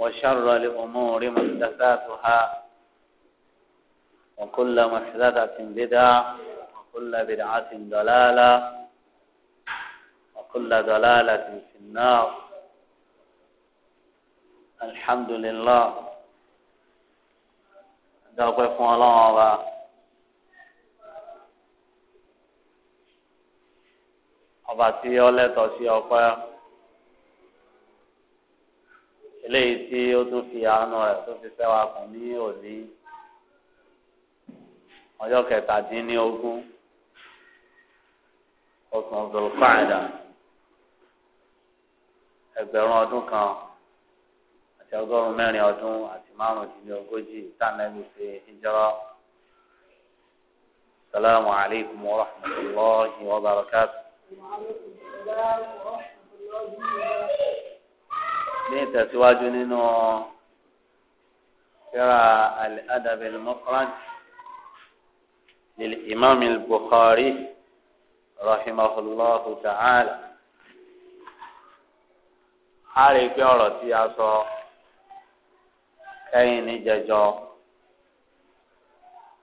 وشر الأمور محدثاتها وكل محدثة بدعة وكل بدعة ضلالة وكل ضلالة في النار الحمد لله دعوة الله ọba tí ó lẹ́tọ̀ọ́ sí eléyìí tí ó tún fi àánú rẹ̀ tó fi fẹ́ wa kùn ní òní ọjọ́ kẹtàdínlógún oṣù ọ̀dọ̀lùfáàdà ẹgbẹ̀rún ọdún kan àti ọgọ́rùn-ún mẹ́rin ọdún àti márùndínlógójì tánẹ́lú ṣe hijra. السلام عليكم ورحمة الله وبركاته. وعليكم ní ìtẹ̀síwájú nínú kíra al-adab al-mufrad للإمام البخاري رحمه الله تعالى àrí pé ọ̀rọ̀ tí a sọ kẹ́yìn ní jẹjọ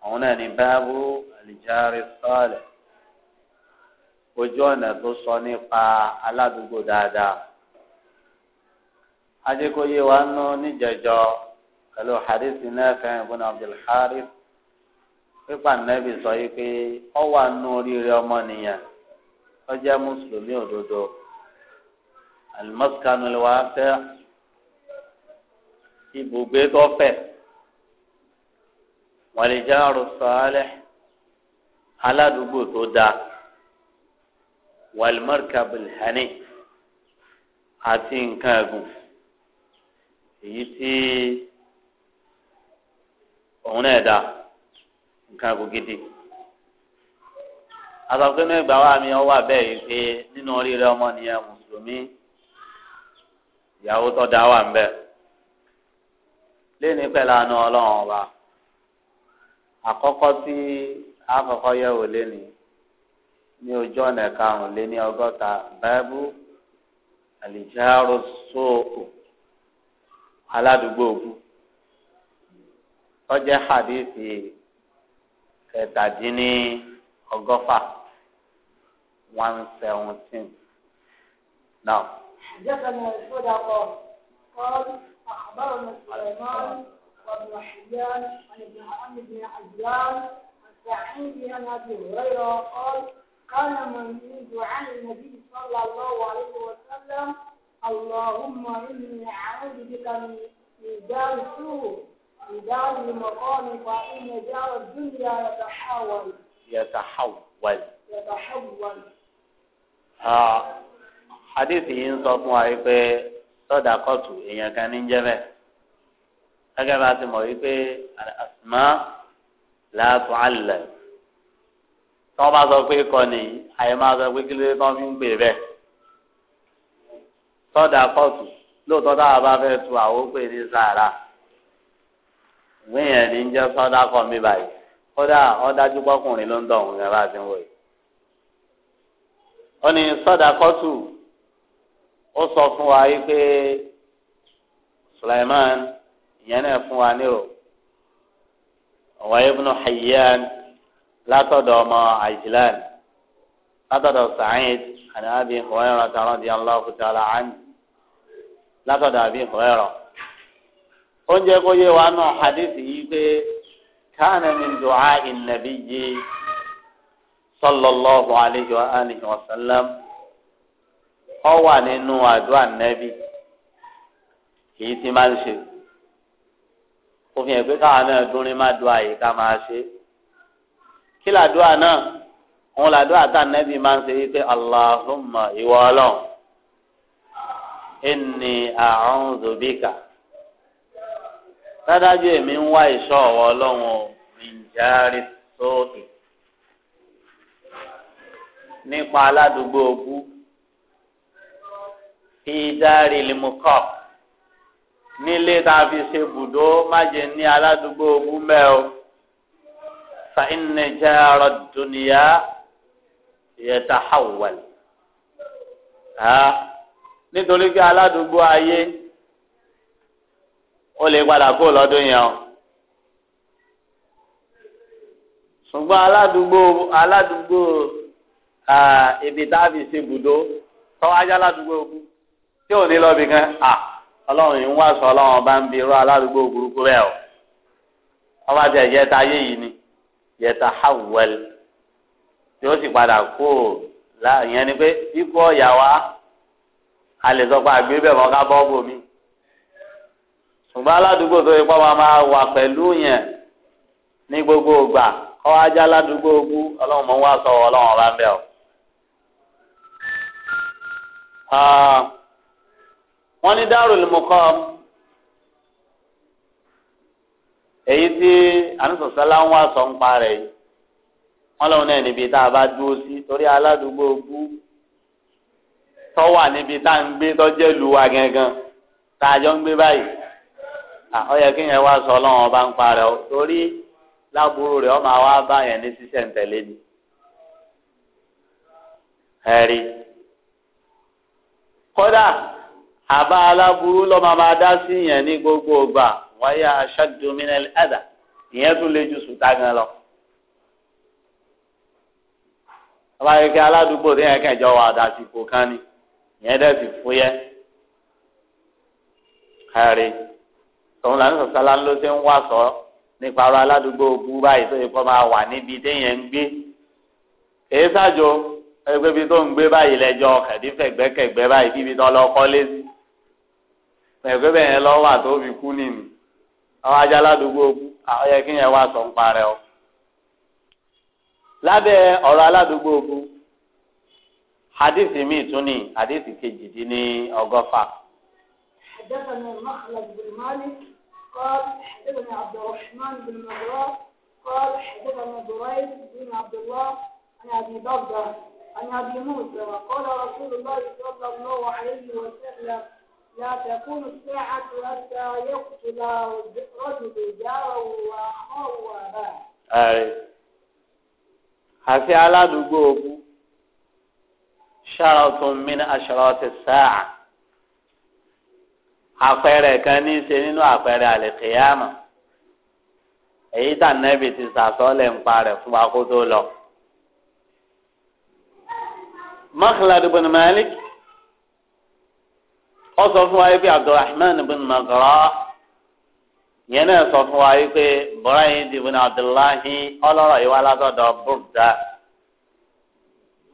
òun náà ní báàbù àlìjáre sọ́ọ̀lẹ̀ ojú ọ̀nà tó sọ nípa aládùúgbò dáadáa ajẹ́kọ̀yé wa nù níjẹ̀jọ́ pẹ̀lú hadithi Nafi' ibn Abdul Harith pípa nẹ́bí sọ yìí pé ọ wà nù oríire ọmọnìyàn ó jẹ́ mùsùlùmí òdodo al-maskanu al-wasi' ibùgbé tó fẹ̀ wal-jaru aládùúgbò tó dáa wal-markabu àti nǹkan ẹ̀gùn. èyí tí òun náà dà nǹkan kò gidi àtàkùn náà gbà wá mi ọwọ́ abẹ́ yìí pé nínú oríire ọmọnìyàn mùsùlùmí ìyàwó tó dá wà ń bẹ̀ léni àánú ọba tí léèní ní ojú ọ̀nà karùn-ún léni ọgọ́ta báíbù aládùúgbò òkú tọ́jẹ́ hadithi kẹtàdínní ọgọ́fà one seventeen now. حدثنا صدقة قال أخبرنا سليمان وابن حيان عن ابن عم بن عجلان عن سعيد عن أبي هريرة قال كان من يدعو عن النبي صلى الله عليه وسلم اللهم إني أعوذ بك من دار السوء من دار المقام فإن دار الدنيا يتحول يتحول يتحول آه. حديث ينصف وعيبه sọdà kọtù èèyàn kan gẹ́gẹ́ bá ti mọ wípé àsìmá làásù àlẹ tí wọn bá sọ pé kọ àyè máa sọ pé kí ló dé fi ń sọdakọtụ kọ́ọ̀tù lóòótọ́ táwa bá fẹ́ tu àwọn pè ní sàrà ìwé ní jẹ́ sọ́dà kọ́ mi báyìí kódà pọ́kùnrin ló ń dọ̀ yẹn bá ti ń wọ̀ yìí. ó ní ó sọ fún wa yìí pé Sulaiman ìyẹn náà fún wa nírò ọ̀wá ibùnú látọ̀dọ̀ ọmọ látọ̀dọ̀ àbí ìkọ̀rẹ́rọ̀ oúnjẹ kó yé wa náà hadith yìí pé káàna min du'a an-nabiyyi sallallahu alayhi wa alihi wa sallam ó wà nínú àdúrà nẹ́bí èyí tí máa ń ṣe òfin ẹ̀ pé káwọn náà dúnrín má dùn àyè ká máa ṣe kí làdúrà náà òun làdúrà tá nẹ́bí máa ń ṣe yí pé Allahumma ìwọ ọlọ́run inni a'udhu bika dájú èmi ń wá ìṣọ́ ọ̀wọ́ ọlọ́run o ìjáre sóòkè nípa aládùúgbò ogú fi dárí limukọ nílé tá a fi ṣe bùdó májè ní aládùúgbò ogú mẹ́ o fa inni jara nítorí pé aládùúgbò ayé ó lè padà kó lọ́dún yẹn o ṣùgbọ́n aládùúgbò aládùúgbò ibi táàbì ṣe bùdó tọ́wájá aládùúgbò tí ò ní kan à ọlọ́run yìí ọlọ́run bá ń bi irú aládùúgbò burúkú rẹ̀ o ọba yẹta ayé yìí ni yẹta hawẹ́l tí ó sì padà o láàyè ni pé ikú ọ̀yà wa. a lè sọ pé àgbé bẹ̀ mọ́ ká bọ́ bòmí. ṣùgbọ́n aládùúgbò tó ipá wa máa wà pẹ̀lú yẹn ní gbogbo ògbà kọ́ ajá aládùúgbò ogún ọlọ́run mọ̀ ń wá sọ ọlọ́run ọba ń bẹ̀ ọ́. wọ́n ní Darul Muqam èyí tí àníṣọ̀sálá ń wá sọ ń parẹ́ yìí wọ́n lọ́run náà níbi tá a bá dúró sí torí aládùúgbò ogún tó wà níbi tá à ń gbé tó jẹ́ lu wa gangan tá a jọ ń gbé báyìí ó yẹ kí yẹn wá sọ ọlọ́run ọba ń parẹ́ o torí láburú rẹ̀ ọ máa wá bá yẹn ní ṣíṣẹ̀ ń tẹ̀lé ni. ẹ̀rí kódà àbá aláburú lọ́ máa máa dá sí yẹn ní gbogbo ọgbà wáyà ashaddu minal ìyẹn tún lè ju sùtá gan lọ. ọba yìí kí aládùúgbò tí yẹn kẹjọ wà dà sí ipò kan ni yẹn dẹ́ sì fúyẹ́ kárí tòun lànà sọ̀sálà ló ṣe ń wà sọ nípa ọ̀rọ̀ aládùúgbò ogun báyìí tó yẹ kó máa wà níbi téèyàn ń gbé èyí ṣáàjò ẹgbẹ́ ibi tó ń gbé báyìí lẹ́jọ́ kẹ̀dífẹ̀gbẹ́kẹ̀gbẹ́ báyìí bíbi tó lọ kọ́lé sí ẹgbẹ́ bẹ́ẹ̀ yẹn lọ́wọ́ àti òbí kú nìyí àwọn ajá aládùúgbò ogun ọ̀yẹ́ kí yẹn wá sọ̀ ń parẹ́ ọ. lábẹ́ ọ̀rọ̀ aládùúgbò ogun حديث توني حديث كجديني أغفا حدثنا المخلد بن مالك قال حدثنا عبد الرحمن بن مدراه قال حدثنا دريد بن عبد الله عن أبي بردة عن أبي موسى قال رسول الله صلى الله عليه وسلم لا تكون الساعة حتى يقتل رجل جاره وأخاه وأباه. أي. àti aládùúgbò ogun ṣáàtún min aṣọ́ọ̀tì sáà àpẹẹrẹ kan ní í ṣe nínú àpẹẹrẹ àlìkìyàmà èyí tà nẹ́bì ti sàsọ́lẹ̀ ń parẹ̀ fún wa kó tó lọ. Makhlad bin Malik ó sọ fún wa pé Abdulrahman bin Magra yẹn náà sọ fún wa pé Burayd bin Abdullahi ọlọ́rọ̀ yìí wá látọ̀dọ̀ Burda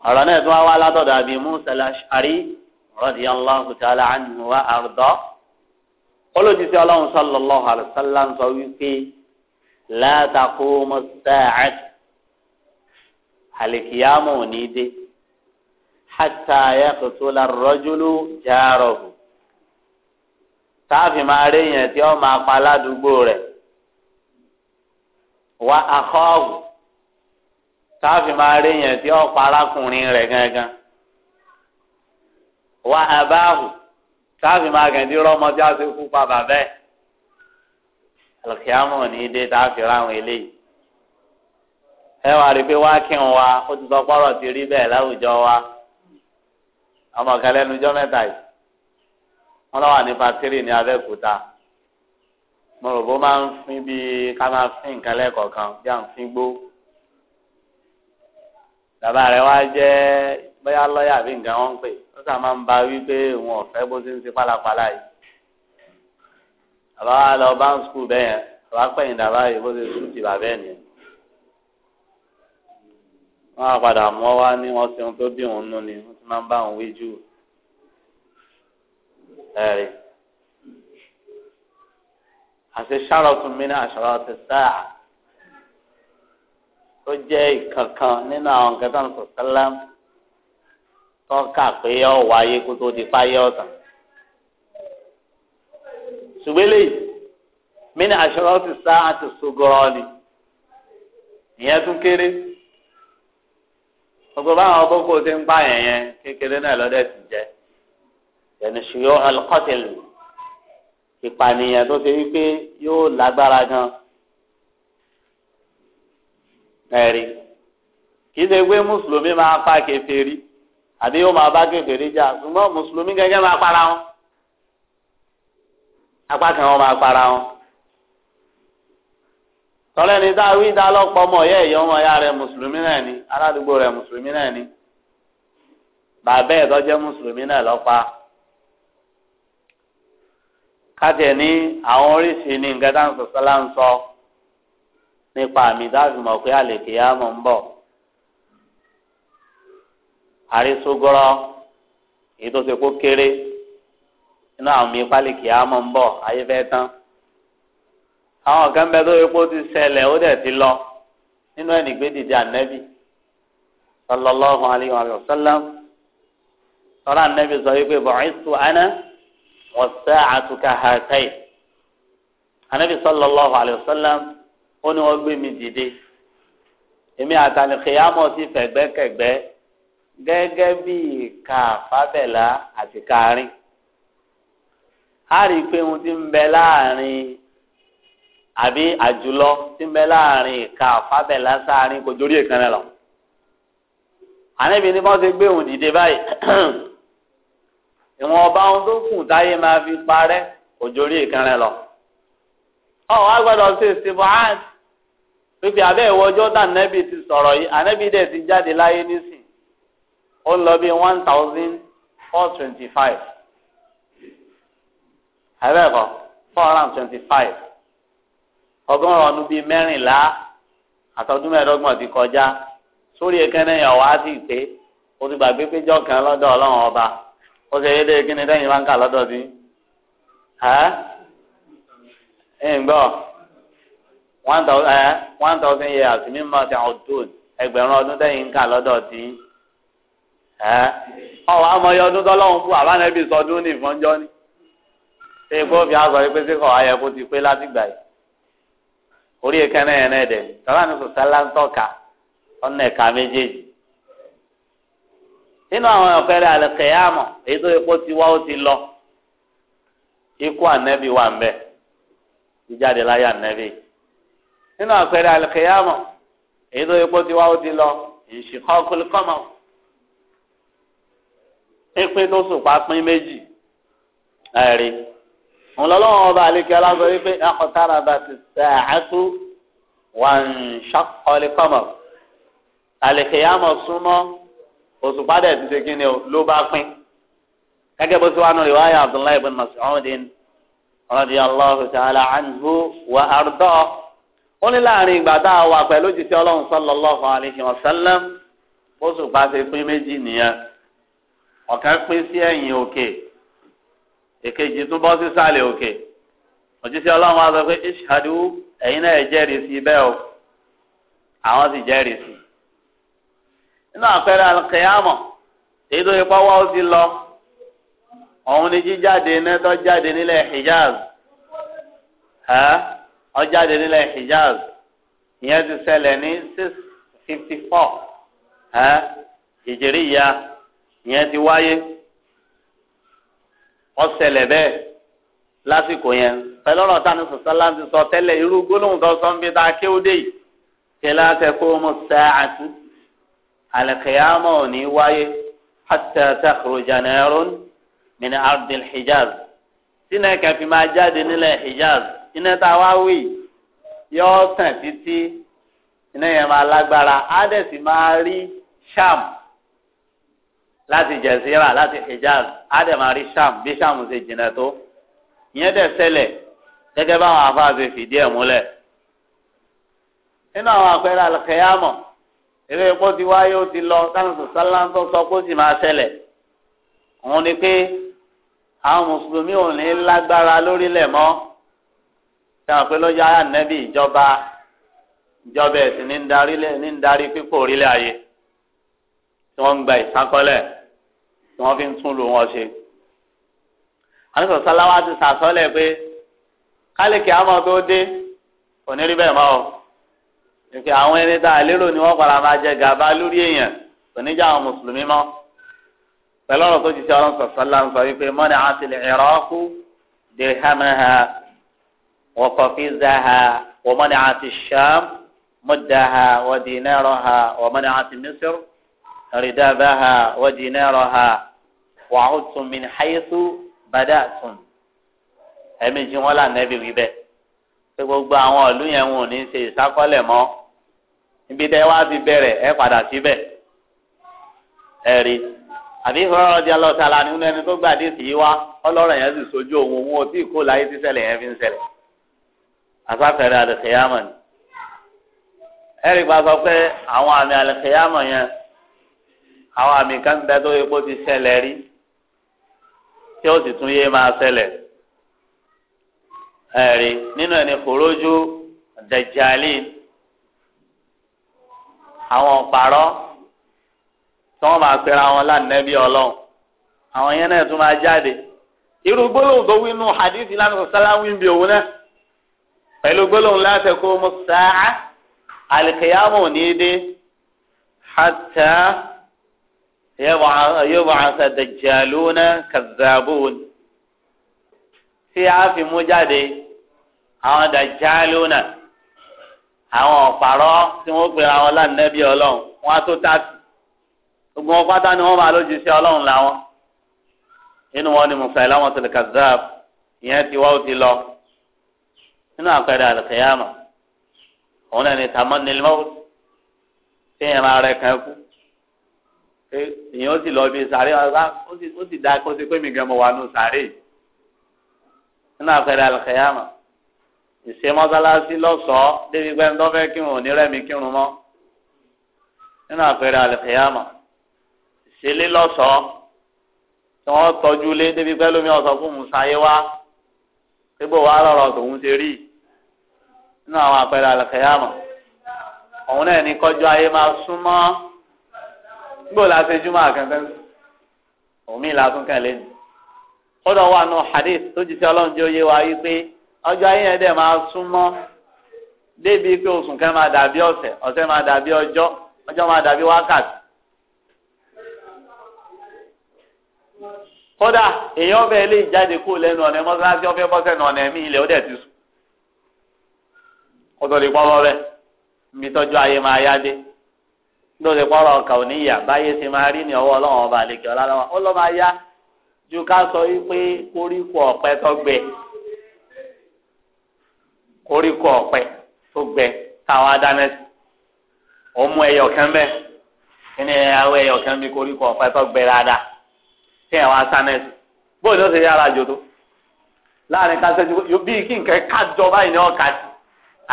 ọ̀rọ̀ náà tó wá wá látọ̀dọ̀ àbí musa al-ash'ari radiyallahu ta'ala anhu wa arda olùdíje ọlọ́run sallallahu alayhi wa sallam sọ wípé la taqumu as-sa'at àlìkìyàmù ò ní dé hatta yaqtula ar-rajulu jarahu máa rí yẹn tí ó máa pa ládùúgbò rẹ̀ wá akọ́ọ̀gù. táàfì máa rí yẹn tí ọ̀pá arákùnrin rẹ̀ gangan wà abáhù táàfì máa gẹ̀ǹdí rọ́mọ tí a ti kú pa bàbá ẹ̀ alùpùpù ní dé ráhùn eléyìí ẹ wá rí pé wá ó ti sọ pọ́rọ̀ ti rí bẹ́ẹ̀ láwùjọ wa ọmọ kan lẹ́nu mẹ́ta yìí wọ́n lọ́wọ́ ní fatiri ní mo rò bó máa ń bàbá rẹ̀ wá jẹ́ bóyá lọ́ọ̀yà bí nǹkan wọ́n ń pè ó sà máa ń ba wípé òun ọ̀fẹ́ bó ti ń ṣe pálapàla yìí bàbá wa lọ bá ń skul bẹ́ẹ̀ yẹn bàbá pẹ̀yìn dàbá yìí bó ti sùn ti bàbá ẹ̀ nìyẹn wọ́n á padà mọ́ wá ní wọ́n ṣe ohun tó bí òun nú ni wọ́n ti máa ń bá òun wí jù ẹ̀rí àti sáròtún mi ní sáà tó jẹ́ ìkankan nínú àwọn nǹkan tó ń sọ sẹ́lẹ̀m tó kà pé ọ̀ wáyé kó tó di fáyé ọ̀tàn. ṣùgbọ́n eléyìí mínú àṣọrọ́ ti sá àti sogorọ́ ni ìyẹn tún kéré gbogbo báwọn boko ti ń pa yẹn yẹn kékeré náà lọ́dẹ̀ ti jẹ́ yẹn ṣùgbọ́n alukọ́tẹ̀lù ìpànìyàn tó ṣe wípé yóò lágbára gan-an. ẹ̀rí kìí ṣe pé mùsùlùmí máa fa kèfèrí àbí yóò máa bá kèfèrí jà ṣùgbọ́n mùsùlùmí gẹ́gẹ́ máa para wọn apá kan wọn máa para wọn tọ́lẹ̀ ní tá a wí dá lọ́pọ̀ ọmọ ọ̀yẹ́ ìyá ọmọ ọ̀yá rẹ̀ mùsùlùmí náà ni aládùúgbò rẹ̀ mùsùlùmí náà ni bàbá ẹ̀ tọ́jẹ́ mùsùlùmí náà lọ́pa ní àwọn oríṣi ní nǹkan tá à ń nípa àmì dáàbìmọ̀ pé àlèkè yá mọ̀ ń bọ̀. àrísógọ́rọ́ èyí tó ṣe kó kéré nínú àwọn mi pálíkì yá mọ̀ ń bọ̀ ayé fẹ́ tán. àwọn kan bẹ tó epo ti ṣẹlẹ̀ ó dẹ̀ ti lọ nínú ẹnì gbé dìde ànẹ́bì sallallahu alayhi wa sallam sọlá ànẹ́bì sọ wípé bu'istu ana wa sa'atu kahatayn ànẹ́bì sallallahu alayhi wa ó ní wọ́n gbé mi dìde èmi àtàlùkìyàmọ̀ ti fẹ̀gbẹ́kẹ̀gbẹ́ gẹ́gẹ́ bí ìka fábẹ́là àti kaarin a rí i pé ohun tí ń bẹ láàrin àbí àjùlọ tí ń bẹ láàrin ìka fábẹ́là sáárín kò jórí èkánná lọ àníbi ni wọ́n ti gbé òun dìde báyìí ìwọ̀n ọba ohun tó kù táyé máa fi parẹ́ kò jórí èkánná lọ ọ̀ wá gbọ́dọ̀ ṣe ìsìnkú àti pépè abẹ́ ìwọjọ́ tà nẹ́bì ti sọ̀rọ̀ yìí ànẹ́bì dẹ̀ ti jáde láyé nísìn ó ń lọ bí one thousand four twenty five àbẹ́ẹ̀kọ́ four hundred and twenty five ọgọ́rùn-ún ọdún bíi mẹ́rìnlá àtọ́dún mẹ́ẹ̀ẹ́dọ́gbọ̀n ti kọjá sórí ekene yẹn wá sí pé o ti gbàgbé péjọ kan lọ́dọ̀ ọlọ́run ọba ó ṣe yéé dé kíni dẹ́yìn bá ń kà lọ́dọ̀ sí ẹ́ ẹ̀ ń gbọ́ one thousand ẹ eh, one thousand years ti ọdún ẹgbẹ̀rún ọdún tẹ̀yìn ká lọ́dọ̀ tí ẹ ọwọ́ amọye ọdún tọ́lọ́hún fún àbánẹ́bí sọdún ní ìfọ́njọ́ ni ṣé fi àgọ́ yìí pé sí kọ́ ti pé látìgbà yìí orí ìkẹ́rẹ́ yẹn náà dẹ̀ tọ́lá sọ sẹ́lá ń tọ́ka ọ̀nà ẹ̀ka méjèèjì nínú àwọn ọ̀pẹ̀rẹ̀ àlẹ́kẹ̀yàmọ̀ èyí tó epo ti wá ó ti lọ ikú ànẹ́bí wà ń bẹ̀ jíjáde láyé ànẹ́bí nínú àpẹẹrẹ àlùkìyàmọ̀ èyí tó yẹ kó ti wá ó ti lọ ìṣìkọ́ kọlùkọ́mọ̀ pínpín tó sùn pa pín méjì ẹ̀rí òun lọ́lọ́wọ́n ọba àlekè aláṣọ wípé ẹ̀kọ́tara bá ti sẹ́ àátú wà ń ṣàkọlẹ́kọ̀mọ̀ àlekèyàmọ̀ súnmọ́ òṣùpá dẹ̀ ti ṣe kí ni o ló bá pín gẹ́gẹ́ bó ti wà nù wáyà Abdullahi bin Mas'udin radiyallahu ta'ala anhu wa ardọ́ ó ní láàrin ìgbà tá a wà pẹ̀lú jíṣẹ́ ọlọ́run sallallahu alaihi wasallam oṣù pàṣẹ pín méjì nìyẹn ọ̀kan pín sí ẹ̀yìn òkè èkejì tún bọ́ sísàlẹ̀ òkè òjíṣẹ́ ọlọ́run wa sọ pé ishadu ẹ̀yin náà jẹ́rìí sí bẹ́ẹ̀ o àwọn sì jẹ́rìí sí nínú àpẹẹrẹ alkèámọ̀ èyí tó yẹ pé ó ti lọ òun ni jíjáde nẹ́tọ́ jáde nílẹ̀ Hijaz ẹ́ ọjáde nílẹ̀ Hijaz ìyẹn ti ṣẹlẹ̀ ní six fifty four ìjìríya ìyẹn ti wáyé ọ̀sẹ̀lẹ̀ bẹ́ẹ̀ lásìkò yẹn pẹ̀lú ọ̀rọ̀ táwọn sọ̀sálà ti sọ tẹ́lẹ̀ irú gbólóhùn tó sọ ń bí ta kéwòdè yìí kẹlẹ́ àtẹ̀kọ́ ọmọ sàáàtú àlẹ́kẹ̀yàmọ̀ ò ní wáyé hatta takhruja narun min ardil Hijaz sínú ẹ̀kẹ́ fi máa jáde nílẹ̀ Hijaz iná tá a wá wí yọ tàn títí iná yẹn máa lágbára á dẹ̀ sì máa rí sham láti jẹ̀síra láti hijaz á dẹ̀ máa rí sham bí sham ṣe jìnnà tó ìyẹn dẹ̀ ṣẹlẹ̀ gẹ́gẹ́ báwọn afáàfin fìdí ẹ̀ múlẹ̀ nínú àwọn àpẹẹrẹ alùkẹ́yàmọ̀ eré epo ti wáyé ó ti lọ sáńsù sáláńsọ sọ pé sì máa ṣẹlẹ̀ òun ni pé àwọn mùsùlùmí ò ní lágbára lórílẹ̀ mọ́ sáwọn pé lọ́jọ́ ayé ànẹ́bí ìjọba ìjọba ẹ̀sìn ní ń darí ní ń darí pípò orílẹ̀ ayé tí wọ́n ń gba ìsákọ́lẹ̀ tí wọ́n fi ń tún lò wọ́n ṣe. àníṣọ sáláwá ti sàsọ́lẹ̀ pé kálíkì àmọ́ tó dé kò ní rí bẹ́ẹ̀ mọ́ o. ìpè àwọn ẹni tá a lérò ni wọ́n padà máa jẹ gàba lórí èèyàn kò ní já àwọn mùsùlùmí mọ́. pẹ̀lú ọ̀rọ̀ tó ti ṣe ọ̀rọ̀ وقفزها ومنعت الشام مدها ودينارها ومنعت مصر ردابها ودينارها وعدتم من حيث بدأتم ẹ̀mí tí نبي là nẹ́bí wí bẹ́ẹ̀ pé gbogbo àwọn ìlú yẹn wọn ò ní ṣe ìsákọ́lẹ̀ mọ́ ibi tẹ́ wá ti bẹ̀rẹ̀ ẹ padà síbẹ̀ ẹ̀rí àbí ìfọwọ́rọ̀ di nínú ẹni tó gbàdé sí wá ọlọ́rọ̀ yẹn sì sojú òun òun ò tí ì kó láyé tí ṣẹlẹ̀ yẹn fi ń ṣẹlẹ̀ afáfẹ́rẹ́ alẹ́kẹ̀yàmọ̀ ni ẹ̀rí bá sọ pé àwọn àmì alẹ́kẹ̀yàmọ̀ yẹn àwọn àmì kan bẹ tó yẹ kó ti ṣẹlẹ̀ rí tí ó sì tún yé máa ṣẹlẹ̀ ẹ̀rí nínú ẹni kòrójú dẹ̀jálì àwọn ọ̀pàrọ̀ tí wọ́n máa pera wọn lánàbí ọlọ́run àwọn yẹn náà tún máa jáde irú gbólóhùn tó wí nù hadithi lánàá sálá wí bí òun náà pẹ̀lú gbólóhùn láti kó mọ́sáá alìkèyàmù ní dé hàtà yóò bá àṣà dàjàlúnà kàzàbùn tí a fi mú jáde àwọn dàjàlúnà àwọn ọ̀pàrọ̀ tí wọ́n pèrè àwọn lánàbí ọlọ́run wọn á tó tààtì gbogbo wọn pátá ni wọ́n máa lójú sí ọlọ́run làwọn inú wọn ni mùsàlámù tó ìyẹn ti ti lọ nínú àpẹẹrẹ àlùkìyàmà òun náà ní tamọ́ni lọ́wọ́ tí èèyàn máa rẹ kan kú èèyàn ó sì lọ bí sàárè ó sì dáa kó sí pé mi gan mo wà nù sàárè nínú àpẹẹrẹ àlùkìyàmà ìṣe mọ́sálásí lọ́sọ̀ọ́ débi pé ń tọ́fẹ́ kírun òní rẹ́mi kírun mọ́ nínú àpẹẹrẹ àlùkìyàmà ìṣẹ̀lẹ̀ lọ́sọ̀ọ́ tí wọ́n tọ́jú lé débi pé lómi ọ̀sán fún musa yé wá pé bò wá lọ́rọ̀ tòun ṣe rí i. nínú àwọn àpẹẹrẹ àlùkẹ́yàmọ̀ òun náà ní kọjú ayé máa súnmọ́ gbọ́dọ̀ láti júmọ́ àkẹ́kẹ́ omi làákùn kan lẹ́nu kódà wà nù hadith tó jí ọlọ́run jẹ́ òye wa yí pé ọjọ́ ayé yẹn dẹ̀ máa súnmọ́ débi pé oṣù ma máa dàbí ọ̀sẹ̀ ọ̀sẹ̀ máa dàbí ọjọ́ ọjọ́ máa dàbí wákàtí. èèyàn bẹ́ẹ̀ lè jáde lẹ́nu ọ̀nà mọ́sálásí ọ̀fẹ́ bọ́sẹ̀ ọ̀nà ẹ̀mí ilẹ̀ ó dẹ̀ ti sùn. kótó di pọ́lọ́ bẹ́ẹ̀ níbi tọ́jú ayé máa yá dé ló ti pọ́lọ́ ọkà ò níyà báyé ti máa rí ní ọwọ́ ọlọ́run ọba àlekè ọlọ́run ó ló máa yá ju ká sọ wípé koríko ọ̀pẹ tó gbẹ koríko ọ̀pẹ tó gbẹ táwọn adáná sí ó mú ẹyọ kan bẹ́ẹ̀ kí ni àwọn ẹyọ kan bí koríko ọ̀pẹ tó gbẹ dáadáa kí ẹ̀ wá sáná sí bóyá ó ti yára jòdó láàrin kásẹ̀ ju bí kí nǹkan kájọ báyìí ni ọ̀ka sí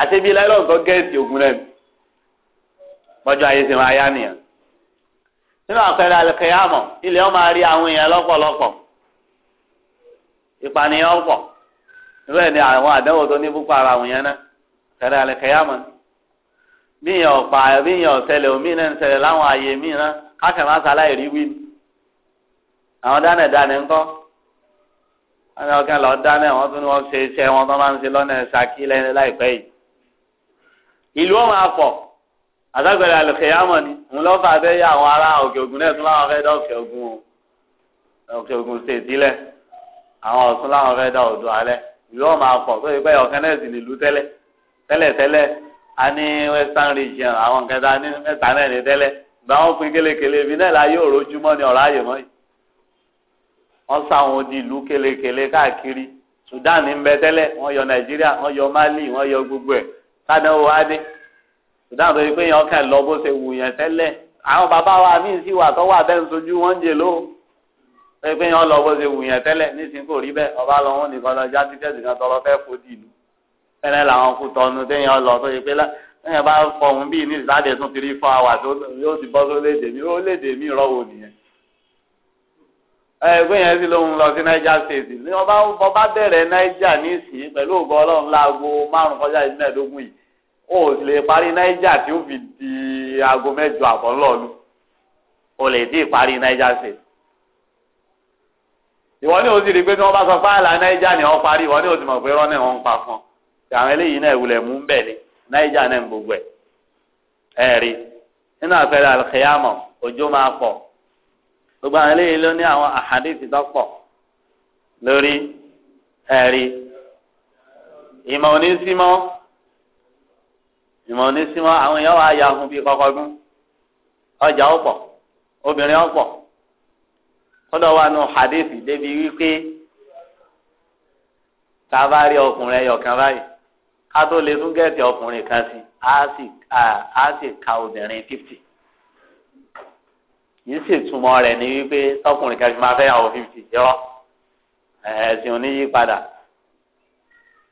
àti bí láìlọ́n tó gẹ́ẹ̀tì ogun rẹ̀ mọ́jọ́ ayé ti máa yá nìyẹn. nínú àpẹẹrẹ àlùkìyàmọ̀ ilẹ̀ wọn máa rí àwọn èèyàn lọ́pọ̀lọpọ̀ ìpànìyàn pọ̀ bẹ́ẹ̀ ni àwọn àdánwò tó ní púpọ̀ ara àwọn yẹn náà àpẹẹrẹ àlùkìyàmọ̀ bí èèyàn ọ̀pá bí èèyàn ọ̀sẹ̀lẹ̀ omi náà ń ṣẹlẹ̀ láwọn ààyè míì náà kákẹ́másá aláìrí wí ni àwọn dánẹ̀dánẹ̀ ńkọ́ wọn ni wọn kẹ́ lọ dánẹ̀ wọn tún ni wọn ṣe iṣẹ́ wọn tó máa ń ṣe lọ́nà ṣakí lẹ́ni láìpẹ́ yìí ìlú ọmọ afọ àtàgbẹ̀rẹ̀ àlùkìyàmọ̀ ni òun lọ́ fà bẹ́ẹ̀ yá àwọn ará òkè ògùn náà tún láwọn fẹ́ dá òkè ògùn òkè ògùn ṣe ìdílẹ̀ àwọn ọ̀tún láwọn fẹ́ dá òdo alẹ́ ìlú ọmọ afọ tó yẹ pé ọ̀kan náà sì nílùú tẹ́lẹ̀ tẹ́lẹ̀ tẹ́lẹ̀ a ní western region àwọn nǹkan ní mẹ́ta náà ní tẹ́lẹ̀ ìgbà wọn pin kélekèle ibi náà la yóò rojúmọ́ ní ọ̀rọ̀ ayé mọ́ yìí wọ́n sá àwọn odi ìlú kélekèle káàkiri Sudan ń bẹ tẹ́lẹ̀ wọ́n yọ Nàìjíríà wọ́n yọ Mali wọ́n yọ gbogbo ẹ̀ tádà wò á ìdáhùn tó yẹ pé yẹn ọkàn lọ bó ṣe wù yẹn tẹ́lẹ̀ àwọn bàbá wa míì sì wà tọ́wọ́ abẹ́ ń sojú wọ́n jè ló tó yẹ pé yẹn lọ bó ṣe wù yẹn tẹ́lẹ̀ nísìnyí kò rí bẹ́ẹ̀ ọba lọ wọn nìkan lọ já tíkẹ́ẹ̀tì kan tọrọ fẹ́ fò dì tẹ́lẹ̀ làwọn kú tọnu téèyàn lọ tó yẹ pé lẹ́yìn bá fọhùn bíi ní ìsìláde tún ti rí àwà tó yóò ti bọ́ sólédè mi ólédè mi rọ́wọ́ nìyẹn ẹgbẹ́ yẹn o lè parí naija tí ó fi di aago mẹ́jọ àbọ̀ ńlọ́ọ̀lù o lè tí ì parí naija ṣe. ìwọ ní o sì rí i pé tí wọ́n bá sọ fáàlà naija ni wọ́n parí ìwọ ní o sì mọ̀ pé rọ́ọ̀nì wọn ń pa fún ọ. àwọn eléyìí náà ìwúlẹ̀ mú ń bẹ̀ ni naija náà ń gbogbo ẹ̀. ẹ rí nínú àpẹẹrẹ alkiyama òjò máa pọ̀ gbogbo àwọn eléyìí ló ní àwọn àhàdìsì tó pọ̀ lórí ẹ̀rí ìmọ̀ onísímọ́ ìmọ̀ ní símọ́ àwọn èèyàn wà á ya ahun bíi kọ́kọ́dún ọjà ó pọ̀ obìnrin ó pọ̀ kọ́dọ̀ wà nù hadith débi wípé tá ọkùnrin ẹyọ kan báyìí ká tó lè tún gẹ̀ẹ́tì ọkùnrin kan sí á sì ka obìnrin fifty yìí sì túmọ̀ rẹ̀ ní wípé tọkùnrin kan fi máa fẹ́ yàwó fifty yọ ẹ̀sìn oníyípadà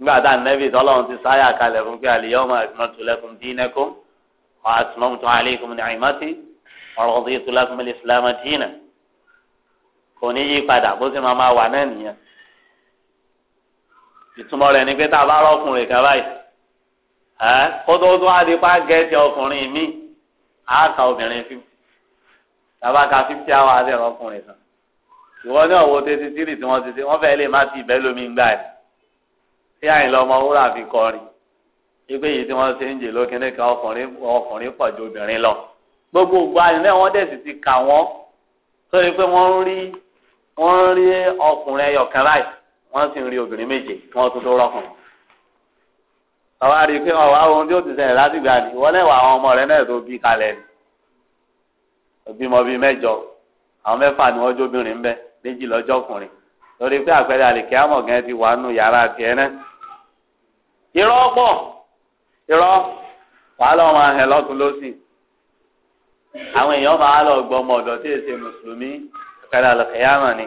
nígbà tá nẹ́bí tọ́lọ́run ti sáyà kalẹ̀ fún pé al-yawma akmaltu lakum dinakum wa atmamtu alaykum ni'mati wa raditu lakum al-islam dinan kò ní yí padà bó sì máa máa wà náà nìyẹn ìtumọ̀ rẹ̀ ni pé tá a bá rọ́kùnrin kan báyìí ẹ́ kó tó tún á di pa gẹ̀ẹ́sì ọkùnrin mi á ka obìnrin fi tàbá ka fífi àwọn àti ẹ̀rọ kan ìwọ ní ọ̀wọ́ tí àyìnlá ọmọ wúrà fi kọrin ipe yìí tí wọ́n ṣe ń jè lókínní kan ọkùnrin ọkùnrin pọ̀ ju obìnrin lọ gbogbo ògbà àyìnlá wọn dẹ̀ ti kà wọ́n sórí pé wọ́n rí wọ́n rí ọkùnrin ẹyọkan láì wọ́n sì ń rí obìnrin méje kí wọ́n tún tó rọ́kùnrin. àwa rí i pé ohun tí ó ti ṣẹlẹ̀ láti gbà ní wọ́n lẹ́wọ̀ àwọn ọmọ rẹ náà tó bí kalẹ̀ ni òbímọ bíi mẹ́jọ àwọn mẹ́fà ni wọ́n jóbìnrin ń bẹ méjì lọ́jọ́ ọkùnrin lórí pé àpẹẹrẹ àlèkè àmọ̀gán ti wà nù yàrá tiẹ̀ náà. irọ́ pọ̀ irọ́ wàhálà ọmọ ahẹ́ lọ́tún lọ́sìn. àwọn èèyàn máa lọ gbọ́ ọmọ ọ̀dọ́ tí èsè mùsùlùmí àpẹẹrẹ àlèkè àmọ̀ ni.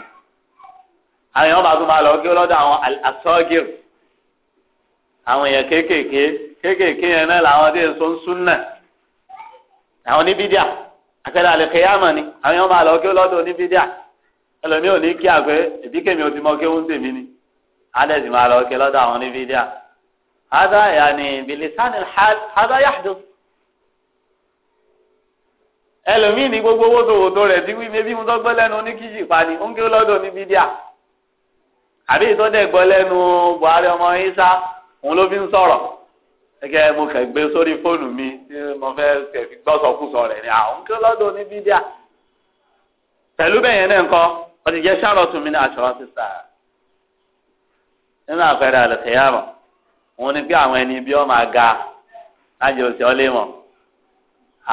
àwọn èèyàn máa tún máa lọ gé lọ́dọ̀ àwọn asọ́gìr. àwọn èèyàn kéékèèké kéékèèké yẹn náà làwọn tí èso ń sún náà. àwọn oníbídíà àpẹẹrẹ àlèkè àmọ̀ ni àwọn èèyàn máa lọ gé lọ́dọ̀ oníbídíà ẹlòmí ò ní kí àgbẹ̀ ìbíkẹ́mi ò ti mọ kéwọ́n tèmi ni adẹ́sì máa lọ kí lọ́dọ̀ àwọn ní fídíà hada yaani bilisani hal hada yaxdu ẹlòmí ni gbogbo wótòwótò rẹ̀ ti wí mi bí mo tọ́ gbọ́ lẹ́nu oníkíjì pani ó ń kí lọ́dọ̀ ní fídíà àbí ìtọ́dẹ̀ gbọ́ lẹ́nu Buhari ọmọ Isa òun ló fi ń sọ̀rọ̀ gẹ́gẹ́ mo kàn gbé sórí fóònù mi tí mo fẹ́ gbọ́sọkúsọ rẹ̀ ni àwọn kí lọ́dọ̀ ní fídíà pẹ̀lú bẹ́yẹn náà nǹkan. wọ́n ti jẹ́ sàrọ̀tún mi ní aṣọ àṣìṣà nínú àpẹẹrẹ àlùkìyàmọ̀ òun ni bí àwọn ẹni ga na òsì ọ́lẹ́ mọ̀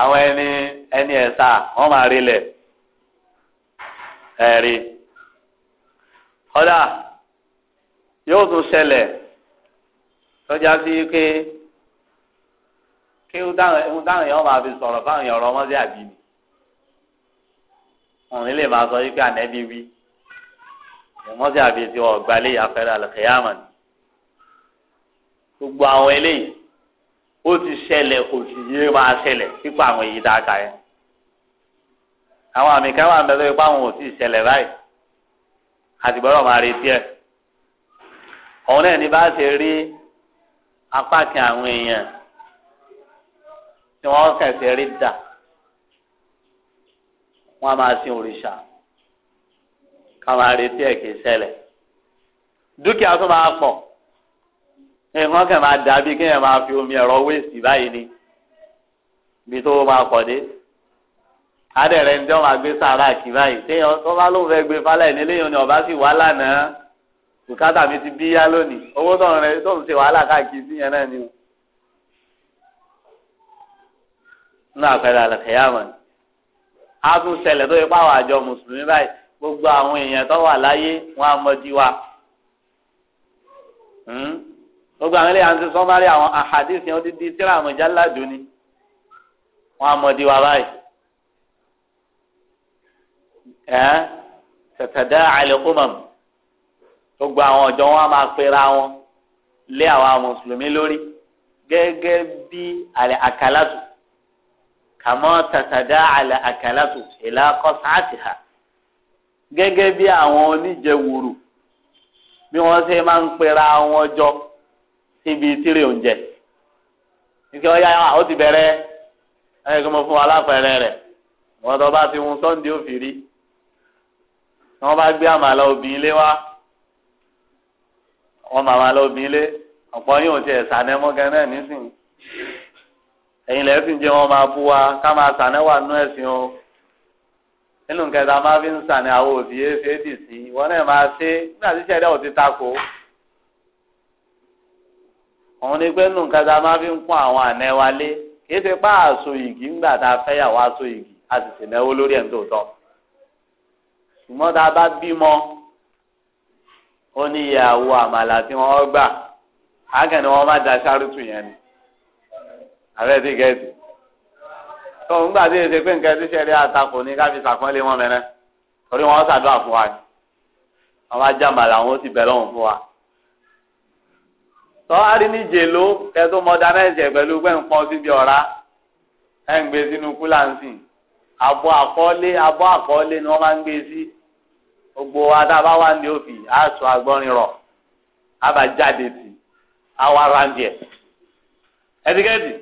àwọn ẹni ẹni ẹ̀sà wọ́n máa rilẹ̀ ẹ̀rí kọ́dà yóò tún ṣẹlẹ̀ fi òun lè máa sọ wípé ànẹ́bí wí wọ́n sì àfihàn ọ̀gbálẹ̀ afẹ́rẹ́ àlùkìyàmọ̀ ni gbogbo àwọn eléyìí ó ti ṣẹlẹ̀ kò sì yé máa ṣẹlẹ̀ pípa àwọn èyí dáadáa yẹn àwọn àmì kan wà mẹ́tọ́ ipá àwọn ò sì ṣẹlẹ̀ báyìí àti gbọ́dọ̀ máa retí ẹ̀ ọ̀hún náà ní bá ṣe rí apá àwọn èèyàn tí wọ́n kẹsẹ̀ rí dà wọn a máa sin òrìṣà ká máa retí ẹ̀ kì í ṣẹlẹ̀ dúkìá tó máa pọ̀ nǹkan kẹ̀ máa dàbí kéèyàn máa fi omi ẹ̀rọ wéèsì báyìí ni ibi tó máa pọ̀ dé adẹ̀rẹ̀ ń dẹ́wọ̀n máa gbé sàrà kì báyìí téèyàn tó bá lóun fẹ́ gbé falẹ̀ ní ni ọba sì wá lánàá bùkátà mi ti bíyá lónìí owó tó ń rẹ tó ń ṣe wàhálà káàkiri sí yẹn náà ni o. nínú àpẹẹrẹ àlàkẹ́yàmọ̀ ni á tún ṣẹlẹ̀ tó yẹ pé àwọn àjọ mùsùlùmí báyìí gbogbo àwọn èèyàn tó wà láyé wọn á mọdí wa hmm? gbogbo àwọn eléyà ń ti sọ bárí àwọn àhàdìs yẹn ó ti di tíra àmọjá ládùn ni wọn á mọdí wa báyìí ẹ tẹtẹdá àlẹkùmọm gbogbo àwọn ọjọ́ wọn á máa pera wọn lé àwọn mùsùlùmí lórí gẹ́gẹ́ bí àlẹ àkàlàtù kàmọ́ tàtàdá àlẹ́ àkàlàtù ìlà kọ́sáàtìhà gẹ́gẹ́ bí àwọn oníjẹwùrù bí wọ́n ṣe máa ń pera wọn jọ síbi tírè oúnjẹ nígbà wọ́n yá ó ti bẹ̀rẹ̀ ẹ̀ kí mo fún wa lápẹ̀rẹ̀ rẹ̀ wọ́n tó bá ti hun sọ́ndé òfìrí wọ́n bá gbé àmàlà obìnrin lé wá wọ́n màmá lọ obìnrin lé ọ̀pọ̀ yóò ti ẹ̀ sànẹ́mọ́gẹ́ nísìnyí ẹ̀yin lẹ́yìn fi ń jẹ́ wọn máa bú wa ká máa sànẹ́ wà nú ẹ̀sìn o nínú kẹta máa fi ń sànẹ́ àwọn òbí efe dì sí wọn náà máa ṣe nígbà tí sẹ́dá ò ti òun ni pé nínú kẹta máa fi ń kún àwọn ànẹ́ wa lé kìí ṣe pa àṣọ yìgì ńgbà tá a fẹ́ yà wá aṣọ yìgì a sì sì náwó lórí ẹ̀ ń tòótọ́ ṣùgbọ́n tá a bá bímọ ó ní ìyàwó àmàlà tí wọ́n gbà á kàn wọ́n má da ṣáàrùtù yẹn ni abẹ́ ti gẹ̀ẹ́sì tó ń gbà tí èsè pé nǹkan tí sẹ́rí àtakò ní káfí sàpọ́nlé wọn mẹ́rẹ́ torí wọn ṣàdúrà fún wa ni wọn bá jàmbá làwọn ó ti bẹ̀ lọ́hùn fún wa. tọ́ arínìjè ló kẹ́ tó mọ́dánáìsì pẹ̀lú pé ń pọ́n síbi ọ̀rá ẹ̀ ń gbé sínú kúláǹsì abọ́ àkọ́lé abọ́ àkọ́lé ni wọ́n máa ń gbé sí gbogbo adábá wa ní òfì àṣọ agbọ́nrin rọ̀ àbájáde tì àwa randìẹ̀ ẹ̀dígẹ́dì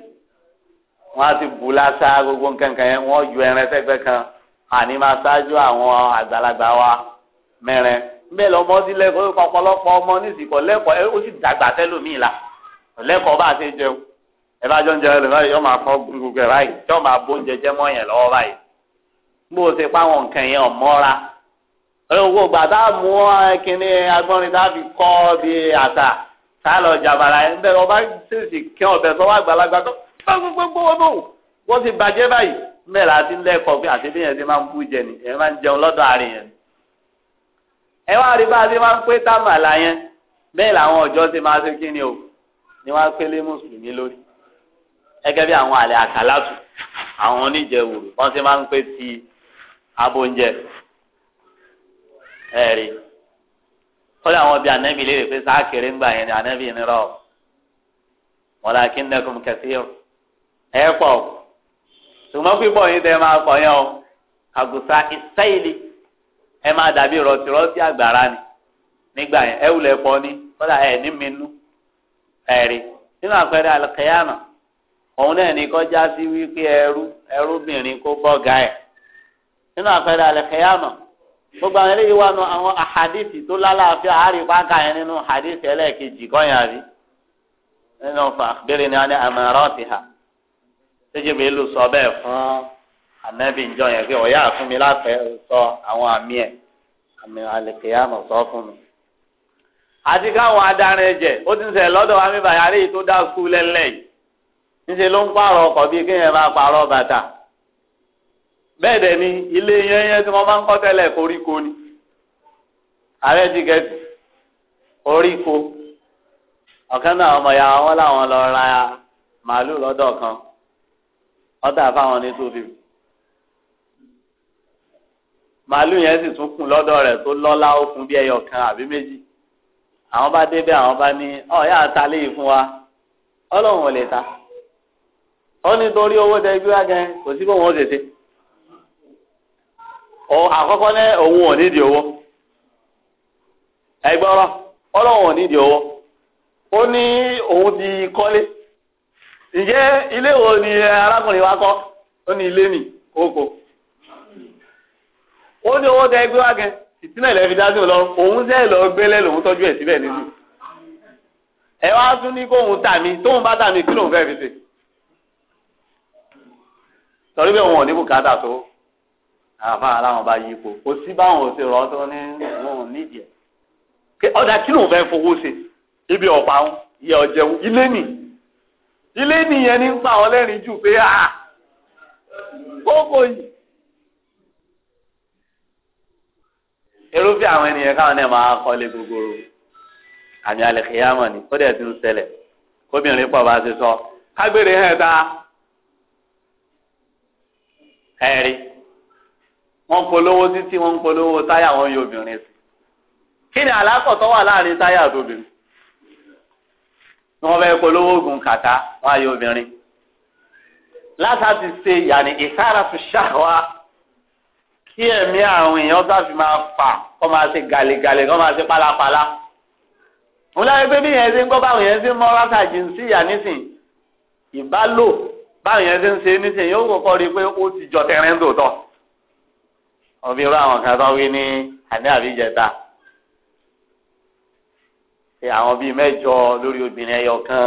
wọ́n ti bu lásà gbogbo nǹkan yẹn wọ́n ju ẹran ẹsẹ̀gbẹ́ kan àní máa ṣáájú àwọn àgbàlagbà wa mẹ́rin bẹ́ẹ̀ lọ́mọ sí lẹ́kọ̀ọ́ ọ̀pọ̀lọpọ̀ ọmọ nísìkọ̀ lẹ́kọ̀ọ́ ẹ ó sì dàgbà tẹ́lómìn la lẹ́kọ̀ọ́ bá a ṣe jẹun ẹ bá jọ ń jẹun lẹ́yìn yọ máa fọ́ gbogbo ẹ̀ báyìí yọ máa bó oúnjẹ jẹ́ mọ́ yẹn lọ́wọ́ báyìí bó o ṣe páwọn nǹkan yẹn ọ̀ mọ́ra gbogbo gbàdá mú kíní agbọ́nrin tá a fi kọ́ bí àtà tá a lọ jàbàrà ẹ̀ ń bẹ̀rẹ̀ ọba ṣèṣì kí ọ̀bẹ̀ sọ́wọ́ àgbàlagbà tó gbogbogbò wọn náà wọ́n ti bàjẹ́ báyìí mẹ́rin àti lẹ́kọ̀ọ́ pé àti bí yẹn ti máa ń bú jẹ ni ẹ̀ máa ń jẹun lọ́dọ̀ àárín yẹn. ẹ wá rí bá a ti máa ń pé támàlà yẹn bẹ́ẹ̀ làwọn ọ̀jọ́ ti máa ṣe kí ni o ni wọ́n á pé lé mùsùlùmí lórí. gẹ́gẹ́ bí àwọn àlẹ́ àkàlàtù àwọn oníjẹwòrò wọ́n ti máa ń pé ti abóúnjẹ. ẹ rí kọ́lé àwọn bíi ànẹ́bí léèrè pé sáà kéré ńgbà yẹn ni ànẹ́bí nírọ̀ wọ́n lá kí ń dẹ́kun kẹsíọ̀ ẹ pọ̀ ṣùgbọ́n pípọ̀ yín tẹ́ máa pọ̀ yẹn o àgùsà ìsẹ́yìlì ẹ máa dàbí rọ̀tìrọ̀tì àgbàrá ni nígbà yẹn ẹ pọ̀ ni kọ́dà ẹ ní ẹ̀rí nínú àpẹẹrẹ òun náà ní kọjá sí wípé ẹrú ẹrúbìnrin kó bọ́gà ẹ̀ nínú àpẹẹrẹ gbogbo àwọn eléyìí wà nù àwọn àhàdìsì tó lálàáfíà yẹn nínú àhàdìsì ẹlẹ́ẹ̀kejì ni wọ́n ní àmọ́ sẹjẹbi ló sọ bẹ́ẹ̀ fún anabi njọ yẹn pé ọyá fún mi láfẹ sọ àwọn àmì ẹ àmì àlèkèyà mọ sọ fún mi. àti káwọn adarí ẹjẹ ó ti ń ṣẹlẹ̀ lọ́dọ̀ wa mi bàyà rí i tó dá sukú lẹlẹ yìí níṣẹ ló ń pààrọ̀ ọkọ̀ bíi kéèyàn bá pààrọ̀ bàtà bẹ́ẹ̀ dẹ̀ ni ilé yẹnyẹn tí wọn máa ń kọ́ tẹ́lẹ̀ koríko ni ààrẹ ti gẹ̀ẹ́sì koríko ọ̀kan náà ọmọ ya wọn làwọn lọ ra màálù lọ́dọ̀ kan ọ̀dà fáwọn ní two fifty màálù yẹn sì tún kún lọ́dọ̀ rẹ̀ tó lọ́lá ó fún bí ẹyọ kan àbí méjì àwọn bá débẹ̀ àwọn bá ní ọ̀yá àta léyìí fún wa ọlọ́run ò lè ta ó nítorí owó tẹ gbé wá kò sí bóun ó tètè àkọ́kọ́ ní òun ò nídìí owó ẹgbọ́rọ̀ ọlọ́run ò nídìí owó ó ní òun ti kọ́lé ǹjẹ́ ilé wo ni arákùnrin wa kọ́ ó ní ilé nì oko ó ní owó tẹ gbé wá gẹ ìtínà ilẹ̀ fi dá sí ọlọ́run òun sẹ́ lọ gbélé lòun tọ́jú ẹ̀ síbẹ̀ nínú ẹ wá tún ní kóun tà mí tóun bá tà mí kí lòun fẹ́ fi ṣe torí bẹ́ẹ̀ wọn ò ní bùkátà tó àfa aláwọn bá yí ipò kò sí báwọn ò ṣe rọ tó ní wọn ò nídìí ẹ ọ̀dà kí lòun fẹ́ fowó ṣe ibi ọ̀pá yẹ ọ̀jẹ̀wò ilé nìí ilé nìyẹn ní ń pa àwọn lẹ́rìn jù pé à ah, kókò yìí. irúfẹ́ àwọn ènìyàn káwọn náà máa kọ́lé gogoro àmì àlẹ́kìyàmọ̀ ni ó dẹ̀ ti ń ṣẹlẹ̀ kóbìnrin pọ̀ bá ti sọ kágbére hẹ̀ ta ẹ̀rí wọ́n polówó títí wọ́n polówó táyà wọn yóò obìnrin sí kí ni àlákọ̀ wà láàrin táyà àti obìnrin ní wọn bẹ polówó oògùn kàtá wọn ayé obìnrin láta ti ṣe yàní ìsára tó ṣàwá kí ẹ̀mí àwọn èèyàn sáfi máa fà kọ́ máa ṣe gàlégàlé kọ́ máa ṣe pálapàla wọn láyé pé bí yẹn ṣe ń gbọ́ báwọn yẹn ṣe ń mọ ráta sí ìyá nísìn ìbálò báwọn yẹn ṣe ń ṣe nísìn yóò kọ́kọ́ rí i pé ó ti jọ tẹrẹ ń tòótọ́ ọbí irú àwọn kan tó wí ní àní àbíjẹta ṣe àwọn bíi mẹ́jọ lórí obìnrin ẹyọ kan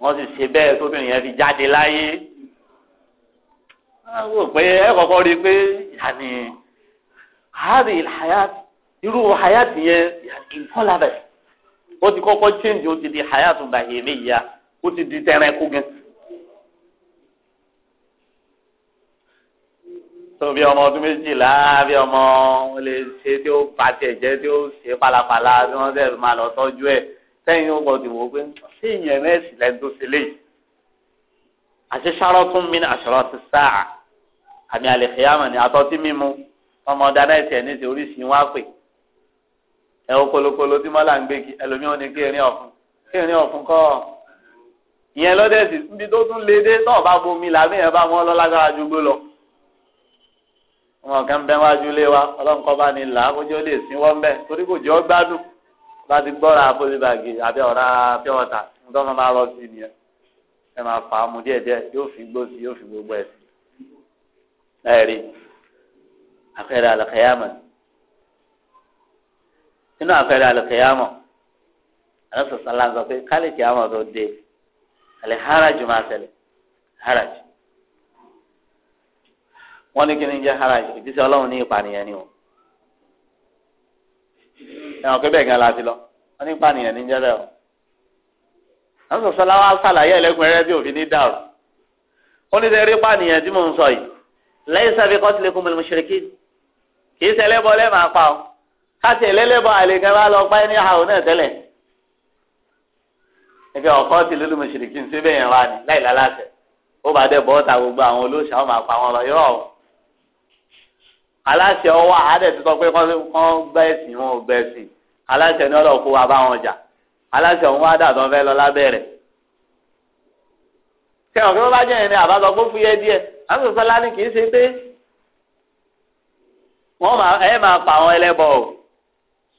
wọ́n sì ṣe bẹ́ẹ̀ tóbìnrin yẹn fi jáde láyé wọ́n rò pé ẹ kọ́kọ́ rí i pé yàní hàrí hayat irú hayat yẹn ìfọ́lábẹ̀ ó ti kọ́kọ́ change ó ti di hayat bàyè méyìá ó ti di tẹ̀rẹ̀kú gan. tó bí ọmọ ọdún méjìlá bí ọmọ wọn lè ṣe tí ó pàṣẹ jẹ tí ó ṣe pálapàla tí wọn dẹ̀ máa lọ tọ́jú ẹ̀ sẹ́yìn ó gbọ́dọ̀ wò pé ṣé ìyẹn mẹ́sì lẹ́nu tó ṣe léyìí. àṣeṣárọ́ tún mi ní àṣọrọ́ ti sáà àmì àlèkèyàmọ̀ ní àtọ́tí mímu ọmọ dáná ẹ̀sẹ̀ ní ti oríṣi wá pè. ẹ o kolokolo tí mọ́là ń gbé kí ẹlòmíràn ní kéèrín ọ̀fun kéèrín ọ̀fun kọ́ ìyẹn lọ́dẹ̀ sí níbi tó tún lé dé tọ́ọ̀ bá bomi làbẹ́yẹn bá wọn lọ́lágbára jogbo lọ wọn kàn bẹ wájú lé wa ọlọ́nkọ́ bá ní là á kójú ó lè sin wọ́n bẹ́ẹ̀ torí kò jọ gbádùn bá ti gbọ́ra àpòlébàgì àbí ọ̀rá pẹ́ọ́tà nítorí wọn máa rọ sí nìyẹn ẹ máa fà á mu díẹ̀ díẹ̀ yóò fi gbó sí yóò fi gbogbo ẹ̀ sí. ẹ rí àpẹẹrẹ àlùkẹ́yàmọ̀ nínú àpẹẹrẹ àlùkẹ́yàmọ̀ alásọ̀sọ̀ aláǹsọ̀ pé kálíkì àmọ̀ tó dé àlẹ́ háràjù máa tẹ̀lé háràjù wọ́n ní kí ni jẹ́ hara ìjíṣẹ́ ọlọ́run ní ìpànìyàn ni o ẹ̀wọ̀n pé bẹ́ẹ̀ gan la ti lọ wọ́n ní ìpànìyàn ní jẹ́ bẹ́ẹ̀ o àwọn sọ̀sọ́ láwọn aṣàlàyé ẹlẹ́kùnrin bí òfin ní dàrú ó ní sẹ́rí ìpànìyàn tí mò ń sọ yìí lẹ́yìn sábẹ́ kọ́sílẹ̀kùn mọ̀lẹ́mù ṣèrékì kì í ṣẹlẹ́bọ lẹ́ẹ̀máa pa o káṣí ẹlẹ́lẹ́bọ àlè gan bá lọ pa ẹni àhùn náà tẹ́lẹ̀ ẹgbẹ́ ọ̀kọ́ ti lólu mọ̀ṣẹ̀rẹ̀kì ń yẹn wá ní láìláláṣẹ ó bá dẹ̀ bọ́ọ̀ta gbogbo àwọn olóṣà ó máa pa wọn lọ yọ̀ ọ́ aláṣẹ ọwọ́ àádẹ ti sọ pé wọn gbẹ ẹsìn wọn ò gbẹ ẹsìn aláṣẹ ni ọlọ́pàá wa bá wọn jà aláṣẹ òun wá dà tó ń fẹ́ lọ lábẹrẹ sẹwọn kí wọn bá jẹ ẹni àbájọ kó fúyẹ́ díẹ̀ àwọn sọsọ lánìí kì í ṣe pé wọn máa ẹ máa pa àwọn ẹlẹ́bọ o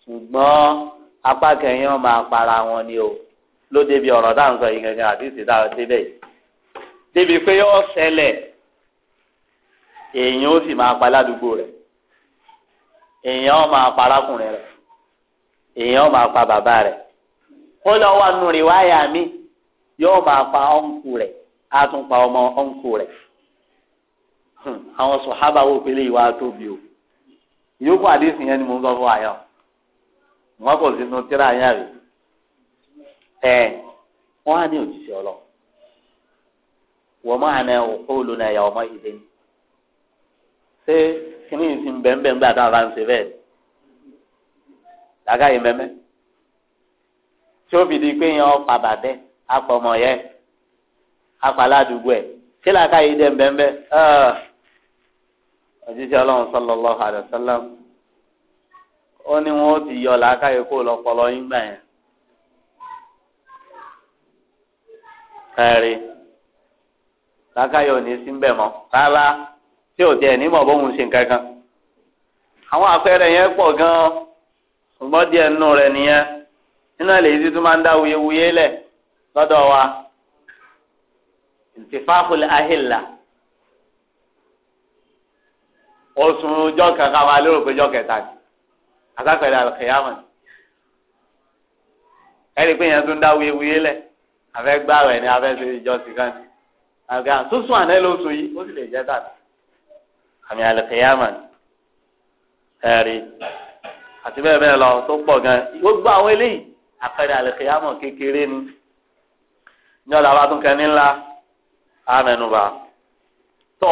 ṣùgbọ́n apá kẹyìn wọn máa para wọn ni o ló débi ọ̀rọ̀ dáhùn sọ yìí gẹ́gẹ́ àti ìsìtà ọtí bẹ́ẹ̀ débi pé yóò ṣẹlẹ̀ èèyàn ó sì máa pa ládùúgbò rẹ̀ èèyàn ó máa pa arákùnrin rẹ̀ èèyàn ó máa pa bàbá rẹ̀ ó lọ wà nù rí wáyà mi yóò máa pa ọ̀nkù rẹ̀ á tún pa ọmọ ọ̀nkù rẹ̀ hmm, àwọn sòhábà wò pé léyìí wá tóbi o ìyókù àdéhùn yẹn ni mo ń sọ fún àyàn wọn kò sínú tíra yẹn rèé ẹ wọn á ní òjijì ọlọ wọn máa nà ọkọ olùnà ẹyà ọmọ ìdè ní ṣé kíní ti ń bẹ́ẹ̀ bẹ́ẹ̀ gbà tá a bá ń ṣe bẹ́ẹ̀ dàgá yìí mẹ́mẹ́ tí ó fi di pé yẹn ọ̀pá bàbẹ́ apọ̀mọ̀ yẹ apàládùúgbò ẹ̀ ṣé làákà yìí dẹ̀ ń bẹ́ẹ̀ bẹ́ẹ̀ ah. òjíṣẹ́ ọlọ́run sallallahu alaihi wasallam ó ní wọn ó ti yọ làákà yìí kó lọ́pọ̀lọ́ yín gbà yẹn. ẹ̀rí làákà yìí ò ní sí ń bẹ̀ mọ́ rárá tí ò tiẹ̀ nímọ̀ bóun ṣe nǹkan kan àwọn àpẹẹrẹ yẹn pọ̀ gan-an ṣùgbọ́n díẹ̀ nínú rẹ̀ nìyẹn nínú ẹ̀ lèyí tó máa ń dá wuyewuye lẹ̀ lọ́dọ̀ wa ìtìfáàkùn ahìlà oṣù ọjọ́ kankan wa lérò pé ọjọ́ kẹta ni àtàkùnrin àlùkìyàmọ̀ ni ẹ̀rí pé yẹn tó ń dá wuyewuye lẹ̀ afẹ́ gbààwẹ̀ ni afẹ́ ṣe ìjọsìn kan àgbà tó sùn àná lóṣù yìí ó sì lè jẹ́ tàbí àmì àlùkìyàmà ẹ̀rí àti bẹ́ẹ̀ bẹ́ẹ̀ lọ tó pọ̀ gan gbogbo àwọn eléyìí àpẹẹrẹ àlùkìyàmà kékeré ni ní ọ̀dà wa tún kẹ́ni ńlá àmẹnubà tó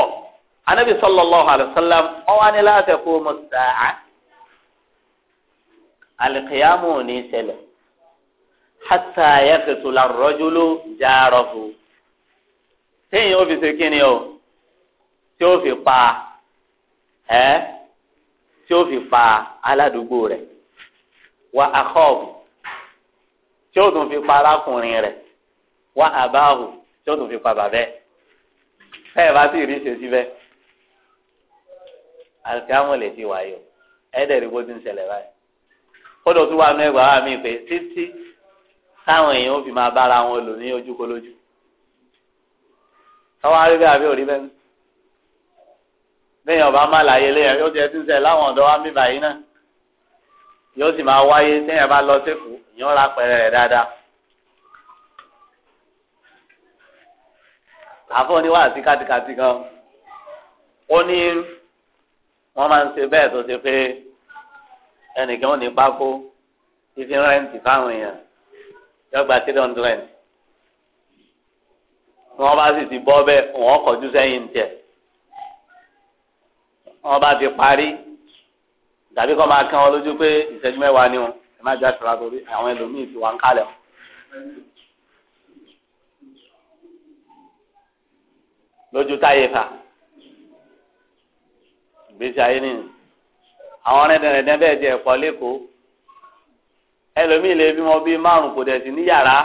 anabi sallallahu alayhi wa sallam ọwọ́ ni láti kó mọ̀sáà àlùkìyàmà ò ní ṣẹlẹ̀ hata yaqtula rajulu jarahu téèyàn ó fi ṣe kí ni o tí ó fi pa ẹ tí ó fi pa aládùúgbò rẹ̀ wa akọọbù tí ó tún fi pa arákùnrin rẹ̀ wa àbáhù tí ó tún fi pa bàbẹ bẹ́ẹ̀ bá sì rí ṣe síbẹ̀ alikiamu lè ti wáyé o ẹdẹ rí bó ti ń ṣẹlẹ̀ báyìí kódà tó wà nínú ẹgbàá mi pé títí táwọn èèyàn ó fi máa bára wọn lò ní ojúkolójú táwọn arí àbí òrí bẹ́ẹ̀ lẹ́yìn ọba má láyé lẹ́yìn yóò jẹ́ sísẹ láwọn ọ̀dọ́ wa mí báyìí náà yóò sì máa wáyé sẹ́yìn bá lọ sẹ́kù ìyẹn ra pẹ̀rẹ̀ rẹ̀ dáadáa. àfọ̀ ni wàá sí kátikàti kan ó ní wọ́n máa ń ṣe bẹ́ẹ̀ tó ṣe pé ẹnìkan ò ní pákó fífi rẹ́ǹtì fáwọn èèyàn yọgbà three hundred wọ́n bá sì ti bọ́ bẹ́ẹ̀ wọ́n kọjú sẹ́yìn tiẹ̀. wọn bá ti parí tàbí kọ́ máa kán wọn lójú pé ìṣẹ́jú mẹ́wàá ni wọn ẹ má jẹ́ torí àwọn ẹlòmíì ti wà kálẹ̀ wọn. lójú táyé fà ìgbésí ayé nìyí àwọn bẹ́ẹ̀ jẹ́ ẹ̀kọ́ lẹ́kọ̀ọ́ ẹlòmíì lè bímọ bíi márùn kò dẹ̀ sí ní yàrá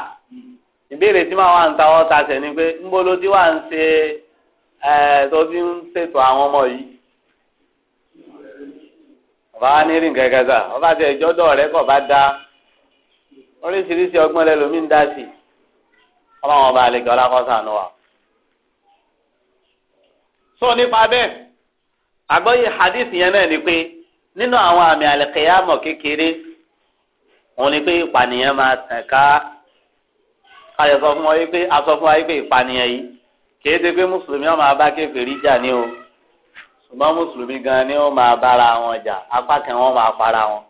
ìbéèrè tí màá wà ń ta ọ́ ta sẹ̀ ni pé ọmọ yìí. ọba wa ní rìn gẹ́gẹ́ sá ọba tẹ ìjọ́dọ̀ rẹ kọ̀ bá da oríṣiríṣi ọgbọ́n lẹ lómi ń dá sí ọlọ́wọ́n ọba àlejò ọlákọ́sà nù wa. sọ nípa bẹ́ẹ̀ àgbọ́yé hadith yẹn náà ni pé nínú àwọn àmì àlẹ́kẹ̀yàmọ̀ kékeré òun ni pé ìpànìyàn máa tàn ká ayọ̀ sọ fún wa yìí pé asọ fún wa yìí pé ìpànìyàn yìí kì í ṣe pé mùsùlùmí ọmọ abá kéferì jà ní o ṣùgbọ́n mùsùlùmí gan ni wọ́n máa bára wọn jà apá kan wọ́n máa para wọn.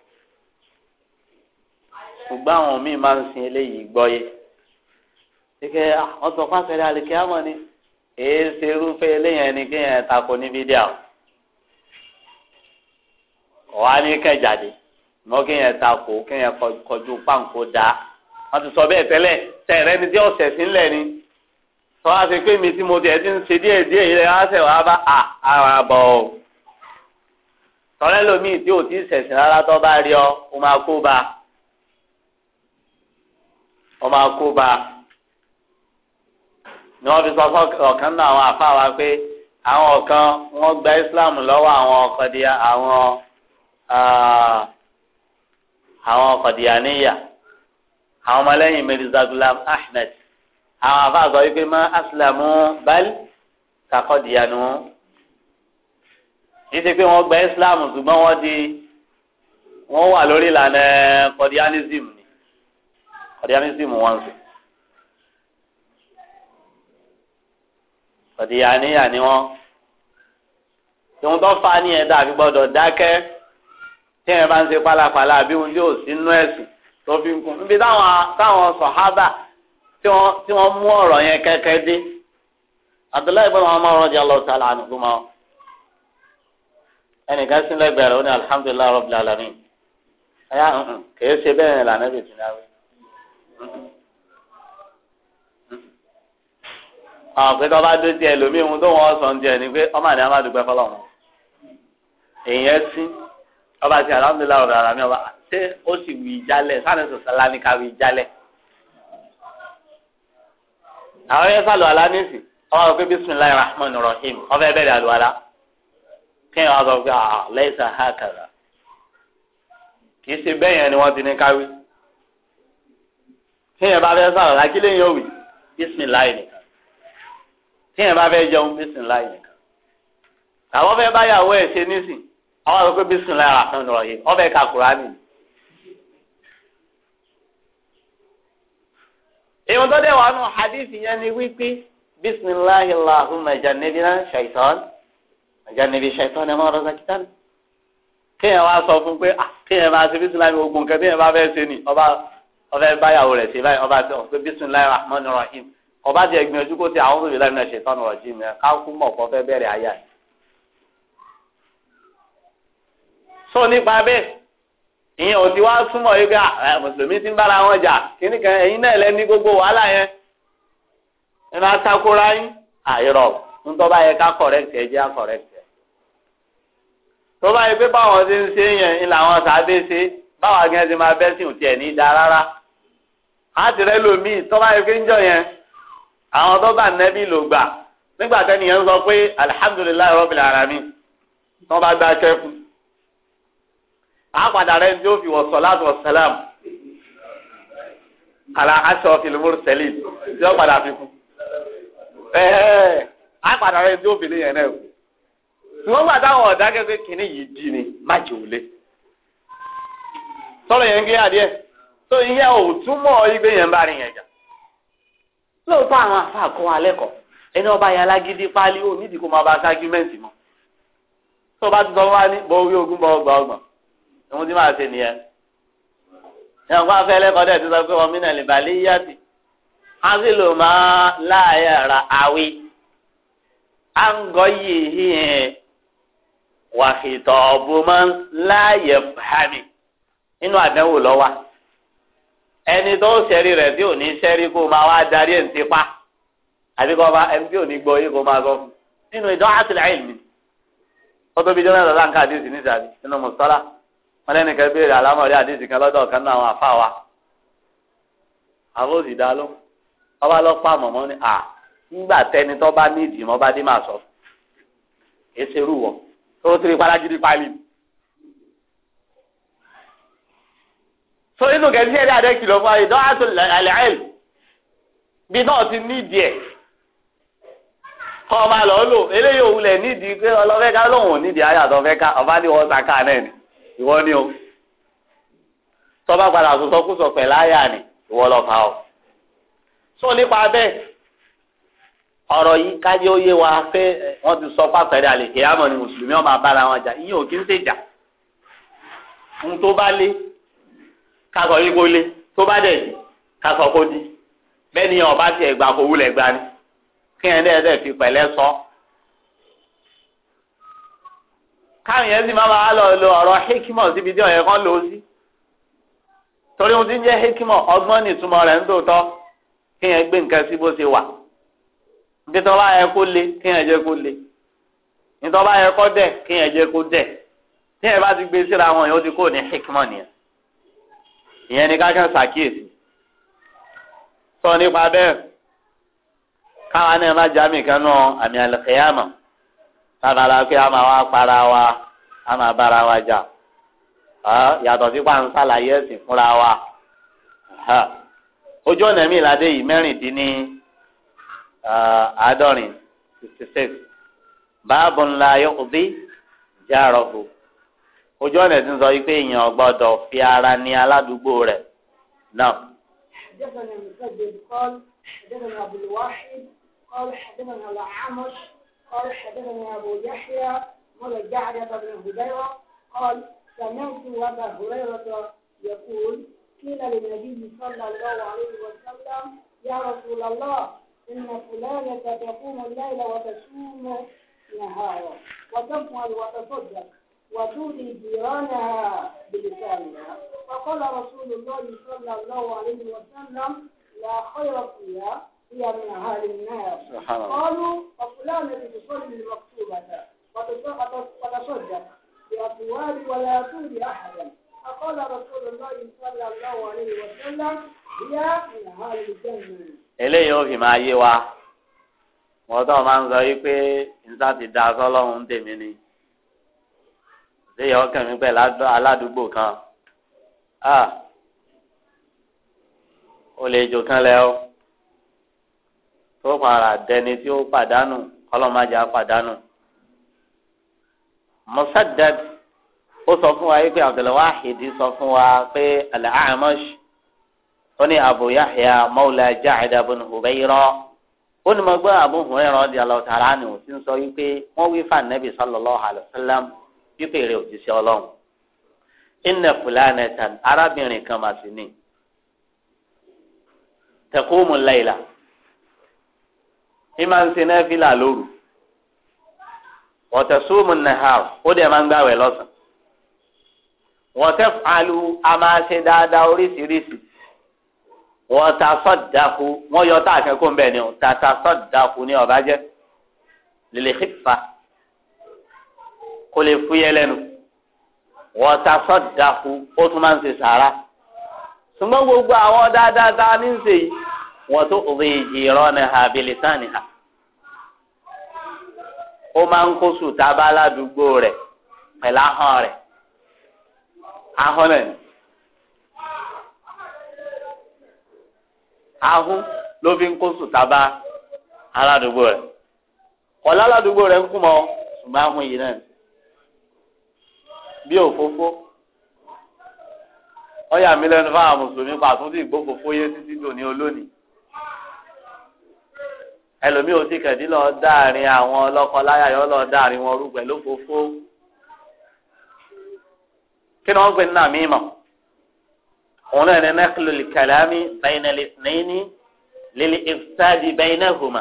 ṣùgbọ́n àwọn míì máa ń sin eléyìí gbọ́yé. ṣíkẹ́ ah, ọ̀sán pàṣẹrẹ́ àlìkẹ́ àmọ́ ni èé ṣe irúfẹ́ eléyìí ẹni kéèyàn tako ní fídíà o. ọ̀wá ní kẹjáde mọ́ kéèyàn tako kéèyàn kọjú páńkó dá. wọ́n ti sọ bẹ́ẹ̀ tẹ́lẹ̀ tẹ̀rẹ́ ni tí ọ̀sẹ̀ sí ni tọ́ a ti pé mi tí mo tiẹ̀ ti ń ṣe díẹ̀ díẹ̀ yìí lẹ́yìn aṣẹ́ wàá bá a ara bọ̀ ọ́ tọ́lẹ́ lomi tí ò tí ì ṣẹ̀sìn rárá tó bá rí ọ ó máa kó ba ó máa kó ba ni wọ́n fi sọ fún náà àwọn àfa wa pé àwọn ọ̀kan wọ́n gba Islam lọ́wọ́ àwọn ọkọ̀dìyà àwọn àwọn ọkọ̀dìyà níyà àwọn ọmọlẹ́yìn Mirza Ghulam Ahmed àwọn àfa sọ wípé má asilamu bal kakọdìyanu títí pé wọn gba islam ṣùgbọ́n wọn di wọn wà lórí ìlànà kọdíánísìm ni kọdíánísìm wọn ń sè kọdíyaníyà ni wọn tòun tó fa ni ẹ̀dá àfi gbọ́dọ̀ dákẹ́ tí ẹ bá ń ṣe pálapàla àbí ohun tí ò sí nú ẹ̀sìn tó fi ń kún níbi táwọn táwọn sọhábà tí wọ́n tí wọ́n mú ọ̀rọ̀ yẹn kẹ́kẹ́ dé Abdullahi ibn Umar radiyallahu ta'ala anhuma ẹnìkan sí lẹ́gbẹ̀rẹ̀ ó ní alhamdulillahi rabbil alamin ẹ̀yà kìí ṣe bẹ́ẹ̀ ni lànà bìtì náà wí. àwọn pé tó bá dé tiẹ̀ lómi ohun tó wọ́n sọ ń jẹ ni pé ọmọ àná má dùgbẹ́ fọlọ́mù èèyàn sí ọba ti alhamdulillahi rabbil alamin ọba ṣé ó sì wí jálẹ̀ sáà ní sọ̀sálá ní ká wí jálẹ̀ àwọn yẹn sàlù àlá nísì ọwọ́ àwọn pé bisimilayi rahman rahim ọfẹ́ bẹ̀rẹ̀ àlù àlá kí wọ́n sọ pé lẹ́sà ha kàrà kì í ṣe bẹ́ẹ̀ yẹn ni wọ́n ti ní káwí kí yẹn bá fẹ́ sàlù àlá kí lè yẹn wì bisimilayi nìkan kí yẹn bá fẹ́ jẹun bisimilayi nìkan àwọn fẹ́ báyàwó ẹ̀ ṣe nísì ọwọ́ àwọn pé bisimilayi rahman rahim ọfẹ́ kakura nìyí. ìwọ̀n tó dẹ̀ wà nù hadith yẹn ni wípé bisimilahi allahumma jannibina shaitan jannibi shaitan ẹ̀ máa rọ́ọ̀sà kìtàn. kéèyàn wá sọ fún pé ah, kéèyàn máa ṣe bisimilahi gbogbo nǹkan téèyàn bá fẹ́ ṣe ni ọba ọba báyàwó rẹ̀ ṣe báyìí ọba sọ pé bisimilahi rahman rahim ọba ti ẹgbin ojú kó ti àwọn òbí lẹ́nu shaitan rajim yẹn ká kú mọ̀ kó fẹ́ bẹ̀rẹ̀ ayà sọ nípa bẹ́ẹ̀ ìyẹn ò ti wá súnmọ́ yìí ká ah, mùsùlùmí ti ń bára wọn jà kíní kan ẹ̀yin náà lẹ́ni gbogbo wàhálà yẹn ẹ máa takora yín àìrọ̀ ń tọ́ bá yẹ ká correct ẹ jẹ́ correct ẹ. tó bá yẹ pé báwọn ti ń ṣe yẹn ń làwọn sàbẹ ṣe báwa gẹ́gẹ́ ti máa bẹ́sìn òtí ẹ̀ ní í da rárá. á ti rẹ́ lòmíì tó bá yẹ pé ń jọ yẹn àwọn tó bá nẹ́bí lò gbà nígbà tẹ́niyẹn sọ pé alihamudulilayi rọ́bìlì A rẹ ní ó fi wọ sọláàtù ọsàlám kàlà aṣọ fìlímù sẹlẹ tí ó padà fi kú ẹẹ pàápàá rẹ ní ó fi lé yẹn náà wọn di ni má jẹ òlé sọ̀rọ̀ ihe ń ihe igbe yẹn bá rìn yẹn jà ahụ àwọn afa kọ́ alẹ́ ọba ya alágídí pálí o bá ti sọ ìwọ́n ti máa ṣe nìyẹn. ìyá nǹkan afẹ́ ẹlẹ́kọ̀ọ́ dẹ̀ ti sọ pé wọ́n mìíràn lè bà lè yá ti. a sì lò máa láàyè ra àwí. a ń gọ yìí hìhìn wàhìtọ̀ ọ̀bùn máa ń láàyè hàmì nínú àdánwò lọ́wọ́ ẹni tó ń ṣẹ́rí rẹ̀ tí ò ní ṣẹ́rí kó máa wá darí ẹ̀ ń ti àbí kó máa ẹni tí ò ní gbọ́ yé kó máa gbọ́ fún nínú ìdánwò àtìlẹ́yìn mi. ó tóbi jọ́nà lọ́la ń àdéhùn sí níta nínú mùsọ́lá wọn lẹ́nu kan béèrè àlámọ̀rí àdìsí kan lọ́dọ̀ kan náà àwọn àfa wa àbóòsì dá ló ọba lọ pa mọ̀mọ́ ni à ńgbà tẹni tó bá ní ìdìmọ́ bá dé máa sọ èsè rú wọ tó tiri paragidi pali. so inú kẹ́sí ẹ̀rí adé kìlọ̀ fún ayé dọ́ àtò àlẹ́ẹ̀l bí náà ti nídìí ẹ̀ kọ́ ọ máa lọ lò eléyìí òun lẹ̀ nídìí pé ọlọ́fẹ́ ká lóun ò nídìí ayé àtọ́fẹ́ ká ọba ní wọ́n ta náà ni. ìwọ́n ni o tọ́ba padà sọsọ kó àyà ni ìwọ lọ o. sọ nípa bẹ́ẹ̀ ọ̀rọ̀ yìí kájé oyé wa pé eh, wọ́n ti sọ pàpẹ́rẹ́ àlè ni mùsùlùmí ọmọ abára wọn jà ìyẹn ò kí ń ṣèjà ń tó bá lé kakọ yìí lé tó bá dẹ̀ di kó di bẹ́ẹ̀ ni ọba wúlẹ̀ gbani kí ẹ̀ fi pẹ̀lẹ́ káwọn yẹn sì má bàa lọ lo ọ̀rọ̀ hekima síbi tí ọ̀yẹ́ kan lò ó sí torí ohun tí ń jẹ́ hekima ọgbọ́n ní ìtumọ̀ rẹ̀ ń tòótọ́ kí yẹn gbé nǹkan sí bó ṣe wà nítorí tó bá yẹ kó le kí yẹn jẹ́ kó le nítorí tó bá yẹ kó dẹ̀ kí yẹn jẹ́ kó dẹ̀ tí yẹn bá ti gbé síra wọn yóò ti kó ní hekima nìyẹn ìyẹn ni kákan ṣàkíyèsí sọ nípa bẹ́ẹ̀ káwa náà má jámì kan náà àmì àlùkìyàmọ̀ sábàlá pé a máa wá para wa a máa bára wa jà yàtọ̀ sí pa ń sàlàyé ẹ̀sìn fúnra wa ojú ọ̀nà mi ìlàdé yìí mẹ́rìndínní àádọ́rin sixty six báàbù ńlá yóò bí járọ̀bù ojú ọ̀nà tí ń sọ wípé èèyàn gbọ́dọ̀ fi ara ní aládùúgbò rẹ̀ náà. حدثنا مسدد قال حدثنا ابو الواحد قال حدثنا قال حدثني أبو يحيى مولى الجعدة بن هبيرة قال سمعت أبا هريرة يقول قيل للنبي صلى الله عليه وسلم يا رسول الله إن فلانة تقوم الليل وتصوم نهارا وتفعل وتصدق وتؤذي جيرانها بلسانها فقال رسول الله صلى الله عليه وسلم لا خير فيها هي من أهل النار قالوا ففلانة تصلي المكتوبة وتصدق بأبواب ولا تؤذي أحدا فقال رسول الله صلى الله عليه وسلم هي من أهل الجنة eléyìí ó fi máa yé wa wọn tó máa ń sọ yìí pé nǹkan ti da sọ́lọ́run tèmi ni ṣéyẹ ọkàn mi pẹ aládùúgbò kan ó lè jò kan lẹ o tó fara dẹni tí ó pàdánù kọlọ́májà pàdánù. Musaddad ó sọ fún wa yìí pé Abdulwahid sọ fún wa pé Al-A'mash ó ní Abu Yahya Mawla Ja'da bin Hubayra ó ní mo Abu Hurairah radiyallahu ta'ala anhu ó ń sọ yìí pé wọ́n wí fún Nabi sallallahu alayhi wa sallam wípé èrè òjíṣẹ́ Ọlọ́run inna fulanatan arábìnrin kan mà sí ni layla ìmọ̀ ń ṣe nẹ́fìlà lóru wọ́tẹ̀sùmù nàhàr ó dẹ̀ máa ń gbàwẹ̀ lọ́sàn wọ́tẹ̀fàlù a máa ṣe dáadáa oríṣiríṣi wọ́tasọ́dàkú wọ́n yọ tá àkẹ́kọ̀ọ́ bẹ́ẹ̀ ni tasọ́dàkú ni ọba jẹ́ lèlè xìfà kò lè fúyẹ́ lẹ́nu wọ́tasọ́dàkú ó tún máa ń ṣe sàrà ṣùgbọ́n gbogbo àwọn dáadáa tá a ní ń ṣe yìí wọ́n tó òbí ìrọ́nà àbílísàn nìyà ó máa ń kó sùtá bá aládùúgbò rẹ̀ pẹ̀lú ahọ́n rẹ̀ ahọ́n náà ni ahọ́n ló fi ń kó sùtá bá aládùúgbò rẹ̀ ọ̀lá aládùúgbò rẹ̀ ń kú mọ́ ṣùgbọ́n ahọ́n yìí náà bí òfófó ọ̀yà mi lẹ́nu fáwọn mùsùlùmí pàtó tí ìgbófófó yé títí dòní olónìí. ẹlòmíì ò sì kẹ̀dí lọ dáàrin àwọn ọlọ́kọ láyàyọ́ lọ dáàrin wọn rú pẹ̀lú kí ni wọ́n gbé nínú àmì ìmọ̀ òun náà ní nẹ́kìlò kàlámì bẹ́ẹ̀nẹ́lì sìnẹ́ẹ̀nì ìfúsáàdì bẹ́ẹ̀nẹ́hùmà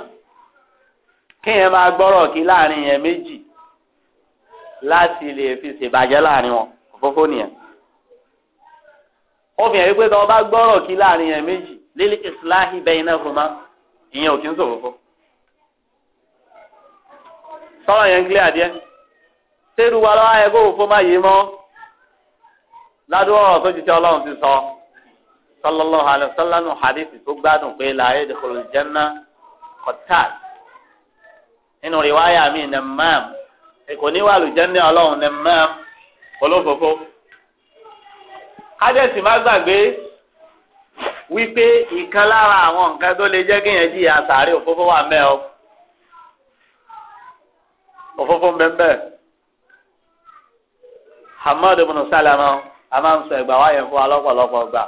kí yẹn máa gbọ́rọ̀ kí láàrin yẹn méjì láti lè fi ṣèbàjẹ́ láàrin wọn òfófó nìyẹn ó fi hàn wípé bá gbọ́rọ̀ kí láàrin yẹn méjì ìsìláhì bẹ́ẹ̀nẹ́hùmà ìyẹn ò kí ń sọ̀rọ̀ yẹn ń gílé adìẹ sẹ́rù wa lọ́wọ́ ayẹ kó òfó má yé mọ́ ládùúgbò ọ̀rọ̀ tó jíjẹ́ ọlọ́run ti sọ sallallahu alaihi wasallam hadithi tó gbádùn pé la yadkhulul janna qattal nínú rìwáyà mi namam èkó ní wàlú jẹ́ni ọlọ́run namam olófòfó kájẹ́sì má gbàgbé wípé ìkan lára àwọn nǹkan tó lè jẹ́ kéèyàn jìyà sàárè òfófó wà mẹ́ òfófó mbẹ́mbẹ́ Salama a máa ń sọ ẹgbà wáyé fún alọ́pọ̀lọpọ̀ gbà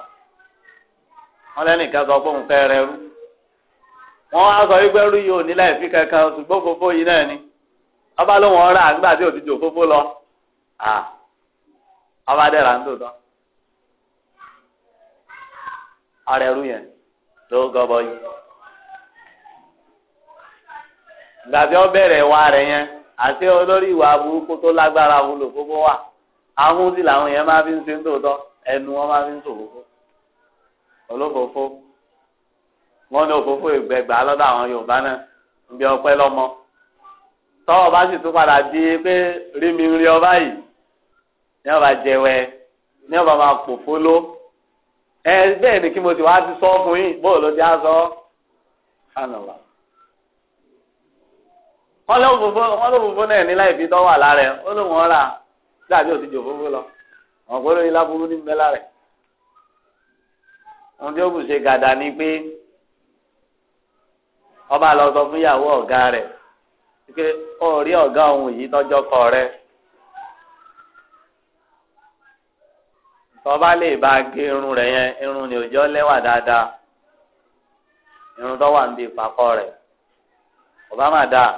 wọ́n sọ rú sọ wípé rú yìí ò ní láì fi kankan ṣùgbọ́n yìí náà ni ọba ló rà nígbà tí lọ ọba ń tòótọ́ gọbọ yìí gbàtí wá rẹ̀ àti olórí ìwà burúkú tó lágbára wúlò gbogbo wà àwọn tí làwọn yẹn máa fi ń ṣe ń tòótọ́ ẹnu wọn máa fi ń ṣòfófó olófófó wọn ní òfófó ìgbẹgbà lọ́dọ̀ àwọn Yorùbá náà ń bí ọpẹ́ lọ́mọ tọ́wọ́ bá sì tún padà di pé rí mi rí ọba yìí ní ọba jẹwẹ ní ọba máa pò fóló ẹ bẹ́ẹ̀ ni kí mo ti wá ti sọ fún yín bóòlù ti á sọ ọ́ wọ́n ló fòfó wọ́n ló fòfó náà ní láì fi tọ́ wà lára ẹ̀ ó ló wọ́n rà dàbí òtí jò fòfó lọ àwọn kò lóyún láburú ní bẹ́ẹ̀ lára ẹ̀. ohun tí ó kù ṣe gàdà ni pé ọba lọ sọ fún ìyàwó ọ̀gá rẹ̀ pé ó rí ọ̀gá òun yìí tọ́jọ́ kọ rẹ̀. tọ́ba lè bá gé irun rẹ̀ yẹn irun ni òjò lẹ́wà dáadáa irun tó wà ń bí ìpàkọ́ rẹ̀ ọba má dáa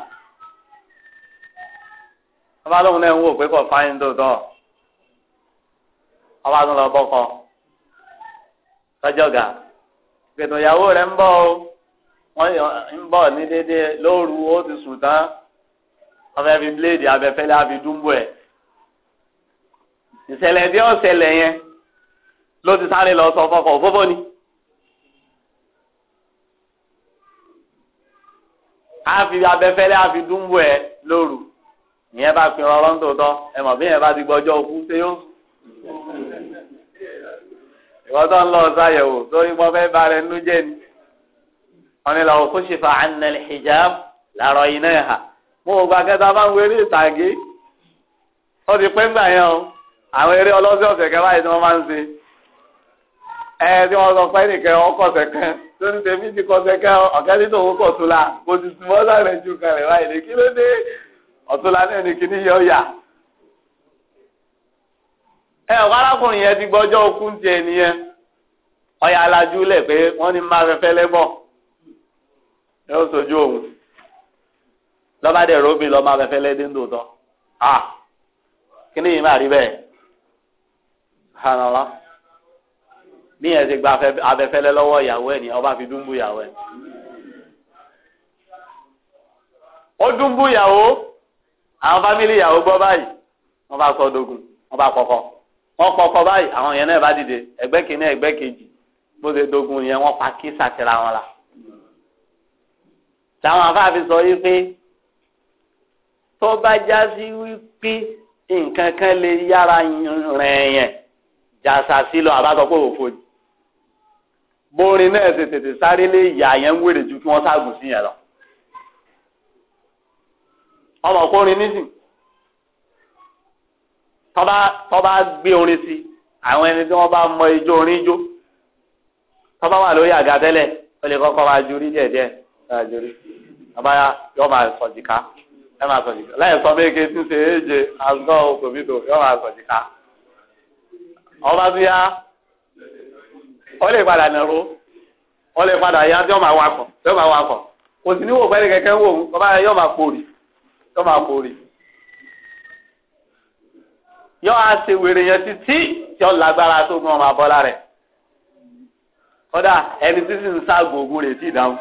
ọba lóhun náà ń wò pé kò fáyín tòótọ́ ọba tó lọ bọ́kọ tọ́jọ́ gà gbẹ̀tọ̀ ìyàwó rẹ̀ ń bọ̀ o wọ́n ń bọ̀ ní déédéé lóru ó ti sùn tán ọbẹ̀ fi bíléèdì abẹ́fẹ́lẹ́ àfi dúnbò ẹ̀ ìṣẹ̀lẹ̀ bí ọ̀ṣẹ̀lẹ̀ yẹn ló ti sáré lọ sọ fọkọ̀ òfófó ni. àfi abẹ́fẹ́lẹ́ àfi dúnbò ẹ̀ lóru ìyẹn bá pin ọ̀rọ̀ ń tòótọ́ ẹ mọ̀ bí yẹn bá ti gbọ́jọ́ òkú ṣé yó. ìwọ́n tó ń lọ ṣàyẹ̀wò lórí pọ́ fẹ́ bá rẹ̀ nú jẹ́ ni. wọ́n ní lọ́wọ́ kóṣìfà anil hijab làrọ̀ iná ẹ̀ hà. mo ò gbà kẹta bá ń wéré ìtàgé. ó ti pẹ́ ńgbà yẹn o àwọn eré ọlọ́sẹ̀ ọ̀sẹ̀ kẹ́ báyìí tí wọ́n máa ń ṣe. ẹ tí wọ́n sọ pé nìkan ọkọ̀ sẹ̀kẹ́ tó ní tèmi ti kọ sẹ̀kẹ́ ọ̀kẹ́ ọ̀túnla náà ni kíní yẹ ọ̀yà. ẹ ọ̀kọ́ arákùnrin yẹn ti gbọ́jọ́ okú ń tiẹ̀ nìyẹn ọ̀yà alájú lẹ̀ pé wọ́n ní máa fẹ́fẹ́ lẹ́bọ̀ yóò sojú òun lọ́ba dẹ̀ róbì lọ́ máa fẹ́fẹ́ lẹ́dí ń dòótọ́ à kíní yìí máa rí bẹ́ẹ̀ hànàlá bí yẹn ti gba abẹ́fẹ́lẹ́ lọ́wọ́ ìyàwó ẹ̀ nìyẹn ọba fi dúnbù ìyàwó ẹ̀ ó dúnbù ìyàwó àwọn fámìlì ìyàwó gbọ́ báyìí wọ́n bá sọ dogun wọ́n bá kọ́kọ́ wọ́n kọ́kọ́ báyìí àwọn yẹn náà bá dìde ẹgbẹ́ kìíní ẹgbẹ́ kejì bó ṣe dogun yẹn wọ́n pa kí sàtìra wọn la. làwọn afáàfin sọ yìí pé tó bá já sí wípé nǹkan kan lè yára rìn yẹn jàṣà sí lọ àbá sọ pé òfò ni bórin náà ṣe tètè sáré lé ìyá yẹn ń wèrè ju kí wọ́n ságùn sí yẹn lọ. ọmọ kórin nísìn Tọba tọba gbé orin sí àwọn ẹni tí wọ́n bá mọ ijó orin ijó tọba wà lórí àga tẹ́lẹ̀ ó lè kọ́kọ́ máa jurí díẹ̀díẹ̀ máa jurí bàbá yọ máa sọ̀jìká ẹ máa sọ̀jìká láyé sọ méke tí ń ṣe éje àgọ́ tòmítò yọ máa ọba yá ó lè padà nàró ó lè padà yá tí máa máa kò sí níwò pẹ́ẹ́lí kẹ́kẹ́ wò ó bàbá yọ máa pòrì. tó máa borí yọ á ṣe wèrè yẹn títí tí ó lágbára tó gan ọmọ abọ́lá rẹ̀ kódà ẹni tí sì ń ságbo ogun rẹ̀ sí ìdáhùn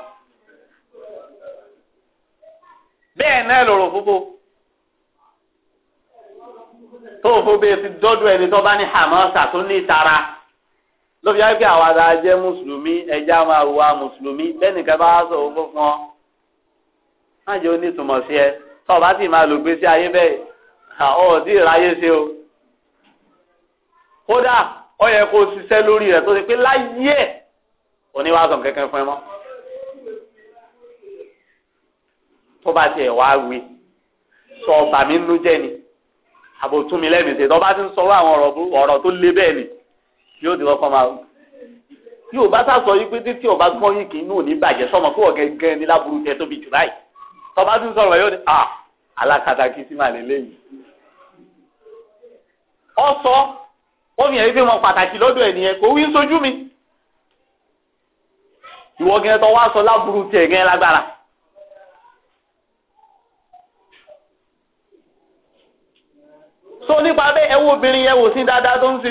bẹ́ẹ̀ náà lọ̀rọ̀ fúnfó tó fó bẹ́ẹ̀ ti dọ́dọ̀ ẹni tó bá ní hamasa tó ní ìtara ló fi wáyé àwọn àdá jẹ́ mùsùlùmí ẹja máa wà mùsùlùmí bẹ́ẹ̀ nìkan bá sọ̀rọ̀ fún ọ má jẹ́ onítùmọ̀ sí ẹ tọ́ọ̀bá sì máa lò gbé sí ayé bẹ́ẹ̀ ọ̀ sí ìráyé ṣe o kódà ó yẹ kó ṣiṣẹ́ lórí rẹ̀ tó ṣe pé láyé ẹ̀ oníwàásàn kankan fún ẹ mọ́ tó bá tiẹ̀ wá wí sọ ọ̀bà mi nínú jẹ́ ni àbòtúnmi lẹ́mìí ṣe tọ́ba ti ń sọ̀rọ̀ àwọn ọ̀rọ̀ tó lé bẹ́ẹ̀ ni yóò ti kọ́kọ́ máa yóò bá sàsọ yí pé títí ọba gbọ́n yìí kì í nù ní bàjẹ́ sọmọ kó ọ̀gẹ́gẹ́ ní láburú jẹ tóbi jù báyìí tọ́ba ti sọ̀rọ̀ yóò ní alákatakí sí màlẹ lẹ́yìn ọsọ ó fi hàn wípé wọn pàtàkì lọ́dọ̀ ẹnìyẹn kò wí ń sojú mi ìwọ gẹ́gẹ́ tó wá sọ láburú tiẹ̀ gẹ́gẹ́ lágbára. so nípa bẹ́ẹ̀ ẹ wo obìnrin yẹn wò sí dáadáa tó ń sí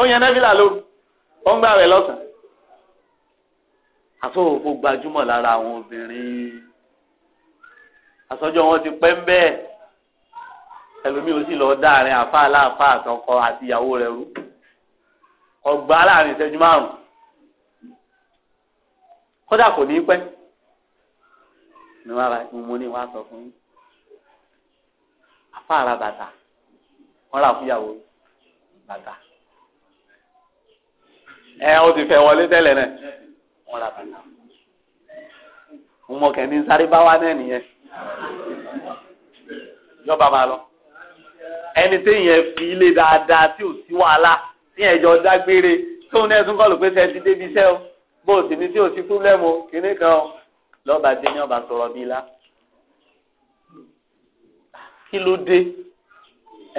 ó yan nẹ́fìlà lóru ó ń gbà rẹ̀ lọ́sàn-án àtòwò gbajúmọ̀ lára àwọn obìnrin àsọjọ́ wọn ti pẹ́ ń bẹ́ẹ̀ ẹlòmíì ó sì lọ dá àárín àfa aláàfa àtọkọ àti ìyàwó rẹ̀ rú ọgbà láàrin ìṣẹ́jú márùn kódà kò ní pẹ́ ní wàá mo ní wàá sọ fún yín àfa ara bàtà wọn rà fún ìyàwó bàtà ẹ ó ti fẹ́ wọlé tẹ́lẹ̀ náà wọn rà bàtà mo mọ kẹ́ni sáré bá wá náà nìyẹn yọba máa lọ ẹni téèyàn fi ilé dáadáa tí ò sí wàhálà téèyàn jọ dágbére tóun náà tún kọlù pé sẹ ti débi iṣẹ́ o bó o sì ní tí o ti púlẹ̀mù kínní kan o lọ́ba dé ní ọba sọ̀rọ̀ bíi la kí ló dé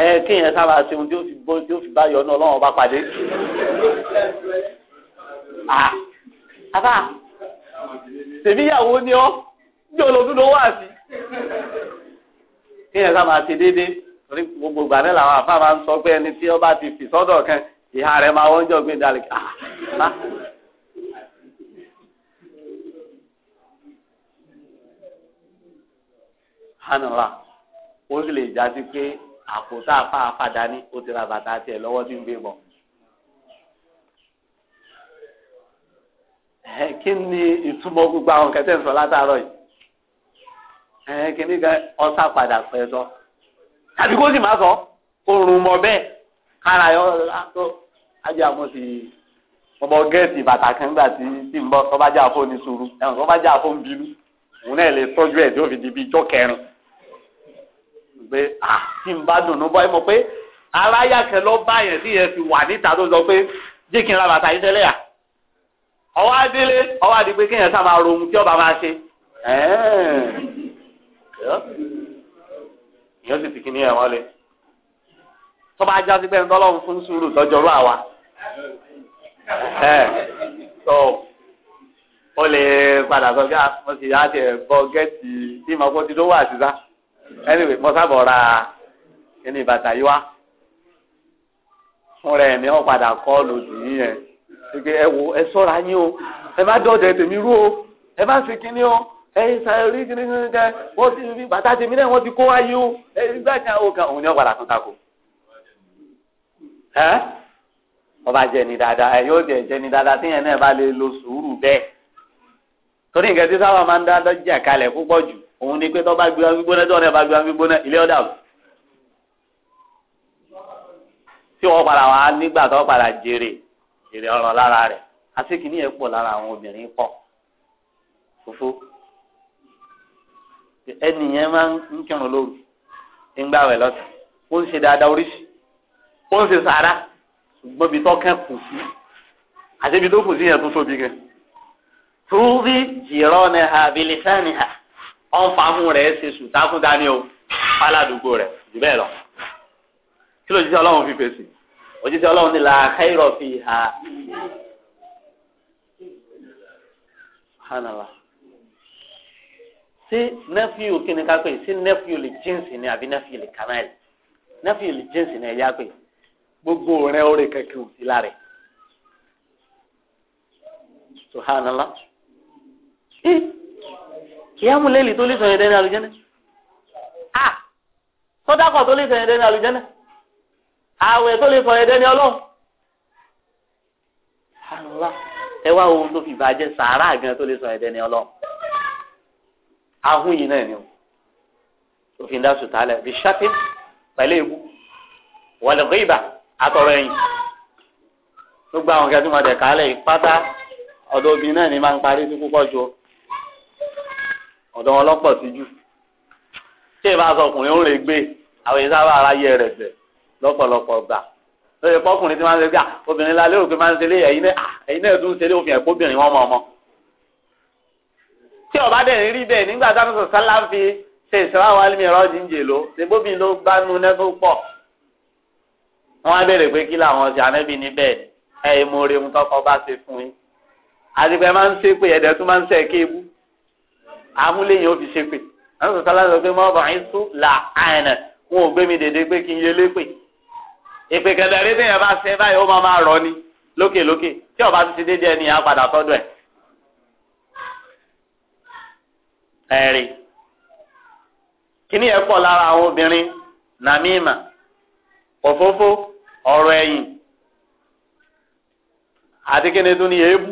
ẹ kéèyàn sábà ṣe ohun tí ó fi bọ́ tí ó fi bá yọnu ọlọ́run ọba pàdé àbá tèmi ìyàwó ni ọ́ bí olóògùn ló wà sí kéèyàn sábà ti déédéé torí gbogbo ìgbà náà làwọn àfa máa ń sọ pé ẹni tí ọba ti fi sọ́dọ̀ kan ìhà rẹ̀ máa wọ́n jọ gbé dalẹ̀ ká. Ah, hanura ó sì lè já sí pé àkótá afáfádà ní ó ti ra bàtà tiẹ̀ lọ́wọ́ tí ń gbé bọ̀. kí ni ìtumọ̀ gbogbo àwọn kẹtẹ́ ń sọ látàárọ̀ yìí? ẹ kìíní kan ọ̀sà padà pẹ́ sọ tàbí kó sì má sọ oorun mọ bẹ́ẹ̀ kára yọ látọ̀ ajá mo sì ọmọ gẹ́ẹ̀tì bàtà kan gbà tí tí ń bọ́ sọ́bàjá fóònù sùúrù ẹ̀wọ̀n sọ́bàjá fóònù bínú òun náà lè tọ́jú ẹ̀ tí ó fi di bíi ijọ́ kẹrin pé ah tí n bá dùn bọ́ ẹ mọ̀ pé aráyà kan lọ bá yẹn tí yẹn fi wà níta tó sọ pé jẹ́ kí n ra bàtà yìí à ọwọ́ adélé ọwọ́ adìpé kéèyàn sábà ro ohun tí ọba máa ṣe ìyẹn sì fi kíní ẹ̀ wọ́n lé tọ́ba sí fún sùúrù tọ́jọ́ rú àwa tó o lè padà sọ pé ah, mo sì yá tiẹ̀ bọ́ gẹ́ẹ̀tì tí mo ti wà sísá anyway mo sábọ̀ ra ìbàtà yìí wá fúnra ẹ̀mí padà kọ́ lòdì ẹ wo ẹ sọ́ra yín o o. ẹyin sáré orí kiri kiri kan wọ́n ti fi bàtà tèmi náà wọ́n ti kó wáyé o ẹyin gbà kan o kan òun ni ọ padà tó tako. ẹ wọ́n bá jẹ ni dada ẹ yóò jẹ jẹ dada tí tíyẹn náà bá lè lo sùúrù bẹ́ẹ̀. torí nǹkan tí sábà máa ń dá jù òun ni pé tó bá gbígbóná tó bá gbígbóná ilé ọ̀dà o. tí padà wá nígbà tó padà jèrè jèrè lára ẹnì yẹn máa ń kírun lóru ńgbà wẹ̀ lọ́sàn ó ń ṣe dáadáa oríṣi ó ń ṣe sàárà ṣùgbọ́n ibi tó kẹ́ kù sí àti ibi tó kù sí yẹn tó tóbi gan. túbí jìrọ́ ni ha bilisani ha ọ̀n fàámu rẹ̀ ṣe sùtá fún dání o rẹ̀ jù bẹ́ẹ̀ lọ. kí ló jíṣẹ́ ọlọ́run fi fèsì òjíṣẹ́ ọlọ́run ní la khairo fi ha sí nẹ́fíù kí ni ká pè sí nẹ́fíù lè jíǹsì ni àbí nẹ́fíù lè kanáìlì nẹ́fíù lè jíǹsì ni ẹ̀yà pè gbogbo rẹ orí kẹkẹ ò sí lára ẹ̀ subhanallah ẹ ìyáàmú lẹ́lì tó lè sọ̀yẹ̀ dẹ́nu àlùjẹ́nẹ́ à sọ́dákọ̀ tó lè sọ̀yẹ̀ dẹ́nu àlùjẹ́nẹ́ àwẹ̀ tó lè sọ̀yẹ̀ dẹ́nu ọlọ́run subhanallah ẹ wá ohun tó fi bàjẹ́ sàárà gan tó lè sọ̀yẹ̀ dẹ́nu ọlọ́run ahun yìí náà ni o òfin dá sùtà lẹ bí ṣáfì pẹ̀lú ewu wọlé ìbà àtọrọ ẹ̀yìn gbogbo àwọn kẹtù máa dẹ kálẹ pátá ọ̀dọ̀ obìnrin náà ni máa ń parí sí púpọ̀ jù ọ̀dọ̀ wọn lọ́pọ̀ sí jù tí ìbá sọ ọkùnrin ó lè gbé àwọn èyí sábà aráyé rẹ bẹ lọ́pọ̀lọpọ̀ gbà lóye fọkùnrin tí máa ń ṣe gbà obìnrin lálẹ́ òkè máa ń ṣe lé ẹ̀yin náà ẹ̀yin náà tún ṣe lé òfin ẹ̀kọ́ obìnrin wọn mọ̀ ọmọ ọba dẹ̀ rí bẹ́ẹ̀ nígbà táwọn sọ sálá fi ṣe ìṣẹ́wá wa ní ìrọ́ lo. ló ṣègbóbi ló bá nu nẹ́fó pọ̀ wọ́n á béèrè pé kí làwọn ṣe ànábì níbẹ̀ ẹ̀ ẹ̀ mo rí ohun tọkọ bá ṣe fún yín àdìgbẹ́ máa ń ṣe pé ẹ̀dẹ̀ tún máa ń ṣe kéébù amúléyìn ó fi ṣe pé àwọn sọ sálá sọ pé mọ́ ọ̀bà yín sùn là àìnà wọn ò gbé mi dèdè pé kí n yẹlé pè ìpè kẹlẹ̀ rí bẹ́ẹ̀ bá ṣe báyìí ó máa ẹ̀rí kíní ẹ̀ pọ̀ lára àwọn obìnrin nàmímà òfófó ọ̀rọ̀ ẹ̀yìn àti kíni tún ní èébú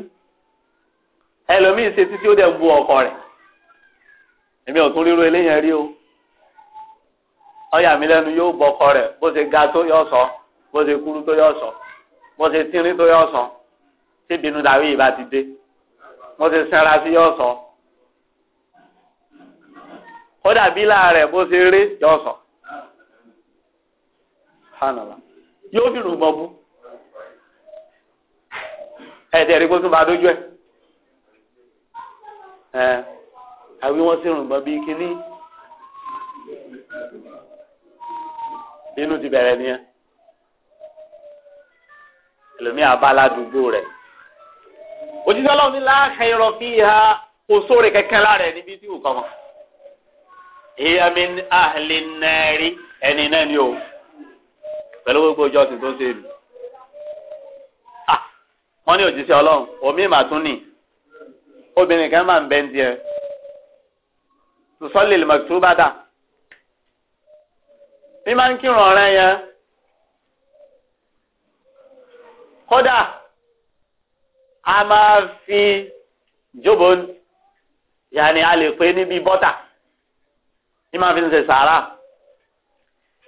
ẹlòmíì ṣe títí ó dẹ̀ bu ọkọ rẹ̀ èmi ò ríro eléyàn rí o ọyà mi lẹ́nu yóò bọ ọkọ rẹ̀ bó ṣe ga tó yọ sọ bó ṣe kúrú tó yọ sọ bó ṣe tínrín tó yọ sọ tí ti dé kódà bílà rẹ̀ bó ṣe rí yọ sọ yóò fi rògbọ̀n bú ẹ̀ẹ́dẹ̀ rí tún bá dójú ẹ̀ ẹ̀ àbí wọ́n sì rògbọ̀n bíi kínní inú ti bẹ̀rẹ̀ nìyẹn òjijì ní fi ha kò sóore hiyamin ahli nẹ́ẹ̀rí ẹni náà ni o pẹ̀lú gbogbo ìjọsìn tó ṣe mi. Ah, wọ́n ní òjíṣẹ́ ọlọ́run omi màtún nì obìnrin kan máa ń bẹ́ ń tiẹ̀ tùsọ́lì lèmọ̀túbàdà mi máa ń kírun ọ̀rẹ́ yẹn kódà a máa fi jóbon yàní a lè pè é níbi bọ́tà. ní máa fi ń ṣe sàárà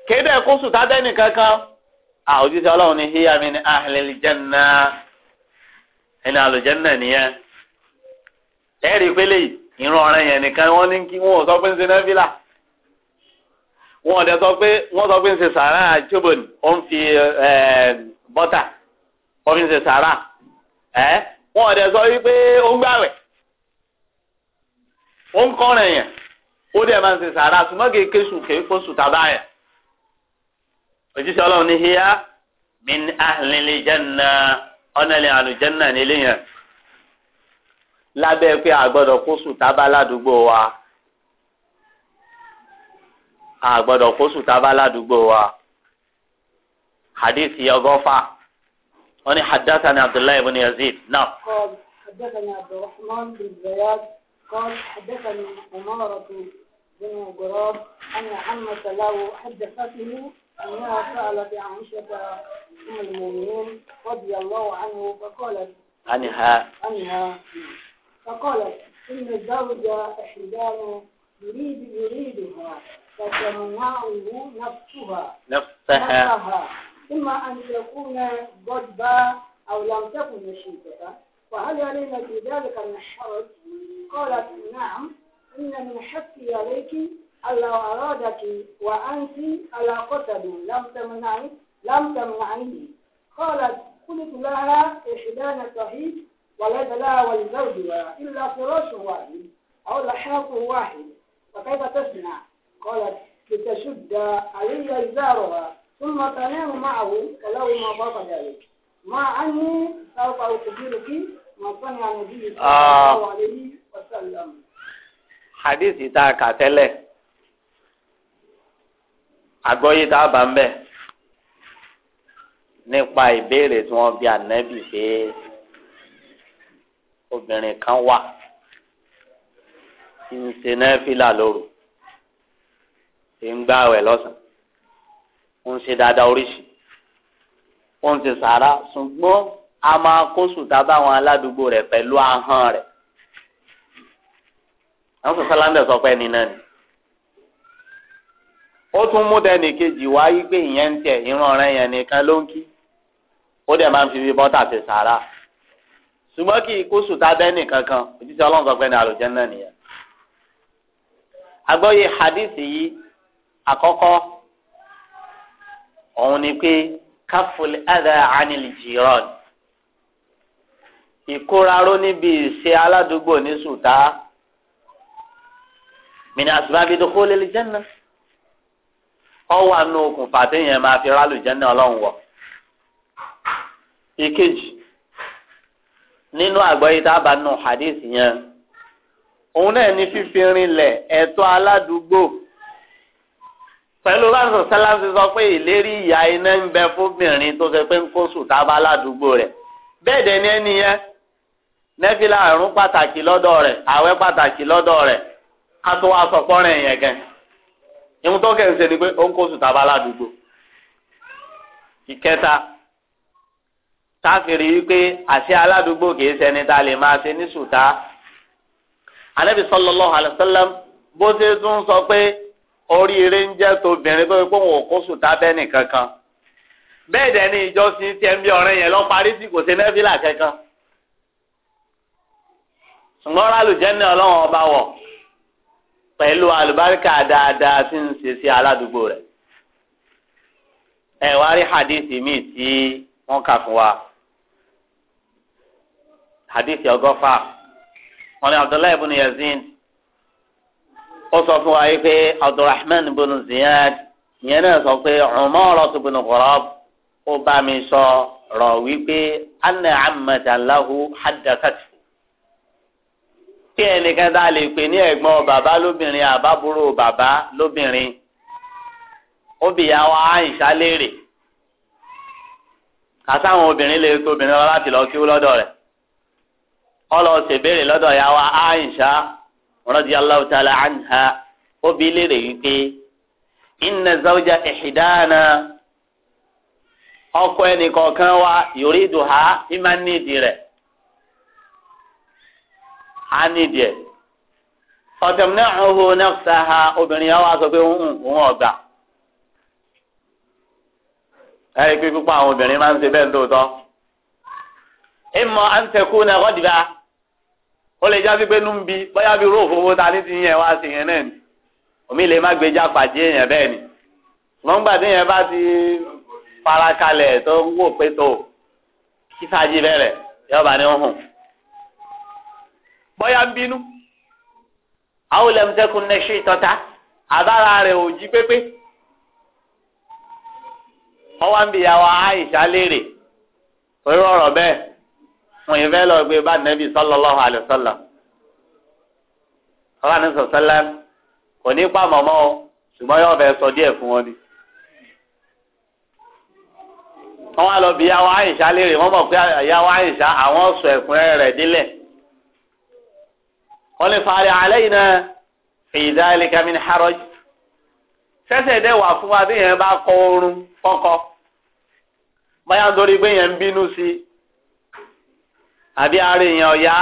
kéde kó sùn tábẹ́ nìkan kan àwòjíṣẹ́ ọlọ́run ní hiya min ahlil janna ẹni àlùjẹ́nà nìyẹn ẹ̀rí pélé ìran ọ̀rẹ́ yẹn nìkan wọ́n ní kí wọ́n sọ pé ń ṣe nẹ́fìlà wọ́n ọ̀dẹ sọ pé wọ́n sọ pé ń ṣe sàárà àjọbọ̀nì ó ń fi bọ́tà ó fi ń ṣe sàárà ẹ̀ wọ́n ọ̀dẹ sọ wípé ó ń gbàwẹ̀ ó ń kọ́ ọ̀rẹ́ yẹn ó dẹ̀ máa ń ṣe sàrà àtúmọ̀ kéèké sùn kéèkó sùn tàbá yẹn òjíṣẹ́ ọlọ́run ní híyá min ahlili janna ọ̀nàlẹ̀ àlùjẹ́nà nílé yẹn lábẹ́ pé àgbọ̀dọ̀ kó sùn tábà ládùúgbò wa àgbọ̀dọ̀ kó sùn tábà ládùúgbò wa hadith yọgọ́fà wọ́n ní hadathani abdullahi ibn yazid náà. قال حدثني عبد الرحمن بن زياد قال حدثني عمارة بن جراب أن عمة له حدثته أنها سألت عائشة أم المؤمنين رضي الله عنه فقالت عنها عنها فقالت إن الزوج إحدانا يريد يريدها فتمنعه نفسها نفسها, إما أن تكون غضبة أو لم تكن نشيطة فهل علينا في ذلك من حرج؟ قالت نعم أن من حقي عليك ألا أرادك وأنت على قتل لم تمنعني لم تمنعني قالت قلت لها إحدانا صحيح وليس لها ولزوجها إلا فراش واحد أو لحاق واحد فكيف تصنع؟ قالت لتشد علي إزارها ثم تنام معه ولو ما ضاق ذلك مع أني سوف أخبرك ما صنع النبي صلى الله عليه وسلم hadithi tá a kà tẹ́lẹ̀ àgbọ́yé tá a bá ń bẹ̀ nípa ìbéèrè tí wọ́n bi ànẹ́bì pé obìnrin kan wà tí ń ṣe nẹ́fìlà lóru tí ń gbààwẹ̀ lọ́sàn-án ń ṣe dáadáa oríṣi ó ń ṣe sàárà ṣùgbọ́n a máa kó sùtá báwọn aládùúgbò rẹ̀ pẹ̀lú ahọ́n rẹ̀. na sọ̀sọ́ láńdẹ̀ sọ pé ẹni náà ni. ó tún mú dẹ́nì kejì wá yí ìyẹn ń tẹ̀ ìran ọ̀rẹ́ yẹn nìkan ló ń kí ó dẹ̀ máa ń fi bí bọ́tà fi sàárà ṣùgbọ́n kí ikú sùtá bẹ́ẹ̀nì kankan òjíṣẹ́ ọlọ́run sọ pé ní àlùjànnà nìyẹn. àgbọ́yé hadith yìí àkọ́kọ́ òun ni pé káfùlì ẹ̀dá ànil jìrọ̀n ìkóraró níbi ìṣe aládùúgbò ní sùtá. min asbabi dukhuli aljanna ọwọ́ àánú okùn fàtẹ́yìn máa fi rálù jẹ́nà ọlọ́run wọ̀. ìkejì nínú àgbọ̀yé tábà nù hadith yẹn òun náà ní fífi rinlẹ̀ ẹ̀tọ́ aládùúgbò pẹ̀lú báńsọ̀ sẹ́láńsì sọ pé ìlérí ìyá iná ń bẹ fóbìnrin tó ṣe pé ń kó sùn tábà aládùúgbò rẹ̀ bẹ́ẹ̀ dẹ̀ ni ẹni yẹn nẹ́fìlà àrùn pàtàkì lọ́dọ̀ rẹ̀ àwẹ̀ pàtàkì lọ́dọ̀ rẹ̀ atọ́ wa sọ pọ́nrẹ́ yẹn gan ni pé ó ń kó sùtà bá aládùúgbò ìkẹta táfìrí wípé àṣẹ aládùúgbò kìí ṣẹni tá a lè máa ṣe ní sùtà anabi sallallahu alayhi wa sallam bó ṣe tún sọ pé oríire ń jẹ́ tóbìnrin tó fi pé òun ò kó sùtà bẹ́ẹ̀ nìkan bẹ́ẹ̀ dẹ̀ ni ìjọsìn tiẹ̀ ń bí ọ̀rẹ́ yẹn lọ parí sí kò sí nẹ́fìlà kankan ṣùgbọ́n rálù ní ọlọ́run ọba wọ̀ pẹ̀lú alùbáríkà dáadáa tí ń ṣe sí aládùúgbò rẹ̀. ẹ wá rí hadithi míì tí wọ́n kà fún wa hadithi ọgọ́fà wọn ni abdullahi ibn yazin ó sọ fún wa yìí pé abdulrahman ibn ziyad ìyẹn náà sọ pé umaratu ibn ghurab ó bá mi sọ rọ̀ wípé anna ammatan lahu Kí ẹnìkan tá lè pè ní ẹ̀gbọ́n bàbá lóbìnrin àbábúrò bàbá lóbìnrin obìyàwó àìsà kàtàwọn obìnrin lè tó obìnrin lọ láti lọ kí ó lọ́dọ̀ rẹ̀ ọlọ ṣèbéèrè lọ́dọ̀ ìyàwó àìsà radiyallahu ta'ala obì wípé ọkọ ẹnìkọ̀ọ̀kan wa ìmánìdì rẹ̀. á nídìí ẹ̀ ọ̀dọ̀m ha obìnrin yà wá sọ pé ọgba ọ̀gbà ẹ̀rí pé àwọn obìnrin máa ń ṣe bẹ́ẹ̀ lóòótọ́ ìmọ̀ àǹtẹ̀kù náà rọ́dìbà ó lè jáde pé núbi bóyá bí róò fowó ta ní ti yẹn wá sí yẹn náà ni omi lè má pàdé bẹ́ẹ̀ ni gbà tí yẹn bá ti farakalẹ̀ tó ń wò pé tó kí sáájì bẹ̀rẹ̀ bóyá ń bínú àwọn lẹ́mùtẹ́kùn náà ṣe ìtọ́ta àbára rẹ̀ ò jí pépé ọwọ́ ń bi ìyàwó àìsà léèrè pẹ̀lú ọ̀rọ̀ bẹ́ẹ̀ wọ́n yìí fẹ́ lọ gbé bá nẹ́bí sallallahu alaihi wasallam ọ̀rọ̀ ní sọ̀sọ́lá kò ní pa mọ̀mọ́ o ṣùgbọ́n yóò fẹ́ sọ díẹ̀ fún wọn ni. wọ́n wá lọ bi ìyàwó àìsà léèrè wọ́n mọ̀ pé ìyàwó àìsà àwọn sọ ẹ̀kúnrẹ́ rẹ̀ wọ́n lè fàárẹ mi ní harrod sẹ́sẹ̀ dẹ́ wà fún wa bí yẹn bá kọ oorun kọ́kọ́ báyà ń torí pé yẹn ń bínú sí i àbí ara èèyàn ọ̀yá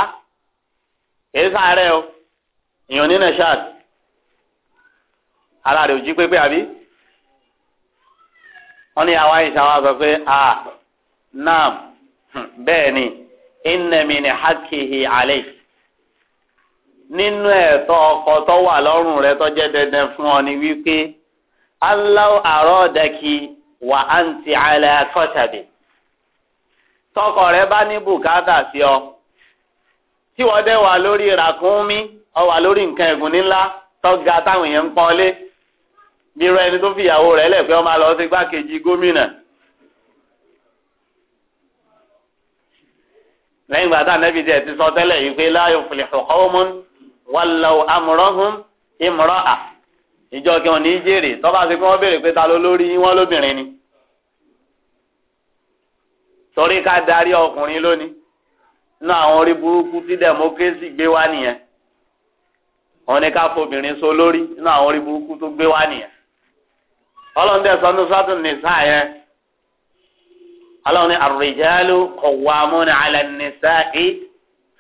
o èèyàn pépé àbí wọ́n ní àwa sọ a naam bẹ́ẹ̀ ni ni hakihi nínú ẹ̀tọ́ ọkọ tó wà lọ́rùn rẹ tó jẹ́ dandan fún ọ ni wípé aláwọ̀ àrọ́ọ̀dàkì wà á ń ti àlẹ́ àkọ́tàdé tọkọ rẹ bá ní bùkátà sí ọ tí wọ́n dẹ́ wà lórí ràkúnmí ọ wà lórí nǹkan ẹ̀gùn nílá tọ́ga táwọn èèyàn ń pọ́nlé bí irú ẹni tó fìyàwó rẹ̀ ọ ọmọ lọ sí gbákejì gómìnà. lẹ́yìn ìgbà tá a nẹ́bi tiẹ̀ ti sọ tẹ́lẹ̀ yìí pé láyò fìlẹ̀ ọ̀kọ́ ọmọ wàlọ́ amúrọ́hún ìmúrọ́ à ìjọ kí wọn ní í jèrè tọ́ba sí pé pé ta ló lórí wọn lóbìnrin ni torí ká darí ọkùnrin lónìí nínú àwọn orí burúkú tí democracy gbé wá nìyẹn wọn ká fobìnrin so lórí nínú àwọn orí burúkú tó gbé wá nìyẹn ọlọ́run dẹ̀ sọ́nù sọ́tún nìsá yẹn ọlọ́run 'ala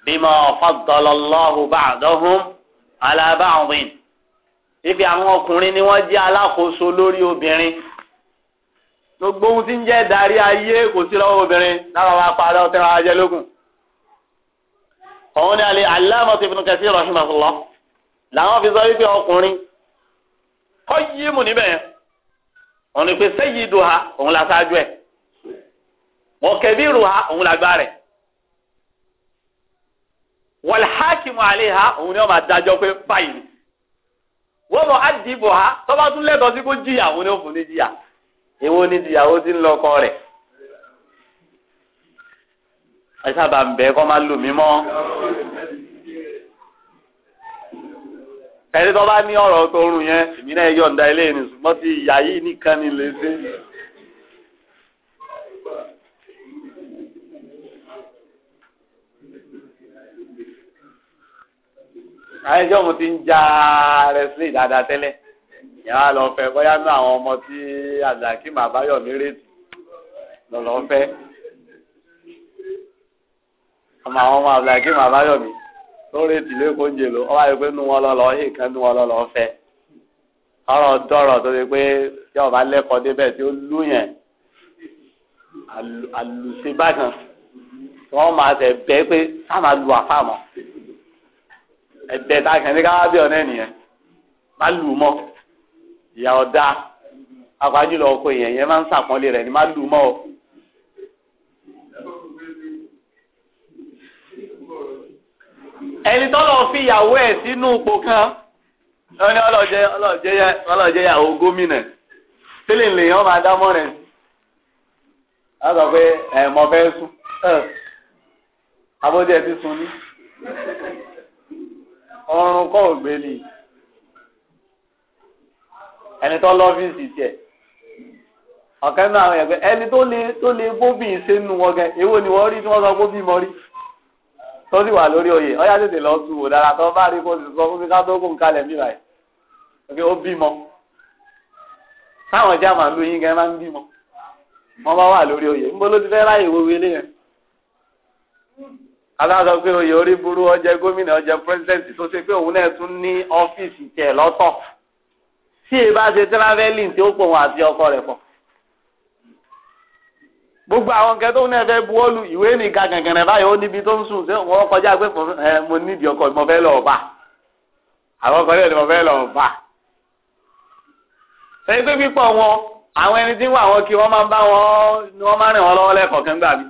bima faddala Allahu ba'dahum ala ba'din ibi àwọn ọkùnrin ni wọ́n jẹ́ alákòóso lórí obìnrin gbogbo ohun tí ń jẹ́ darí ayé kò sí lọ́wọ́ obìnrin lára wa pa aláwọ̀ tẹ́ra ajẹ́ lókun òun ni alẹ́ aláàmọ̀tò Ibn Kathir rahimahullah làwọn fi sọ wípé ọkùnrin kọ́ yí mù níbẹ̀ yẹn òun ni pé sayyiduha òun la ṣáájú ẹ̀ wa kabiruha òun la gbá rẹ̀ wọ́n hákìmù àlẹ́ ha òun ni wọ́n máa dájọ́ pé báyìí ni wọ́n mọ̀ àdìbò ha tọ́ba tún lẹ́tọ̀ọ́ sí kó jìyà òun ni ó fún ní jìyà èwo ni jìyà ti ń lọ ọkọ rẹ̀ ẹ sábà ń bẹ́ẹ̀ kọ́ máa lò mí mọ́ ẹni tọ́ba ní ọ̀rọ̀ tó rùn yẹn èmi náà yọ̀ǹda ilé ìrìn ṣùgbọ́n ti ìyá yìí nìkan ni lè àwọn ẹjọ́ mo ti ń já rẹ́sílẹ̀ dáadáa tẹ́lẹ̀ ìyá lọ fẹ́ bóyá àwọn ọmọ tí Abdulhakeem Abáyọ̀mí rètí lọ́lọ́ fẹ́ ọmọ àwọn ọmọ Abdulhakeem Abáyọ̀mí tó rètí lẹ́kọ̀ọ́ jèlò ọwọ́ pé nu wọn lọ́lọ́ kan nu wọn lọ́lọ́ fẹ́ dọ̀rọ̀ tó ṣe pé tí ọba lẹ́kọ̀ọ́ débẹ̀ tí ó lú lu àfàmọ́. ẹ̀bẹ̀ tá a kàn bí ọ̀nà ẹ̀nìyẹn má lù mọ́ ìyá ọkọ èèyàn yẹn máa ń sàpọ́nlé rẹ̀ ni má lù mọ́ o. ẹni tọ́lọ̀ fi ìyàwó ẹ̀ sínú ipò kan wọ́n ní ọlọ́jẹ́ ọlọ́jẹ́ ìyàwó gómìnà tẹ́lẹ̀ ń lè yàn máa dá wọ́n sọ pé ẹ̀ fẹ́ sùn ti sùn ọrùn kọ́ ògbé ni ẹni tó lọ́fíìsì tiẹ̀ ọ̀kan náà àwọn ẹ̀gbẹ́ ẹni tó ṣe nù wọn gẹ ni wọ́n rí tí wọ́n sọ bóbì mọ́ rí tó sì wà lórí oyè ọ̀yá tètè lọ tu wò dára tó bá mi ká tó kó nǹkan lẹ̀ mí ó bímọ táwọn jáàmù àlú yín gan máa ń bímọ wọ́n bá wà lórí oyè ló ti aláàzọ pé oyè orí burú ọjẹ gómìnà ọjẹ pírẹsidẹǹtì tó ṣe pé òun náà tún ní ọ́fíìsì tiẹ̀ lọ́tọ̀ tí e bá ṣe travelling tí ó pọ̀ wọn àti ọkọ rẹ̀ pọ̀ gbogbo àwọn kẹ tó ń fẹ́ buwọ́lu ìwé nìka gàngànrẹ báyìí ó níbi tó ń sùn ṣé wọn kọjá pé mo nídìí ọkọ mo fẹ́ lọ bá àwọn ọkọ rẹ̀ mo fẹ́ lọ bá ṣe pé pípọ̀ wọn àwọn ẹni tí ń wà kí wọ́n máa ń bá wọn ni wọ́n máa ń rìn wọn lọ́wọ́ lẹ́kọ̀ọ́ kẹ́ńgbà bíi.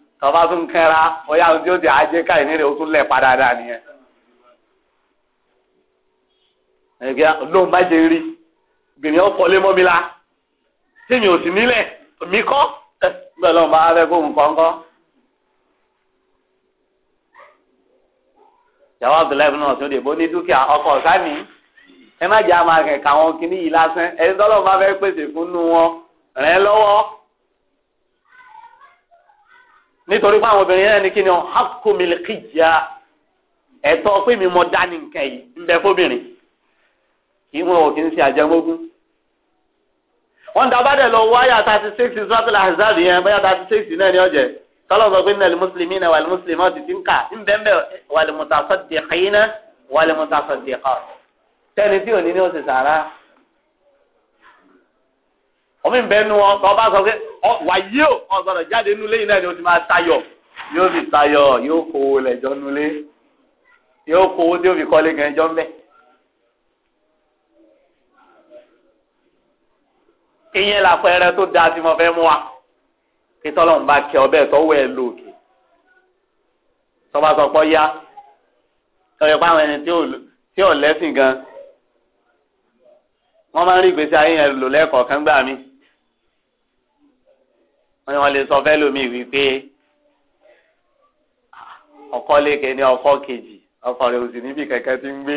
tọba tún kẹra ọyá ohun tí ó di ajé káyìí nílẹ̀ ó tún lẹ̀ padà dáa nìyẹn. ẹgbẹ́ lóun bá jẹ rí gbìyànjú ọkọlé mọ́ mi la tèmi ò sí nílẹ̀ mi kọ́ bẹ́ẹ̀ lọ́n bá fẹ́ kó nǹkan kọ́. ìyàwó abdullahi náà tó dìbò ní dúkìá ọkọ̀ sani ẹ má jẹ́ àmàkẹ́kẹ́ àwọn kìnnìyí lásán ẹni tọ́lọ́ bá fẹ́ pèsè fún nu wọn rẹ̀ lọ́wọ́ nítorí pé àwọn obìnrin náà ní kí ni ọ hakomilikiya ẹ̀tọ́ pé mi mọ dání nǹkan yìí ń bẹ fóbìnrin kí wọn ò kí ń ṣe àjẹmógún. wọn dábàá dẹ lọ wáyà thirty six israfil ahzab yẹn bóyá thirty six náà ní ọjẹ tọ́lọ̀ sọ pé nílẹ̀ mùsùlùmí náà wàlẹ̀ mùsùlùmí ọ̀tí ti ń kà ń bẹ́ẹ̀ bẹ́ẹ̀ wàlẹ̀ mùtàfọ́ dìkì náà wàlẹ̀ mùtàfọ́ dìkì tẹ́ni tí ò ní ní ó sàrà omi ń nu wọn kọ sọ pé wàyí o ọ̀sọ̀rọ̀ jáde nulẹ̀ yìí náà ni o ti máa tayọ̀ yóò fi tayọ̀ yóò kó o lẹ̀jọ́ yóò kó tí o fi kọ́lé gan ẹjọ́ mbẹ́. ìyẹn làpẹẹrẹ tó dáa tí mo fẹ́ mú wa kí tọ́lọ́mù bá kẹ ọbẹ̀ tọ́wọ́ ẹ lòkè tọ́ba sọ pé pa àwọn ẹni tí ò lẹ́sìn gan wọ́n máa ń rí ìgbésí ayé yẹn lò lẹ́kọ̀ọ́ kan gbà mí wọ́n ní wọ́n lè sọ fẹ́ lómi wípé ah, ọkọ lékè ní ọkọ kejì ọkọ rẹ̀ ò sì níbi kẹ̀kẹ́ tí ń gbé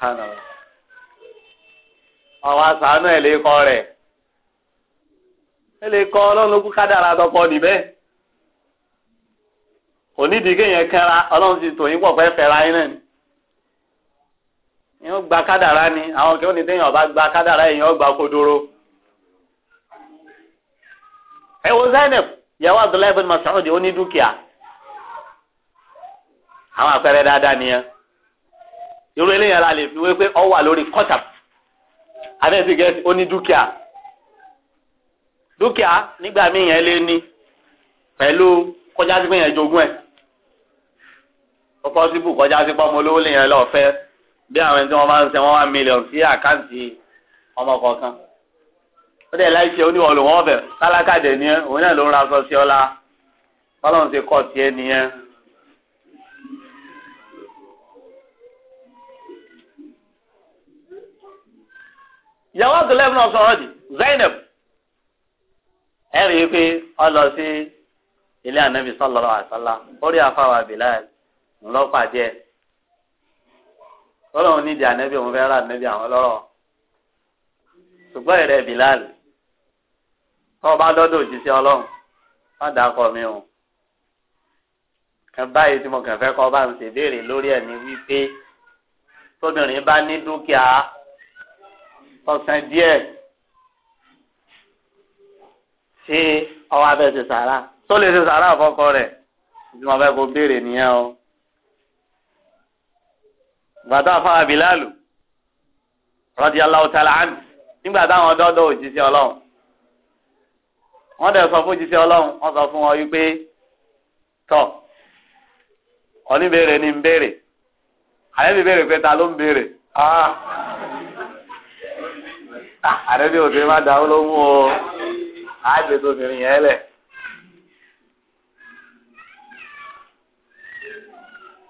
hànà ọwọ́ àṣàánú ẹ̀ lẹ́kọ́ rẹ̀ ẹ lè kọ́ ọlọ́run kú kádàrá tọkọ níbẹ̀ kò nídìí kéèyàn kẹ́ra ọlọ́run ti tòyìn pọ̀ fẹ́ fẹ́ra yín náà ni èèyàn gba kádàrá ni àwọn kí ó ní téèyàn ọba gba kádàrá èèyàn gba kodoro ẹ wo Zainab ìyàwó Abdullahi bin Mas'ud ó ní dúkìá àwọn àpẹẹrẹ dáadáa nìyẹn irú eléyàn la lè fi wé pé ọ wà lórí kọtà abẹ́sí gẹ̀ẹ́sì ó ní dúkìá dúkìá nígbà míì yẹn lé ní pẹ̀lú kọjá sí pé yẹn jogún ẹ̀ ó pọ́sibú kọjá sí pọ́mọ olówó lè yẹn lọ́ọ́ bí àwọn ẹni tí wọ́n bá ń sẹ́ wọ́n wá mílíọ̀nù sí àkáǹtì ọmọ kọ̀ọ̀kan ó dẹ̀ láì ṣe oníwọ̀ ló wọ́n bẹ̀ tálákà dẹ̀ ni ẹ́ òun náà ló ń ra aṣọ sí ọlá ọlọ́run ti kọ́ tiẹ̀ nìyẹn. ìyàwó àtúlẹ̀ fún ọ̀sán ọ̀dì Zainab ẹ rí i pé ọ lọ sí ilé ànábì sallallahu alaihi wasallam orí afáwà Bilal ńlọ́pàdé ẹ̀ ọlọ́run nídìí ànábì òun fẹ́ rà ànábì àwọn ọlọ́rọ̀ ṣùgbọ́n ìrẹ́ Bilal tó o bá dọ́dọ̀ òjíṣẹ́ ọlọ́run má dàá kọ mi o báyìí tí mo kàn fẹ́ kọ́ bá ń ṣèbéèrè lórí ẹ̀ ní wípé tóbìnrin bá ní dúkìá ọ̀sán díẹ̀ ṣé ọwọ́ abẹ́ ṣe sàrà tó lè ṣe sàrà àfọkọ rẹ̀ tí mo fẹ́ kó béèrè nìyẹn o. bàtà fáwọn abilalu radiyallahu ta'ala nígbà táwọn dọ́dọ̀ òjíṣẹ́ ọlọ́run. wọ́n dẹ̀ sọ fún jíṣẹ́ ọlọ́run wọ́n sọ fún wọn wípé tọ̀ oníbèrè ni ń béèrè àyẹ̀bí béèrè pé ta ló ń béèrè ah. ah, àrẹ́bí má dáwó ló mú o àgbẹ̀ tó yẹn lẹ̀.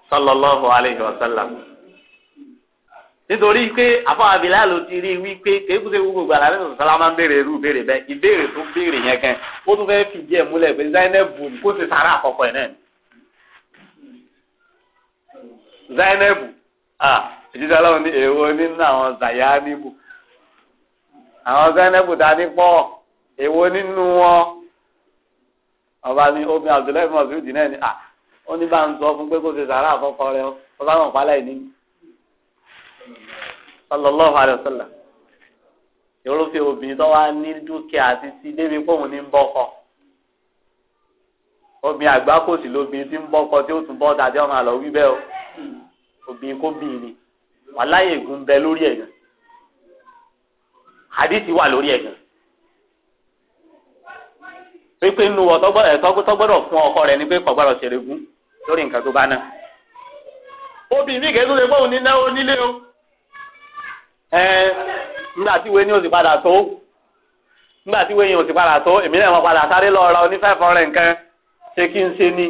sallallahu alayhi wa nítorí pé àfọwọ́ abilá ló ti rí wípé kéékùsé gbogbo gbàlá lẹ́nu sọ́lá máa ń béèrè irú béèrè bẹ́ẹ̀ ìbéèrè tó béèrè yẹn gan ó tún fẹ́ẹ́ fìdí ẹ̀ múlẹ̀ pé Zainab ni kó ti sàrà àkọ́kọ́ ẹ̀ náà Zainab ah ìjíṣẹ́ ọlọ́run ní èèwọ̀ nínú àwọn zàyà níbù àwọn Zainab ta ní pọ̀ èèwọ̀ nínú wọn ọba ní obìnrin Abdullahi mọ̀síwìdì náà ni ah ó ní bá ń sọ fún pé kó ti sàrà àkọ́kọ́ rẹ ọ sallallahu alayhi wa sallam irúfẹ́ obìnrin tó wá ní dúkìá àti sí débi òun ní bọ́kọ obìnrin àgbà kò sí lóbìnrin tí ń tí ó tún bọ́ tàbí ọmọ àlọ́ wí bẹ́ẹ̀ o obìnrin kò ni ègún wà lórí fún ọkọ rẹ pé gbọ́dọ̀ lórí nǹkan tó bá obìnrin lè o. ẹ nígbà tí ìwé ní òsì padà tó nígbà tí ìwé yẹn òsì padà tó èmi náà mo padà sáré lọ ra oní five hundred nǹkan ṣé kí n ṣe ni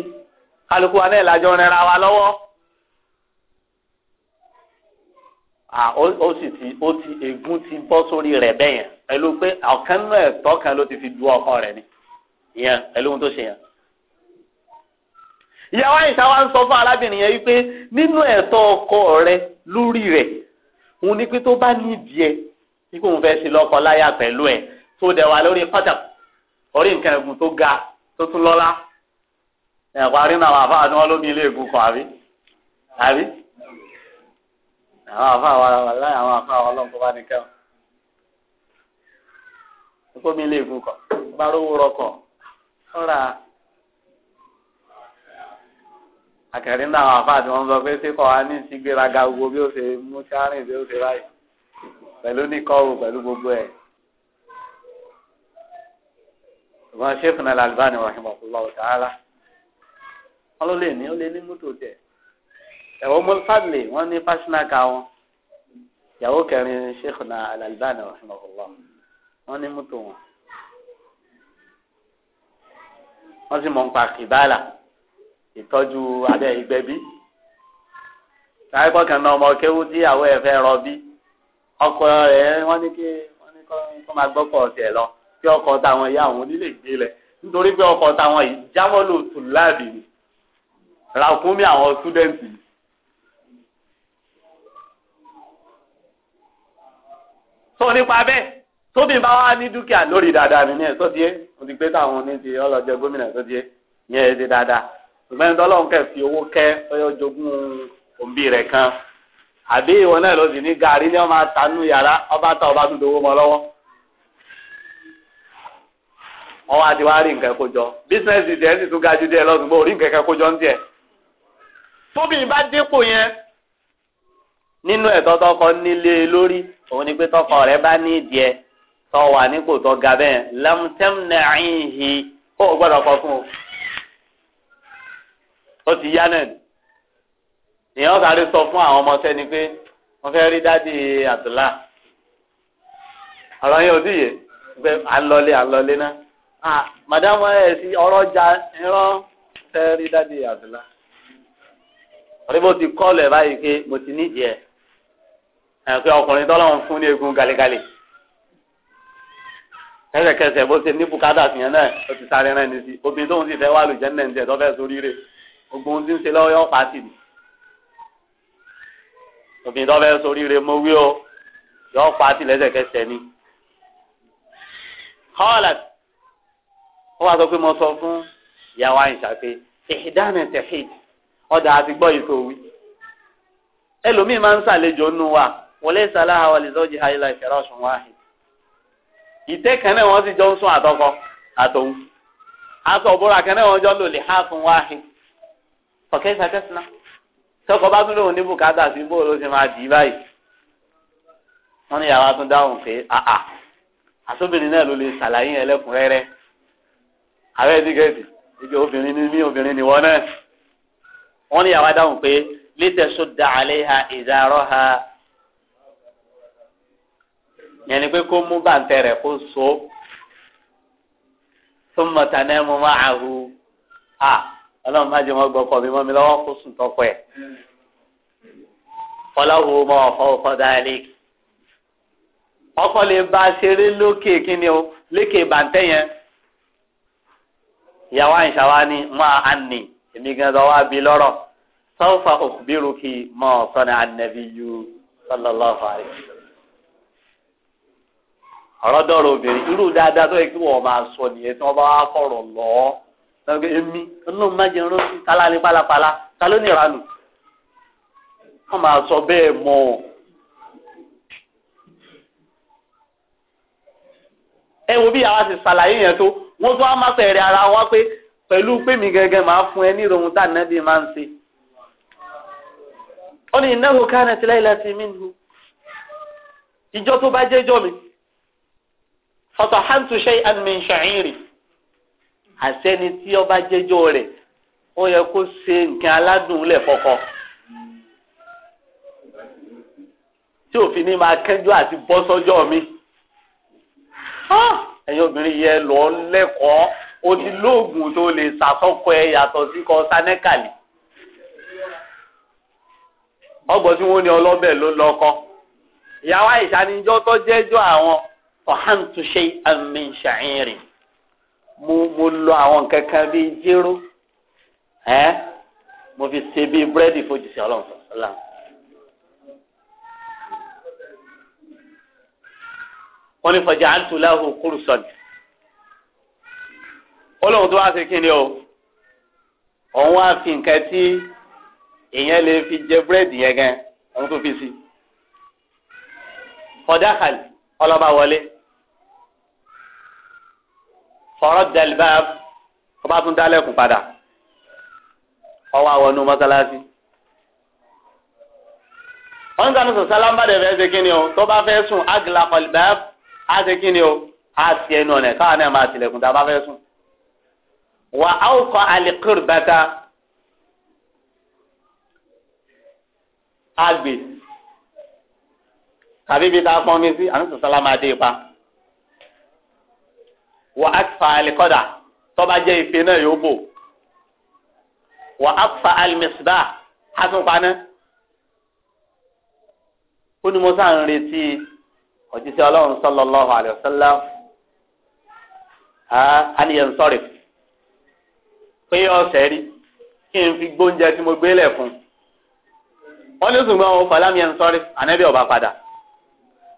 kálukú wa náà ìlàjọ rẹ ra wa lọ́wọ́. ó sì ti ó ti ègún ti bọ́ sórí rẹ̀ bẹ́ẹ̀ yẹn pẹ̀lú pé ọ̀kan náà ẹ̀tọ́ kan ló ti fi du ọkọ rẹ̀ ni ìyẹn pẹ̀lú ohun tó ṣe yẹn ìyàwó àyíṣà wa ń sọ fún arábìnrin yẹn wípé nínú ẹ̀tọ́ ọkọ rẹ lórí rẹ̀ òun ní pé tó bá nídìí ẹ bí kò ń fẹ́ ṣe lọ́kọ láyà pẹ̀lú ẹ tó dẹ̀ wà lórí pátá orí nǹkan ẹ̀gùn tó ga tó tún lọ́lá ẹ̀kọ́ àrínà àwọn àfáà ni wọ́n lómi ilé ègún kan àbí àbí àwọn àfáà wa wà láyà àwọn àfáà wa lọ́nkọ́ bá ní kẹ́wọ̀n ẹ̀kọ́ mi ilé ègún kan bá rówó rọkọ̀ ọ̀rà. akẹ́rì ń dáhùn àfáà tí wọ́n sọ pé ṣé kọ́ wa ní ìṣígbéraga gbogbo bí ó ṣe mú sáré bí ó ṣe ráyè pẹ̀lú níkọ́wò pẹ̀lú gbogbo ẹ̀. ṣùgbọ́n ṣéèfù náà làlùbáni rahimahullah ta'ala wọ́n ló lè ní ó lè ní mọ́tò tẹ̀. ẹ̀wọ̀n mọ́tàlè wọ́n ní pásínákà wọn ìyàwó kẹrin ṣéèfù náà làlùbáni rahimahullah wọ́n ní mọ́tò wọn. wọ́n sì ìtọ́jú abẹ́ ìgbẹ́bí káyọ̀pọ̀ kan náà ọmọ kéwú tí àwọ̀ ẹ̀ fẹ́ rọbí ọkọ rẹ̀ wọ́n ní kí wọ́n ní kó máa gbọ́kọ̀ ọ̀sẹ̀ lọ kí ọkọ táwọn ìyá àwọn onílé gbé lẹ̀ nítorí pé ọkọ táwọn yìí jámọ́lò tùláàbì ni ràkúnmí àwọn súdẹ́ǹtì yìí. sọ nípa bẹ́ẹ̀ tóbi bá wà ní dúkìá lórí dáadáa nínú ẹ̀ sọ́díẹ́ mo ti gbé táwọn oní ti ọlọ́jọ́ gómìnà sọ́díẹ́ yẹn ẹ ti dáadáa ṣùgbọ́n ẹni tọ́lọ́run kẹ̀ fi owó kẹ́ ọyọ́ jogún òǹbí rẹ̀ kan àbí ìwọ náà ló sì ní gàrí ní ọmọ àtànú yàrá ọba tá ọba tún dowó mọ́ lọ́wọ́ wọn wá ti wá rí nǹkan kójọ bísíǹsì tiẹ̀ sì tún ga ju díẹ̀ lọ́sùn bó rí nǹkan kójọ ń tiẹ̀ tóbi bá dépò yẹn nínú ẹ̀tọ́ tọkọ nílé lórí òun ni pé tọkọ rẹ̀ bá ní ìdí tọ wà nípò tọ ga bẹ́ẹ̀ lẹ́mùtẹ́mù náà ń ó gbọ́dọ̀ kọ fún o ó ti yá náà ni èèyàn sáré sọ fún àwọn ọmọ sẹ́ni pé wọ́n fẹ́ rí dádì àdùlá ọ̀rọ̀ yẹn ò dìye pé à ń lọlé à ń lọlé náà ah madam ẹ sí ọ̀rọ̀ ja ẹran fẹ́ rí dádì àdùlá ọ̀rẹ́ bó ti kọ́ọ̀lù ẹ̀ báyìí pé mo ti nídìí ẹ̀ ẹ̀ pé ọkùnrin tọ́lọ́run fún ní egun galegale kẹsẹkẹsẹ bó ṣe ní bùkátà fìyẹn náà ó ti sáré rẹ ní sí obìnrin tóun sì fẹ́ wà lùjẹ́ ní ẹ̀ ń tẹ̀ tó fẹ́ sórí rẹ̀ gbogbo ohun tí ń ṣe lọ́wọ́ yọ pàtì ni obìnrin tó fẹ́ sórí rẹ̀ mo wí o yọ pàtì lẹ́sẹ̀kẹsẹ̀ ni kọ́ọ̀lá ó wàá sọ pé mo sọ fún ìyàwó àyìnṣà pé ìdáná tẹ̀hìd ọ̀dà àti gbọ́ yìí tó wí ẹlòmíín máa ń ṣàlejò nù wa wọlé sàláhà wàlẹ̀ sọ́jì àyílá ìfẹ́rà ọ̀ṣun wáhìn ìtẹ́ náà wọ́n sì jọ ń sún àtọkọ àtòun aṣọ òbúra kan náà wọ́n jọ lò lè há fún wáhìn ọ̀kẹ́ ìfàtẹ́sínà tọkọ bá tún lòun ní bùkátà sí bó ló ṣe máa dì í báyìí wọn ní yàrá tún dáhùn pé àà àsóbìnrin náà ló lè ṣàlàyé yẹn lẹ́kùnrẹ́rẹ́ ààrẹ tíkẹ́ẹ̀tì ibi obìnrin ni mí obìnrin ni wọn náà wọn ní yàrá dáhùn pé lítẹ̀só da àlẹ́ ha ìdárọ́ ha yẹn ni pé kó mú bàǹtẹ̀ rẹ̀ kó so tó mọ̀tàn náà mo máa hù ọlọ́run má jẹ́ wọn gbọ́ kọ́ mi mọ́ mi lọ́wọ́ kó sùn ẹ̀. fọláwo mọ ọkọ lè ba ṣeré lókè kíni o lékè bàǹtẹ́ yẹn. ìyàwó àyìnṣà wa ni èmi gan lọ́rọ̀. sọ́fà òkùnbírù mọ yú obìnrin irú kí máa sọ nìyẹn tí bá wá lọ́gbẹ́ èmi ọlọ́run má jẹun rántí tálá ní pálapàla ta ló ní ìranù wọ́n máa sọ bẹ́ẹ̀ mọ́ ọ. ẹ wo bí àwa ti ṣàlàyé yẹn tó wọ́n tún á má pẹ̀rẹ̀ ara wa pé pẹ̀lú pé mi gẹ́gẹ́ máa fún ẹ ní ìròhùn tá ànábì máa ń ṣe. ó ní innahu kanat laylati minhu ìjọ tó bá jẹ́jọ́ mi fatahantu shay'an min sha'iri àṣẹni tí ọba jẹ́jọ́ rẹ̀ ó yẹ kó ṣe nǹkan aládùn lẹ̀ fọkọ tí òfin ní máa kẹjọ àti bọ́ sọ́jọ́ mi ẹ̀yin obìnrin yẹ lọ lẹ́kọ̀ọ́ o ti lóògùn tó lè ṣàtọkọ ẹ yàtọ̀ sí kọ sanẹkàlì ọgbọ́n tí wọ́n ní ọlọ́bẹ̀ ló lọ́kọ́ ìyàwó àìsàn níjọ́ tó jẹ́jọ́ àwọn ọ̀hántúnṣe àmì ṣàìrìn mo mo lo àwọn nǹkan kan bíi jéró ẹ mo fi ṣe bíi búrẹ́dì fojìṣẹ́ ọlọ́run sọ̀rọ̀ wọ́n ní fọjá àtúláhùn kúrú sọ̀dì ọlọ́run tó wá sí kí o òun wá fi nǹkan tí èèyàn lè fi jẹ búrẹ́dì yẹn gan òun tó fi sí fọjá kàlí ọlọ́ba wọlé fọ̀rọ̀ dẹ̀lbáàb ọba tún dálẹ̀kùn padà ọwọ́ àwọnú mọ́sálásí. wọ́n ń sanu sọ sálámbàdé fẹ́ ṣe kí ni o tó bá fẹ́ sùn àgìlà kọlbáàb á ṣe kí ni o á ti ẹnu ọ̀nà káwọn náà máa tilẹ̀kùn tá a bá fẹ́ sùn. wà á kọ àlìkùr bàtà àgbè tàbí ibi tá a pọnmi sí àníṣe sálámbàdé pa wà á fa alikọ́dà tọ́ba jẹ́ ife náà yóò bò wà á fa alimisibá á tún paná ó ní mo sáà ń retí òjíṣẹ́ ọlọ́run sallallahu alaihi wasallam àníyàn sọ̀rọ̀ pé ọ̀sẹ̀ rí kí n fi gbóúnjẹ tí mo gbé lẹ̀ fún wọ́n ní ṣùgbọ́n o fàlámì ẹ̀ ń sọ̀rọ̀ ànábì ọba padà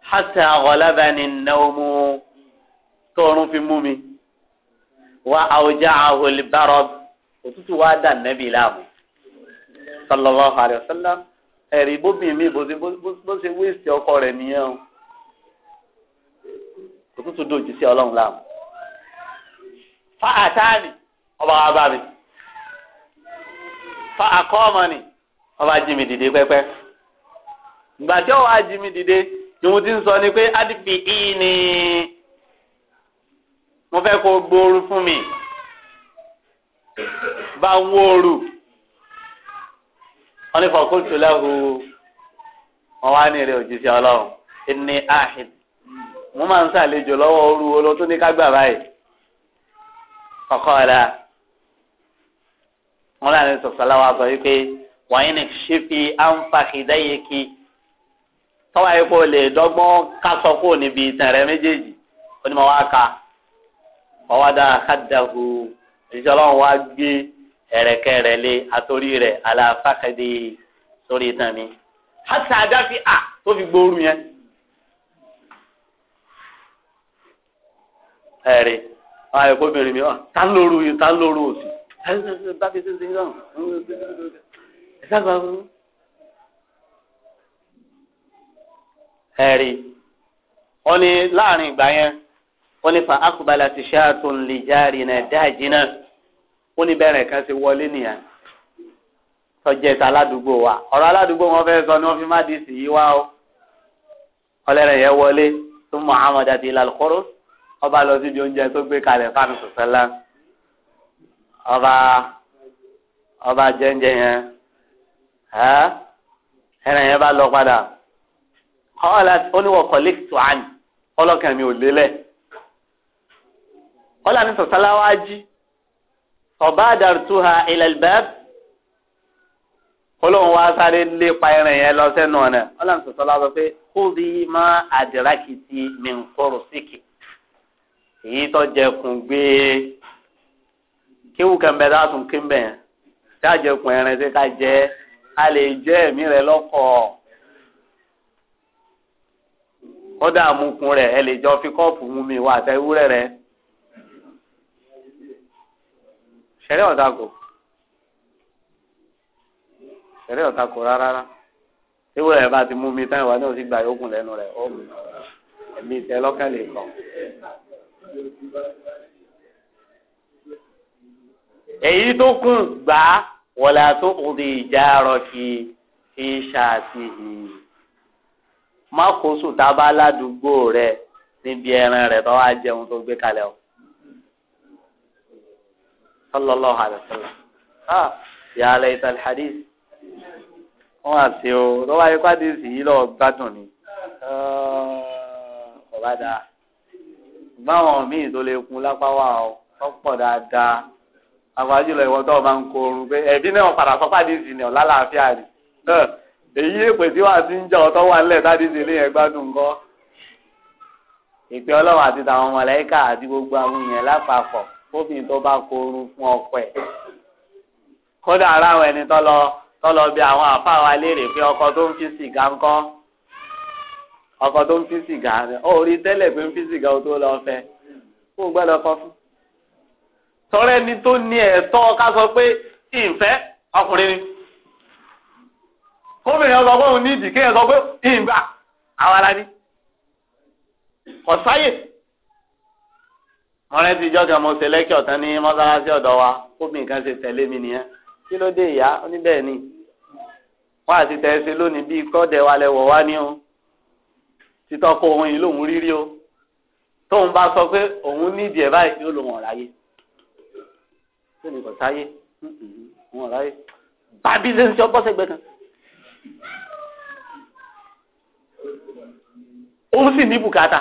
hàtà ọ̀làbàní tóorun fi mú mi wà àwùjá àwòlì bárọ òtútù wà dà nẹbi láàmú sallallahu alayhi wa sallam ẹrí bóbìnrin mi bó ṣe wéèsì ọkọ rẹ nìyẹn o òtútù dòjì sí Ọlọ́run láàmú fa àtàní ọba wa bá mi fa àkọọmọ ni ọba jí dìde pẹpẹ ìgbà ọwọ ají dìde ni mo ti ń sọ ni pé adìpì ìní mo fẹ́ kó gbóoru fún mi bá ń wóoru wọ́n ní fọkútù lẹ́hu wọ́n wá ní eré òjíṣẹ́ ọlọ́run ẹni àhìn mo máa ń ṣàlejò lọ́wọ́ ooru olo tó ní ká gbà báyìí kọ́kọ́ ọ̀la wọ́n láàrin sọ̀sọ́lá wa sọ wípé wàyí ni ṣífi àǹfààkìdáyèkì tọ́wáyé kó lè dọ́gbọ́n ká sọ kó níbi ìtàn rẹ méjèèjì ó ní mo wá ka ọwádà àkàdàhù ìṣẹ́ ọlọ́run wá gbé ẹ̀rẹ̀kẹ́ rẹ̀ lé àtòrí rẹ̀ aláfàkàdé sórí itan mi hàtà àdáfi à tó fi gbóòórù yẹn. ẹ̀rí àwọn ẹ̀kọ́ obìnrin mi ta ń lóru yìí ta ń lóru òsì ẹ̀rí wọ́n ní láàrin ìgbà yẹn wọ́n ní fa akubala ti ṣáàtún lè járe náà dáàjì náà wọ́n ní bẹ́ẹ̀rẹ̀ kan ṣe wọlé nìyẹn tọ́jẹ́ ta aládùúgbò wa ọ̀rọ̀ aládùúgbò wọn fẹ́ sọ ni wọ́n fi má di sì yí wá o ọlẹ́rẹ̀ yẹn wọlé tó muhammad àti ilà alukoro ọba lọ síbi oúnjẹ tó gbé kalẹ̀ fáàmì sọ̀sẹ́lá ọba ọba jẹ́njẹ́ yẹn ẹ̀rẹ̀ yẹn bá lọ padà kọ́ ọ́ láti ó ní wọ́n kọ́ lẹ́kìtì wáàní ọlọ́kàn mi ò lélẹ̀. ọlá ní sọ̀sálá jí ọba àdàrútúhà ilẹ̀lbẹ́b olóhùn wá sáré lépa ẹran yẹn lọ sẹ́nu ọ̀nà ọlá ní sọ̀sálá sọ pé kúbi má àdìrákìtì mi ń kọrò síkì èyí tó jẹkùn gbé kéwù ká jẹkùn ká jẹ a lè jẹ ẹ̀mí rẹ̀ ẹ lè jọ fi kọ́ọ̀pù mú mi àtẹ̀wúrẹ́ sẹ̀rẹ̀ ọ̀dà kò sẹ̀rẹ̀ ọ̀dà kò rárá ewu rẹ̀ bá ti mú mi táyà wá náà sì gba yòókù lẹ́nu rẹ̀ ó mi ẹ̀mí tẹ lọ́kàn lè kàn. èyí tó kún gbà wọlé àtúkùdì ìjà rọ̀kì fi ṣàtìhì má kó tábà ládùúgbò rẹ níbi ẹran rẹ tó wá jẹun tó gbé kalẹ̀ o sallallahu الله wa sallam ها يا ìtàn الحديث. wọn àti o lọ́wọ́ ayé pàdésì yìí lọ́ọ́ gbádùn ni ọ̀bá dáa báwọn míì tó lè kun lápá wà ó ọ̀pọ̀ dáadáa àgbájú lọ ìwọ́n tó o máa ń kó oorun pé ẹ̀bí náà padà sọ pàdésì ni ọ̀la làáfíà ni ah, èyí èpè tí wàá ti ń jẹ ọ̀tọ̀ wà nílẹ̀ tádìsí ilé yẹn gbádùn ìpè ọlọ́run àti tàwọn mọ̀lẹ́kà àti gbogbo àwọn èèyàn lápapọ̀ fóbìnrin tó bá kooru fún ọkọ ẹ̀ kódà ara àwọn ẹni tọ́lọ tọ́lọ bí àwọn àfa wa léèrè pé ọkọ tó ń fi sìgá ń kọ́ ọkọ tó ń fi sìgá ó rí tẹ́lẹ̀ pé ń fi sìgá tó lọ fẹ́ kó o kọ fún. tọ́rọ ẹni tó ní ẹ̀tọ́ ká sọ pé ìfẹ́ ọkùnrin ni fóbìnrin ọsọ pé òun ní ìdí kéèyàn sọ pé ìgbà àwa la ní ọ̀sáyè mọ̀rẹ́ ti jọ́ kan mo ṣe lẹ́kì ọ̀tán ní mọ́sálásí ọ̀dọ̀ wa kóbìn kan ṣe tẹ̀lé mi nìyẹn kí ló dé ìyá ó ni wọ́n àti tẹ̀ ṣe lónìí bíi kọ́dẹ̀ wa lẹ́wọ̀ wá ní o títọ́ kó ohun yìí lòun rírí o tóun bá sọ pé òun nídìí ẹ̀ báyìí yóò lòun ọ̀ráyé kí ni kò sáyé òun ọ̀ráyé bàbí ṣe ń kan òun sì ní bùkátà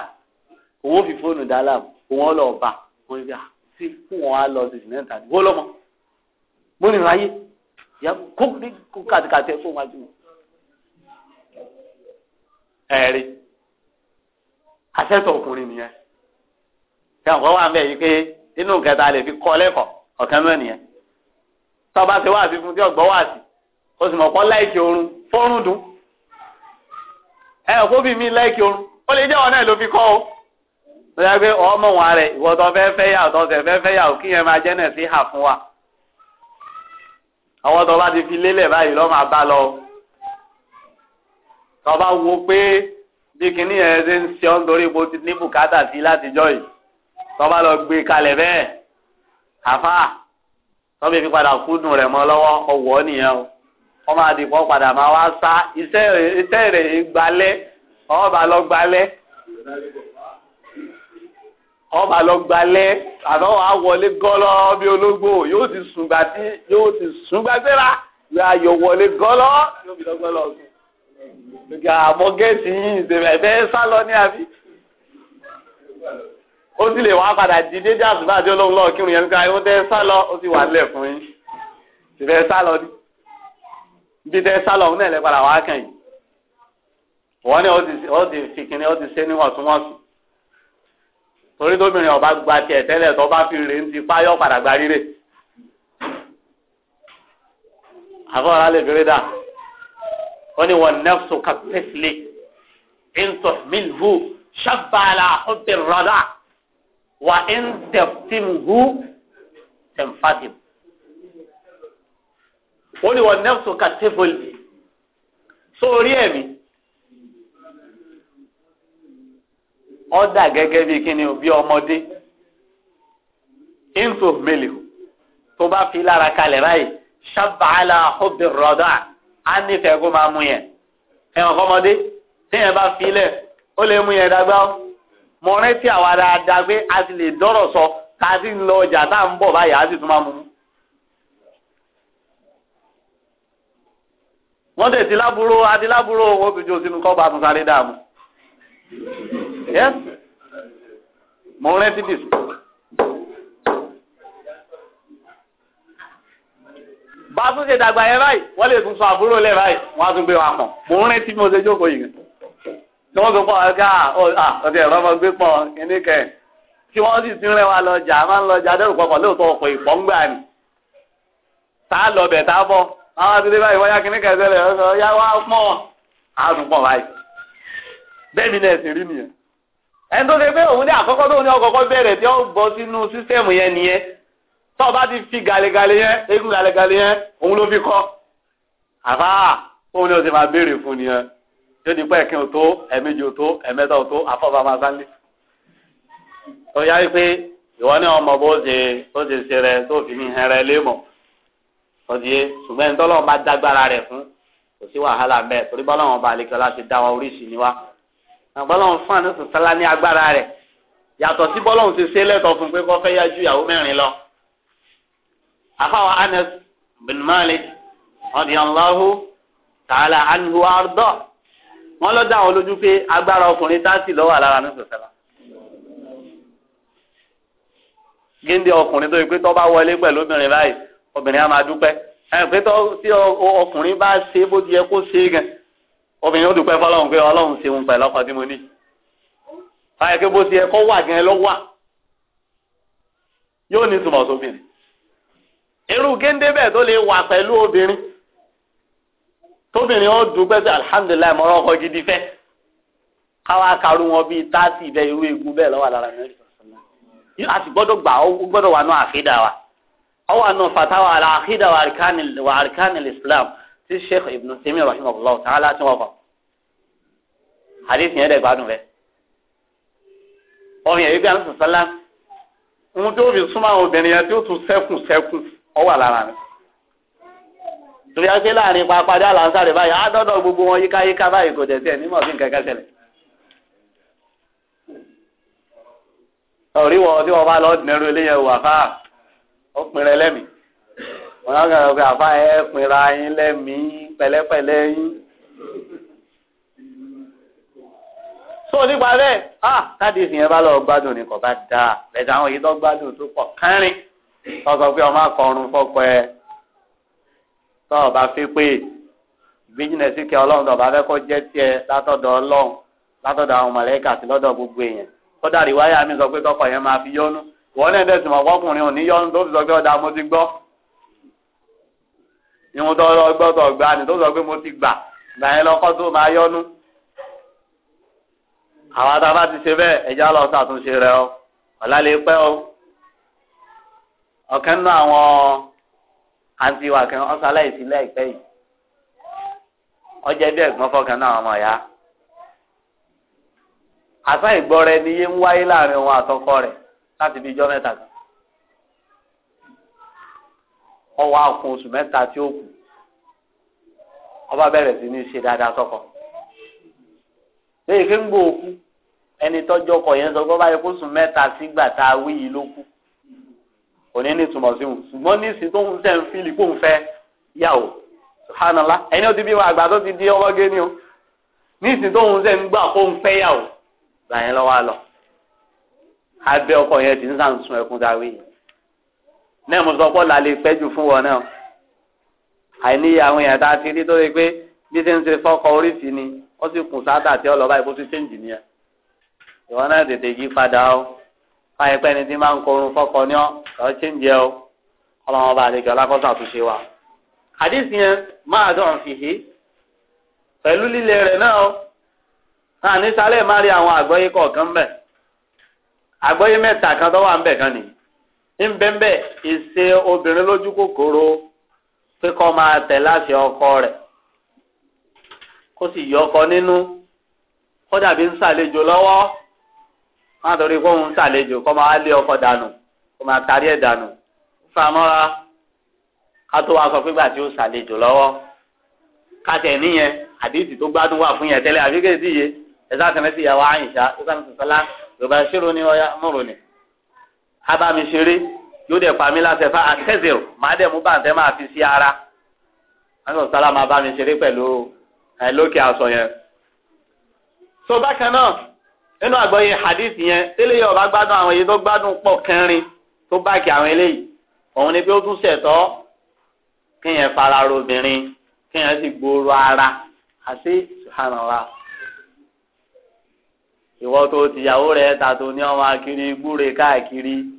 òun fi fóònù dá láàmú wọn lọ bá wọn ní ah, sí fún wọn á lọ sí ìsìn náà tàbí wọ́n lọ́mọ mo ní ráyè ìyá kó kó kàtìkàtì ẹ̀ fún wájú mi. ẹ̀rí àṣẹ́tọ̀ ọkùnrin nìyẹn kí àwọn kan wà ń bẹ̀ yìí pé inú kẹta lè fi kọ́ lẹ́kọ̀ọ́ ọ̀kan mẹ́rin nìyẹn tọba ti wá sí tí ọgbọ́n wá sí o sì mọ̀ kọ́ láìkì oorun fọ́rùn dùn ẹ ò kó bí mi láìkì oorun ó lè jẹ́ ọ̀nà ẹ̀ ló fi kọ́ o lọ́yà pé ọmọ wọn rẹ̀ ìwọ tó fẹ́ fẹ́ yà tó tẹ̀ fẹ́ fẹ́ yà ò kí yẹn máa jẹ́ sí hà fún wa. àwọn tó bá ti fi lélẹ̀ báyìí lọ́ máa bá lọ. tó bá wo pé bí kinní yẹn ṣe ń ṣe ọ́ nítorí ipò ní bùkátà sí látijọ́ yìí tó bá lọ gbé kalẹ̀ bẹ́ẹ̀ àfa tó bí fi padà kúndùn rẹ̀ mọ́ lọ́wọ́ ọwọ́ nìyẹn o wọ́n máa dìpọ́ padà máa wá sá iṣẹ́ rẹ̀ gbalẹ́ ọ ọba lọ gbalẹ̀ àtọwọ àwọlé gọlọ bí ológbò yóò ti sùn gbà tí yóò ti sùn gbàgbéra yóò ayọ wọlé gọlọ yóò fi lọgbọ lọ sùn lókè àmọ́ gẹẹsì yìí ìdèmẹ bẹ́ẹ̀ sálọ ní àbí ó sì lè wá padà di dédé àtúbà àti olóhùn lọ kírun yẹn nípa ó tẹ sálọ ó sì wà lẹ fún yín ìfẹ́ sálọ ni bí tẹ sálọ òun náà lẹ padà wá kàn yìí wọn ni ó ti fi kinní ó ti ṣe níwọ̀ntúnwọ̀nsì torí tóbìnrin ọba gba tiẹ̀ tẹ́lẹ̀ tó bá fi rè ń ti páyọ́ padà gba rírè àfọwọ́rá lè fèrè dà ó ní wọn nẹ́fṣù kàtẹ́sílẹ̀ ẹ̀ńtọ́ mílíọ̀nù ṣàbàlà ọ̀bẹ rọ̀dà wà ẹ̀ńtẹ̀tìmù tẹ̀m̀fàtìm ó ní wọn nẹ́fṣù kàtẹ́fọ̀lì sórí ẹ̀mí. ó dà gẹ́gẹ́ bí kíni o bí ọmọdé into mele o tó bá fi lára kalẹ̀ báyìí ṣàbàlá hóbi rọ̀dà á nífẹ̀ẹ́ kó máa mú yẹn ẹ̀wọ̀n kọ́mọdé téèyàn bá filẹ̀ ó lè mú yẹn dágbá ó mo rántí àwa dáadáa pé a ti lè dọ́rọ̀ sọ ká sì ń lọ ọjà tá à ń bọ̀ báyìí á sì tún máa mú wọ́n tẹ̀ lábúrò adé lábúrò wọ́n sínú kọ́ bá sáré dààmú. Yes. Eh, mo rántí dìsú. Bá a tún ṣe dàgbà yẹn báyìí, wọ́n lè tún sọ àbúrò lẹ̀ báyìí, wọ́n á tún gbé wa pọ̀. Mo rántí mo ṣe jókòó yìí. Tí wọ́n sọ pọ̀ ọ̀gá ọ̀dẹ̀ ẹ̀rọ ọmọ gbé pọ̀ kíní kẹ̀. Tí wọ́n sì ti rẹ̀ wa lọ jà, máa ń lọ dẹ́rù pọ̀pọ̀ lóòótọ́ ọ̀pọ̀ ìpọ̀ ni. Tá a lọ bẹ̀ tá a bọ̀. Àwọn àti báyìí wọ́n yá kíní sẹ́lẹ̀ ọ̀yá ẹni tó ṣe pé òun ní àkọ́kọ́ tó ní ọkọ̀ọ̀kọ́ bẹ̀rẹ̀ tí ó bọ́ sínú sísẹ́mù yẹn nìyẹn tó o bá ti fi gàlegàle yẹn eégún gàlegàle yẹn òun ló fi kọ́ àfáà òun ní o ti máa béèrè fún nìyẹn tó di pé ẹ̀kín òtó ẹ̀mejì òtó ẹ̀mẹ́ta òtó àfọ̀bá máa sánlé tó yá pé ìwọ ní ọmọ bó ṣe bó ṣe ṣe rẹ tó fi hìn rẹ lémọ̀ ọdíye ṣùgbọ́n ẹni tọ́lọ́run bá dágbára rẹ̀ fún kò sí wàhálà mẹ́ẹ̀ torí bọ́lọ́run bá àlekọ́lá ṣe dá wa oríṣi ni àbọ̀lọ́hún fún àdúsùn sálá ní agbára rẹ̀ yàtọ̀ sí bọ́lọ́hún ti ṣe lẹ́tọ̀ fún pé kó fẹ́ yá ju ìyàwó mẹ́rin lọ. àfàwọn Anas bin Malik ọ̀dìyànláhù tààlà anhu ardọ́ wọn lọ dá àwọn lójú pé agbára ọkùnrin táàsì lọ́wọ́ àlára àdúsùn sálá. géńdé ọkùnrin tó yẹ pé tó bá wọlé pẹ̀lú obìnrin báyìí obìnrin á máa dúpẹ́ ẹ̀ pé tó tí ọkùnrin bá ṣe bó ti yẹ kó ṣe gan obìnrin ó dúpẹ́ fọlọ́run pé ọlọ́run ṣeun pẹ̀lú ọkọ tí mo ní báyọ̀ pé bó ti yẹ kọ́ wà gan-an lọ́ wà yóò ní ìtumọ̀ sóbìnrin irú géńdé bẹ́ẹ̀ tó lè wà pẹ̀lú obìnrin tóbìnrin ó dúpẹ́ sí alihamudulilayi mọ́rọ́ ọkọ gidi fẹ́ káwá karú wọn bíi táàtì bẹ́ẹ̀ irú egun bẹ́ẹ̀ lọ́wọ́ lára mẹ́rin a sì gbọ́dọ̀ gbà ó gbọ́dọ̀ wà nù àkídà wa ó wà fatawa àlà wa àríkánì islam tí sheikh ibn simi rahimahullah ta'ala tí wọn kọ hadith yẹn dẹ gbádùn bẹ ọmọ yẹn ibi àwọn sọsọlá ń tó fi súnmọ́ àwọn obìnrin yẹn tí tún sẹkùn sẹkùn ọ wà mi torí ake láàrin pàápàá dá làǹsàrè báyìí àádọ́dọ̀ gbogbo wọn yíkáyíká báyìí kò tẹ̀sí ẹ̀ nímọ̀ sí nǹkan kan ṣẹlẹ̀ orí wọn tí wọn bá lọ dìnnú eléyẹwò àfáà ó pinrẹ lẹ́mìí wọn á kàn pé àfa ẹ pinra yín lẹ́mìí pẹ̀lẹ́pẹ̀lẹ́ yín. so nípa bẹ́ẹ̀ a ah, káàdì ìsìn yẹn bá lọ gbádùn ni kò bá dáa bẹ̀rẹ̀ àwọn èyí tó gbádùn tó pọ̀ kánrin tó sọ pé ọmọ akọrun fọ́pọ̀ ẹ tó ọba fi pé bíjínẹsì kí ọlọ́run tó ọba fẹ́ kó jẹ́ tiẹ̀ látọ̀dọ̀ ọlọ́run látọ̀dọ̀ àwọn mọ̀lẹ́kà àti lọ́dọ̀ gbogbo èèyàn kódà rìwáyà mi sọ pé tọkọ yẹn máa fi yọnu wọn náà dẹ̀ sì mọ̀ ọkùnrin ò ní yọnu tó fi sọ pé ọ̀dà mo ti gbọ́ ìwọ̀n tó lọ gbọ́dọ̀ gbà ní tó sọ pé mo ti gbà gbà yẹn lọ́kọ́ tó máa yọnu. àwọn adábá ti ṣe bẹ́ẹ̀ ẹja lọ ṣàtúnṣe rẹ o ọ̀la lè pẹ́ o. ọ̀kan nínú àwọn àǹtí wa kan ọ̀sálẹ̀ ìsílẹ̀ ìpẹ́ yìí ọjẹ́ bí ẹ̀gbọ́n fọkàn náà ọmọ ya. àṣà ìgbọ́ rẹ níye ń wáyé láàrin òun àtọkọ rẹ̀ láti bí ijọ́ mẹ́ta kan. ọwọ́ àkùn oṣù mẹ́ta tí ó kù ọba bẹ̀rẹ̀ sí ní ṣe dáadáa sọ́kọ. lẹ́yìn kí ń gbó òkú ẹni tọ́jú ọkọ yẹn sọ pé ọba yẹ kó sùn mẹ́ta sígbà tá a wí yìí ló kú kò ní ní ìtumọ̀ sí wọn ṣùgbọ́n nísìnyí tó ń tẹ̀ ń fílì kó ń fẹ́ yàwó subhanallah ẹni ó ti bí wọn àgbà tó ti di ọwọ́gé ni o nísìnyí tó ń tẹ̀ ń gbà kó ń fẹ́ yàwó gbà yẹn lọ́wọ́ àlọ́ abẹ́ ọkọ yẹn ti ń sàn ẹkún dáwé yìí náà mo sọ pé ọ̀la lè fẹ́ jù fún wọn náà àìníyà àwọn èèyàn tá a ti rí tó rí pé bí ṣe ń ṣe fọ́kọ oríṣi ni ó sì kùn sáàtà tí ọlọ́ba ìbò ti ṣe ń ìwọ náà tètè yí padà ó fáyẹ pé ẹni tí máa ń korun fọ́kọ ní ọ ọ ṣe ń jẹ ó ọlọ́wọ́n bá àlejò alákọ́sọ àtúnṣe wa. àdìsí yẹn máa dán fìhí pẹ̀lú líle rẹ̀ náà ó náà nísàlẹ̀ má rí àwọn àgbọ́yé kọ̀ọ̀kan mbẹ̀ àgbọ́yé mẹ́ta kan tó wà mbẹ̀ kan nìyí ńbẹ́ńbẹ́ ìṣe obìnrin lójú kòkòrò pé kó máa tẹ̀ láṣẹ ọkọ rẹ̀ kó sì yọ ọkọ nínú kó dàbí ń ṣàlejò lọ́wọ́ má torí kó ń ṣàlejò kó máa lé ọkọ dànù kó máa tarí ẹ̀ dànù fàmọ́ra ká tó wá sọ pé gbà tí ó ṣàlejò lọ́wọ́ ká tẹ̀ níyẹn àdéhìtì tó gbádùn wà fún yẹn tẹ́lẹ̀ àfikẹ́ sí iye ẹ̀ sáà tẹ̀lé sí ìyàwó àyìnṣá ó sàn sọ̀tọ́lá yorùbá ṣírò ní ọ̀yá mọ̀rọ̀ ni abami ṣeré yóò dẹ̀ pa mí láti ẹ̀fà àtẹ́zẹ̀rò máa dẹ̀ mú bàǹtẹ́ máa fi sí ara àwọn sọ́lá máa bá mi ṣeré pẹ̀lú lókè aṣọ yẹn. so bákan náà nínú àgbọ̀yé hadith yẹn tẹ́lẹ̀ yóò bá gbádùn àwọn èyí tó gbádùn pọ̀ kẹrin tó báàkì àwọn eléyìí òun ni pé ó tún ṣẹ̀tọ́ kéèyàn fara ro obìnrin kéèyàn sì gbòòrò ara àti subhanallah ìwọ tó tìyàwó rẹ ta ní ọmọ akiri gbúre káàkiri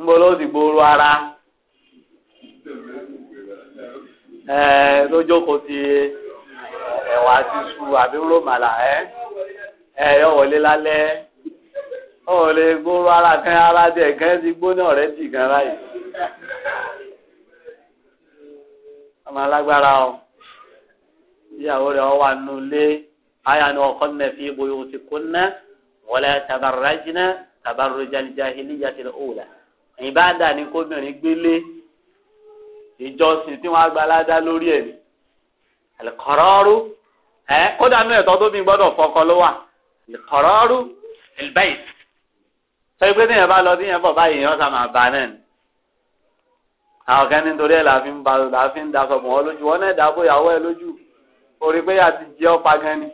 ń bọ́ ló ti gbòòrò ara tó jókòó ti ẹ̀wà ti su àbí rómàlà ẹ̀ ẹ̀ yọ wọlé lálẹ́ ó lè gbòòrò ara kan ara dẹ̀ kan ti gbóná rẹ̀ jì kan báyìí ọmọ alágbára o ìyàwó rẹ̀ wà nulẹ̀ aya ni wọn kọ́ni fi bóyá o ti kún ná wọlé tabarajina tabarujal jahiliyatil ula ìbáàdà ni kóbìnrin gbélé ìjọsìn tí wọ́n agbálada lórí ẹ̀mí ẹ̀lẹ́kọ̀rọ́rú ẹ̀ kódà ní ẹ̀tọ́ tóbi gbọ́dọ̀ fọkọ ló wà ẹ̀lẹ́kọ̀rọ́rú ẹ̀lbẹ́yì sọ pé tíyẹn bá lọ tíyẹn bọ̀ báyìí yẹn ọ̀sán máa bá náà ni àwọn kan nítorí ẹ̀ làá fi ń ba làá fi ń da sọ̀bùn ọ lójú wọn náà dáàbò ìyàwó ẹ lójú orí pé yàtí jẹ́ ọ̀pá gan ni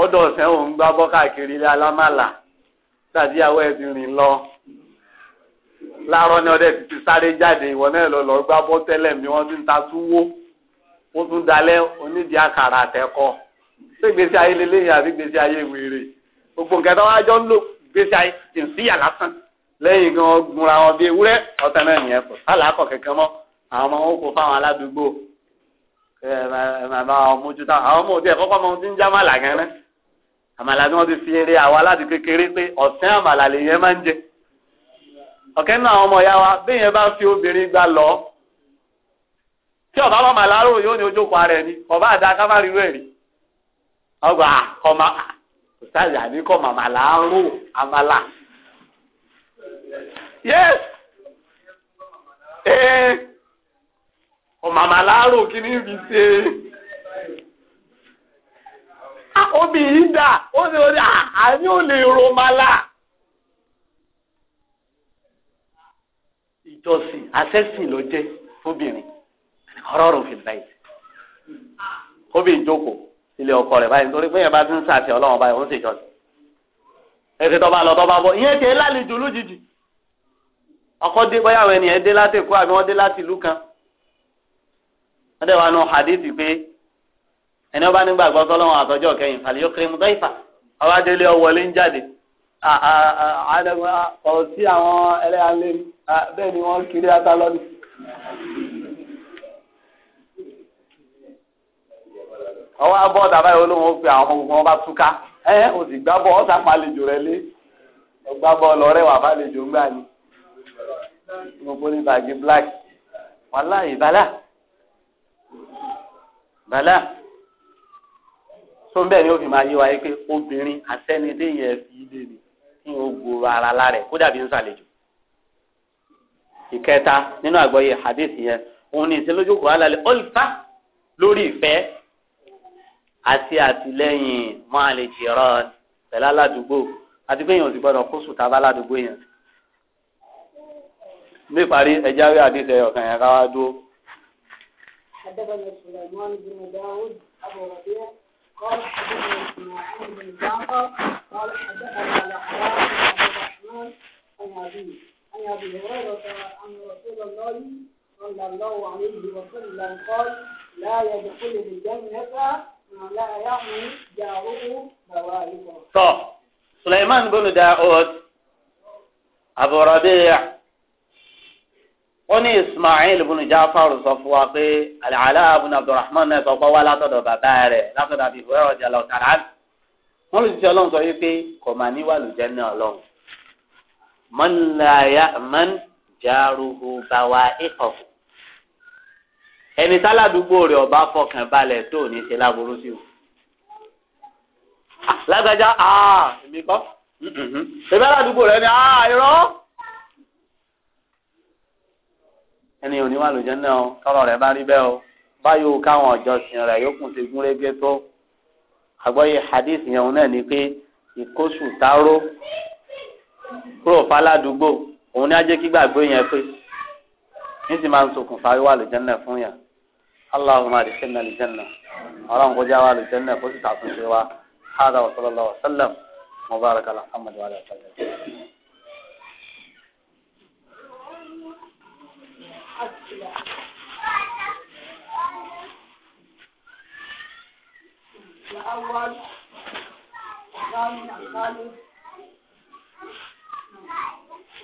ó dọ̀sẹ̀ òun gbá bọ́ káàkiri alámàlà tàbí ìyàwó ẹ ti rìn lọ láàárọ̀ ni ọdẹ ti sáré jáde ìwọ náà lọ lọ gbá bọ́ tẹ́lẹ̀ mi wọ́n ti ń ta túwó wọ́n tún dalẹ̀ onídìí àkàrà àtẹ́kọ́ ṣé gbèsè ayé lélẹ́yìn àbí gbèsè ayé wèrè gbogbo nǹkan tó wá jọ ń lò gbèsè ayé kì í síyà lásán lẹ́yìn gan gbúnra wọn bíi ewúrẹ́ ọ̀tẹ̀ náà nìyẹn kò sálàkọ̀ kankan mọ́ àwọn ọmọ wọn fáwọn aládùúgbò ẹ ọ̀kẹ́ náà ọmọ ìyá wa béèyàn bá fi obìnrin gbà lọ tí ọba ọmọ àlárò yóò ní ojókòó ara ẹ̀ ni ọba àdá káfárí rẹ̀ rí ọgbà ọmọ ọ̀sáàlì àníkọ́ màmá àlárò àmàlà. ee ọmọ àmàlárò kí ni ibi ṣe ah, obìnrin dà ó ní orí ah, ò lè ìjọsìn àṣẹ́sìn ló jẹ́ fóbìnrin ọ̀rọ̀ rò fi báyìí kóbìnrin jókòó ilé ọkọ rẹ̀ báyìí nítorí pé yẹn bá ti ń sàṣẹ ọlọ́run báyìí ó ń ṣèjọsìn ètò ìtọ́ba lọ tọ́ba bọ̀ ìyẹn kì í lálejò lójijì ọkọ dé bóyá àwọn ènìyàn dé láti èkó àbí wọ́n dé láti ìlú kan wọ́n dẹ̀ wá nu hadith pé ẹni ọba nígbàgbọ́ sọlọ́run àtọ́jọ́ kẹyìn fàlẹ́ yóò kéré mu dọ́ìfà ọba délé ọwọ́ lé ń jáde ọ̀sí àwọn ẹlẹ́yà lé mi. Ah, bẹ́ẹ̀ ni wọ́n kiri ata lọ́nà. ọwọ́ abọ́ dàbá yìí olóhùn ó pe àwọn ọmọ ogun ọba túká ẹ ò sì gbá bọ́ ọ̀sà palejò rẹ lé ọgbà bọ́ọ̀lù ọ̀rẹ́ wà palejò ńgbà ni mo bó ní bàgì black wàláyé bàlá bàlá tó ń bẹ́ẹ̀ ni ó fi máa yé wa yé pé obìnrin àtẹnidé fi ilé ni kí n ó gbòòrò ara lára ẹ̀ kó dàbí ń sàlejò ìkẹta nínú àgbọ́yé hadith yẹn òun ní ìṣelójú kò alálẹ olùfà lórí ìfẹ́ àti àtìlẹ́yìn máa lè jìrọ pẹ̀lú aládùúgbò àti pé èèyàn ò sì gbọ́dọ̀ kó sùn tábà aládùúgbò yẹn ní parí ẹjá rí hadith ẹyọ kan yẹn káwá dúró. قال حدثنا إسماعيل بن قال حدثنا الأحرار بن عبد الرحمن عن أبيه عن أبي هريرة أن رسول الله صلى الله عليه وسلم قال لا يدخل الجنة من لا يعمل جاره بوائقه. طب سليمان بن داود أبو ربيع wọ́n ní ismail bunu jafar sọ fún wa pé alala bunu abdulrahman náà sọ pé wá látọ̀dọ̀ bàbá rẹ̀ látọ̀dọ̀ àbí ìwé ọ̀jà lọ́tàrà wọ́n lè ti ọlọ́run sọ yìí pé kò máa níwà lùjẹ́ ní ọlọ́run من لا يأمن جاره bawa'iqahu ẹni táládùúgbò rẹ̀ ọba fọkàn balẹ̀ tó ní ṣe láburú sí o ah, lágbájá aa ah, èmi kọ́ èmi aládùúgbò rẹ̀ ni aa ah, irọ́ ẹni òní wà lójẹ́ náà tọrọ rẹ̀ bá rí bẹ́ẹ̀ o báyọ̀ káwọn ọ̀jọ́sìn rẹ̀ yókùn ti gún régé tó àgbọ́yé hadith yẹn òun náà ni pé ìkóṣù táró kúrò fàládùúgbò òun ní ajé kígbàgbé yẹn pé ní sì máa ń ṣokùnfà wíwà lùjẹ́nà fún yẹn aláhùn àdìsẹ́nà lùjẹ́nà ọlọ́run kọjá wà lùjẹ́nà kó sì ṣàtúnṣe wa hádà wàsálàlá wàsálàm mọ̀bárakàlà hàmàdù wàlẹ̀ àtàlẹ́. الأول الثاني الثالث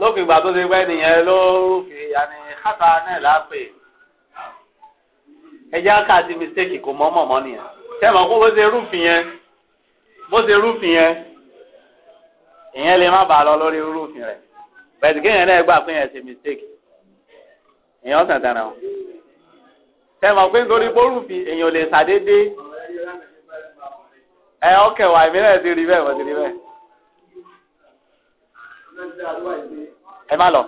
lókè ìgbà tó ti pẹ́ nìyẹn ló fi àní kàtà náà lápè ẹjẹ́ ká mistake kò mọ́ mọ̀mọ́ nìyẹn tẹ́mọ̀ kó bó ṣe rúfin yẹn bó ṣe rúfin yẹn ìyẹn lè má bàa lọ lórí rúfin rẹ̀ bẹ̀tì kéèyàn náà gbà pé yẹn ṣe mistake èèyàn tẹ̀tẹ̀ rẹ̀ o tẹ́mọ̀ pé nítorí pé rúfin èèyàn lè ṣàdédé ẹ̀ ọ́kẹ̀wà ìmílẹ̀ ti rí bẹ́ẹ̀ wọ́n ti rí bẹ́ẹ̀ ẹ má lọ.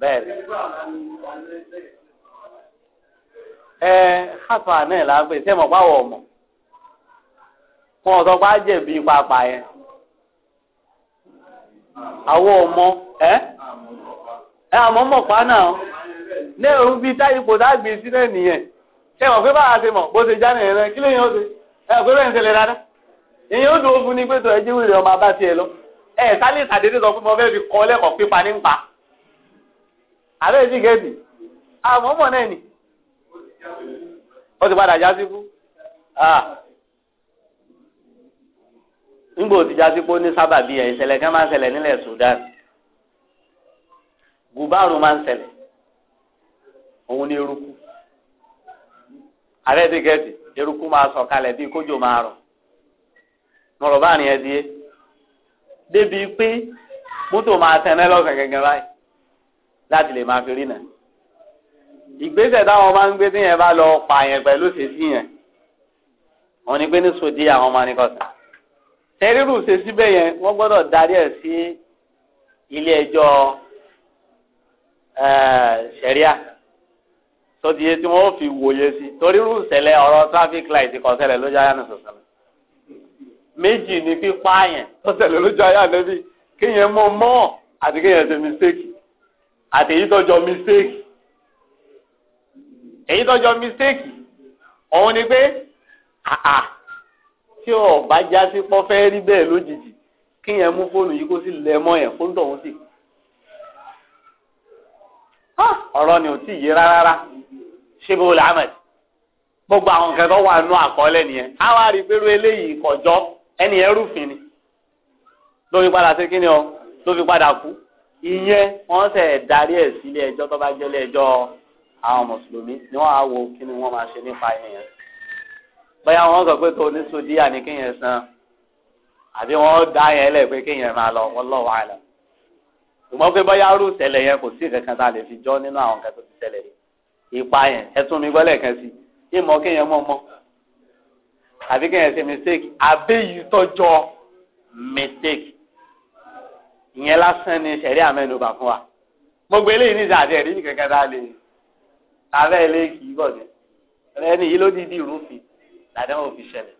bẹ́ẹ̀ ẹ hafa náà la gbé sẹ́mọ̀ báwọ̀ ọ̀mọ̀ fún ọ̀sọ́ bá jẹ̀bi pàápàá yẹn. àwọn ọmọ ẹ ẹ àmọ́ mọ̀ pa náà ní ẹ̀rù bíi táyì kò dágbé sí náà nìyẹn ṣé wọ́n fẹ́ bá a ṣe mọ̀ bó ṣe já nìyẹn náà kí lóyún ó ṣe ẹ pé bẹ́ẹ̀ ń ṣẹlẹ̀ rárá ìyẹn ó dùn ó fún ni pé tó ẹjẹ́ wìrì ọmọ abá tiẹ̀ lọ ẹ sálẹ̀ ìsàdédé sọ fún fi kọ́ lẹ́kọ̀ọ́ pípa ní pa àbẹ́ sì gẹ̀ẹ́dì àmọ́ mọ̀ náà ó ti padà já ah. ńgbò tíjà sí pé ó ní sábàbí ẹ̀ ìṣẹ̀lẹ̀ kan máa ń ṣẹlẹ̀ nílẹ̀ Sudan gùbárù máa ń ṣẹlẹ̀ òun ní eruku ààrẹ ti gẹ̀ẹ́sì eruku máa sọ kalẹ̀ bíi kójò máa rọ̀ mọ̀rọ̀ bá rìn ẹ́ di é débi pé mọ́tò máa tẹ̀lé lọ́sàn gẹ́gẹ́ báyìí láti lè máa fi rí náà ìgbésẹ̀ táwọn máa ń gbé tí yẹn bá lọ pààyàn pẹ̀lú ṣèṣì yẹn wọ́n ní pé ní sòdí àwọn máa ní kọ̀sán tẹ́rírù ṣe síbẹ̀ yẹn wọ́n gbọ́dọ̀ darí ẹ̀ sí ilé ẹjọ́ ṣẹ̀ríà eh, sọdíye tí wọ́n fi wòye sí torí rú ṣẹlẹ̀ ọ̀rọ̀ traffic light kò ṣẹlẹ̀ lójú ayé àná sọ̀sọ̀rọ̀ méjì ni pípa yẹn tó ṣẹlẹ̀ lójú ayé àná bí kéèyàn mọ̀ mọ̀ àti kéèyàn ṣe mistake àti èyí tó jọ mistake èyí tó jọ mistake òun ni pé àà tí ò bá já sí pọ́ fẹ́ rí bẹ́ẹ̀ lójijì kí yẹn mú fóònù yìí kó sì lẹ mọ́ yẹn kó ń tọ̀hún sí. ọ̀rọ̀ ni ò tí ì yé rárá ṣé bó la mọ̀ gbogbo àwọn nǹkan tó wà nù àkọọ́lẹ̀ nìyẹn á wá rí pẹ̀lú eléyìí kọjọ́ ẹni yẹn rúfin ni ló fi padà sí kí ni o ló fi padà kú ìyẹn wọ́n ṣe darí ẹ̀ sílé ẹjọ́ tó bá jẹ́ ilé ẹjọ́ àwọn mùsùlùmí ni wọ́n á wo kí ni wọ́n máa ṣe nípa ẹni yẹn bóyá wọn sọ pé tó ní sòdíyà ni kéèyàn san àbí wọn dá yẹn lẹ pé kéèyàn máa lọ wọn lọ wàhálà ṣùgbọ́n pé bóyá rú ìṣẹ̀lẹ̀ yẹn kò sí kankan tá a lè fi jọ́ nínú àwọn kan tó ti ṣẹlẹ̀ ipa yẹn ẹtún mi gbọ́lẹ̀ kan sí ìmọ̀ kéèyàn mọ̀ mọ́ àbí kéèyàn ṣe mistake àbẹ́yìí tọ́jọ́ mistake ìyẹn lásán ni ṣẹ̀rí àmẹ́nubà fún wa gbogbo eléyìí ní ìdájọ́ ẹ̀rí nìkan tá a lè abẹ́ kì í bọ̀ ní ẹni yìí ló dídí ìrúfin làdánwò fi ṣẹlẹ̀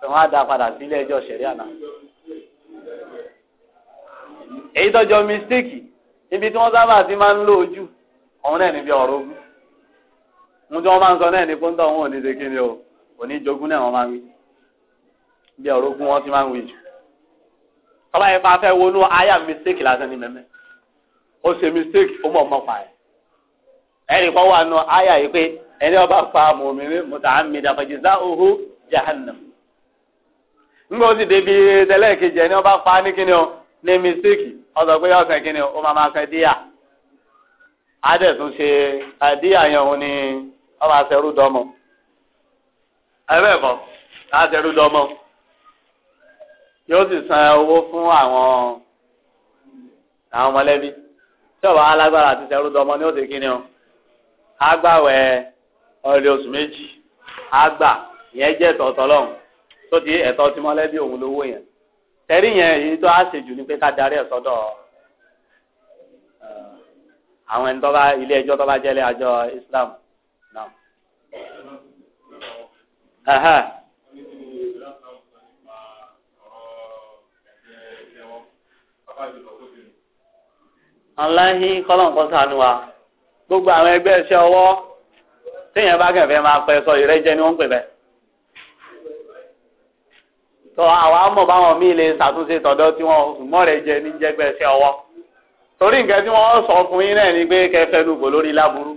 tí wọ́n á dá padà sílé ẹjọ́ ṣẹ̀rí àná. èyí tọ́jọ́ mistake ibi tí wọ́n sábà ti máa ń lò ojú ọ̀hún náà níbi ọ̀rọ̀ ogún mú tí wọ́n máa ń sọ náà ní pọ́ńtà òun ò ní ni o òní jogún náà wọ́n máa ń wí bí ọ̀rọ̀ wọn ti máa ń wí jù tọ́lá yẹn fẹ́ wọnú àyà mistake lásán ní mẹ́mẹ́ ó ṣe ó mọ̀ ẹni ọba pa mòmìnir mùtàmìdà fàjìzá òhù jahannam. ńgbà ó sì débi tẹ́lẹ̀ kejì ẹni ọba pa ní kíni o ní mísíkì ọ̀sọ̀ pé ọ̀sẹ̀ kíni o ó máa máa fẹ́ díyà. adẹ̀ tún ṣe àdíyà yẹn òun ni ọba àṣẹrú dọmọ. ẹbẹ̀ bọ̀ àṣẹrú dọmọ yóò sì san owó fún àwọn àwọn mọ̀lẹ́bí tí ọba alágbára àti ṣẹrú dọmọ ni ó ti kíni o agbáwẹ̀ Ọrịa oṣù méjì àgbà yẹn tó di ẹ̀tọ́ tí òun lówó yẹn tẹ́rí yẹn èyí tó á jù ni pé ká darí ẹ̀ eh, àwọn ẹni tó ilé ẹjọ́ tó àjọ Islam náà. gbogbo àwọn ẹgbẹ́ ọwọ́. téèyàn bá kẹfẹ máa pẹ sọ ìrẹjẹ ni wọn ń pè bẹ tọ àwa mọ báwọn míì lè ṣàtúnṣe tọ̀dọ̀ tí wọn mọ rẹ jẹ ní jẹgbẹsẹ ọwọ́ torí nǹkan tí wọn sọ fún yín náà ni pé kẹfẹ nu kò lórí láburú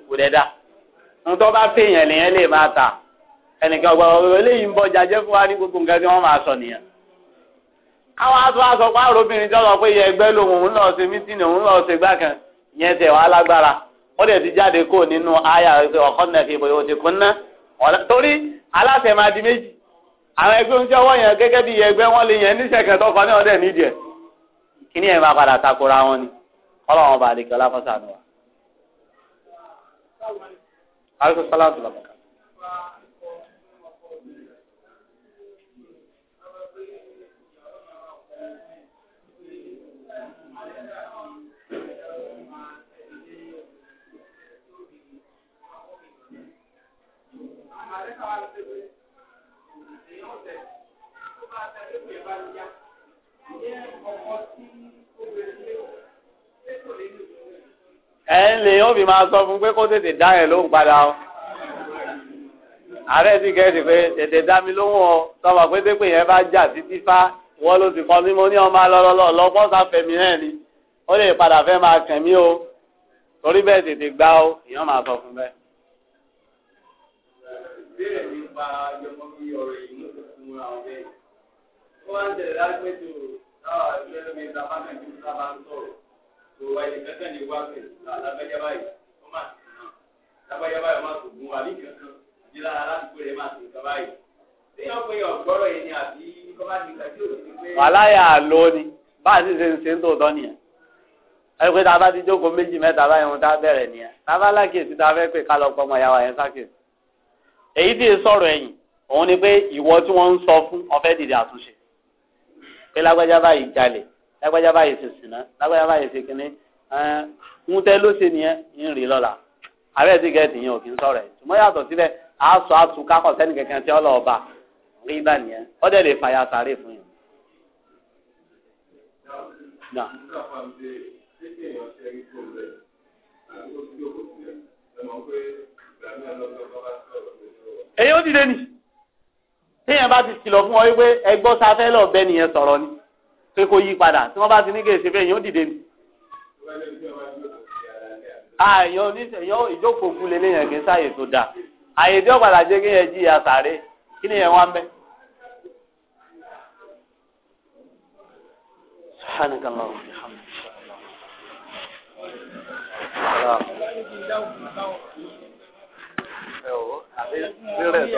kò bá lè máa tà ẹnìkan bọ fún wa ní gbogbo nǹkan tí máa sọ nìyẹn. káwọn aṣọ aṣọ obìnrin tí sọ pé lòun wọ́n dẹ̀ ti jáde kó nínú àyà ẹgbẹ́ ọ̀kan náà fi ìbò yóò ti kún ná torí aláṣẹ máa di méjì àwọn ẹgbẹ́ oúnjẹ ọwọ́ yẹn gẹ́gẹ́ bí ẹgbẹ́ wọn lè yẹn níṣẹ́ kẹtọ́ kan ní ọ̀dẹ̀ nídìí ẹ̀ kíní ẹ̀ máa padà takora wọn ni ọlọ́run bá àdìgbẹ́ ọlá fọ́sà nù wa. alẹ́ sọ́lá tó ẹ ń lè yóò fi máa sọ fún pé kó tètè dá yẹn lóhùn padà o ààrẹ ti kẹ́sì pé tètè dá mi lóhùn o sọmọ pé pépè yẹn bá jà títí fá wọ́n ló ti kọ́ ní mo ní ọmọ alọ́lọ́lọ́ lọ́gbọ́n sáfẹ̀mí náà ni ó lè padà fẹ́ máa kàn mí o torí bẹ́ẹ̀ tètè gbá o èèyàn máa sọ fún bẹ́ẹ̀. ìbéèrè nípa yọmọ bí ọ̀rọ̀ ìmúkùnkùn àwọn bẹ́ẹ̀ wọ́n á ń tẹ̀lé lágbẹ́jọ́ wàláyà àlọ́ ni bá a sì ṣe ń ṣe ń tòótọ́ nìyẹn ẹ pé tá a bá ti jókòó méjì mẹ́ta báyìí wọn tá a bẹ̀rẹ̀ nìyẹn tá a bá lákèsí tá a fẹ́ pé ká lọ pọ̀ ọmọ ìyá wa yẹn sákèsí èyí tí ì sọ̀rọ̀ ẹ̀yìn òun ni pé ìwọ tí wọ́n ń sọ fún ọ̀fẹ́ dìde àtúnṣe pé lágbájá báyìí jalè lágbájá báyìí ṣe sìnà lágbájá báyìí ṣe kínní ń tẹ́ ló ṣe nìyẹn ń rí lọ́la ààrẹ ti gẹ̀ẹ́tì yẹn ò kí ń sọ̀rọ̀ ẹ̀ ṣùgbọ́n yàtọ̀ síbẹ̀ àásọ àtún kákọ̀ sẹ́ni kankan tí ọlọ́ọ̀ba rí bá nìyẹn ó dẹ̀ lè fàyà sáré fún yẹn. èyí ó dìde nìyí téèyàn bá ti kìlọ̀ fún ọ wípé ẹgbọ́n sáfẹ́ lọ bẹ́ nìyẹn sọ̀rọ̀ ni pé kó yí padà tí wọ́n bá ti ní kí èsì fẹ́yìn ó dìde ni. àyàn oníṣẹ̀yàn ìjókòó fún lélẹ́ yẹn kì í sáàyè tó dáa àyè tí ọ̀padà jẹ́ kí yẹn jí ìyá sàárè kí nìyẹn wá mẹ́. سبحانك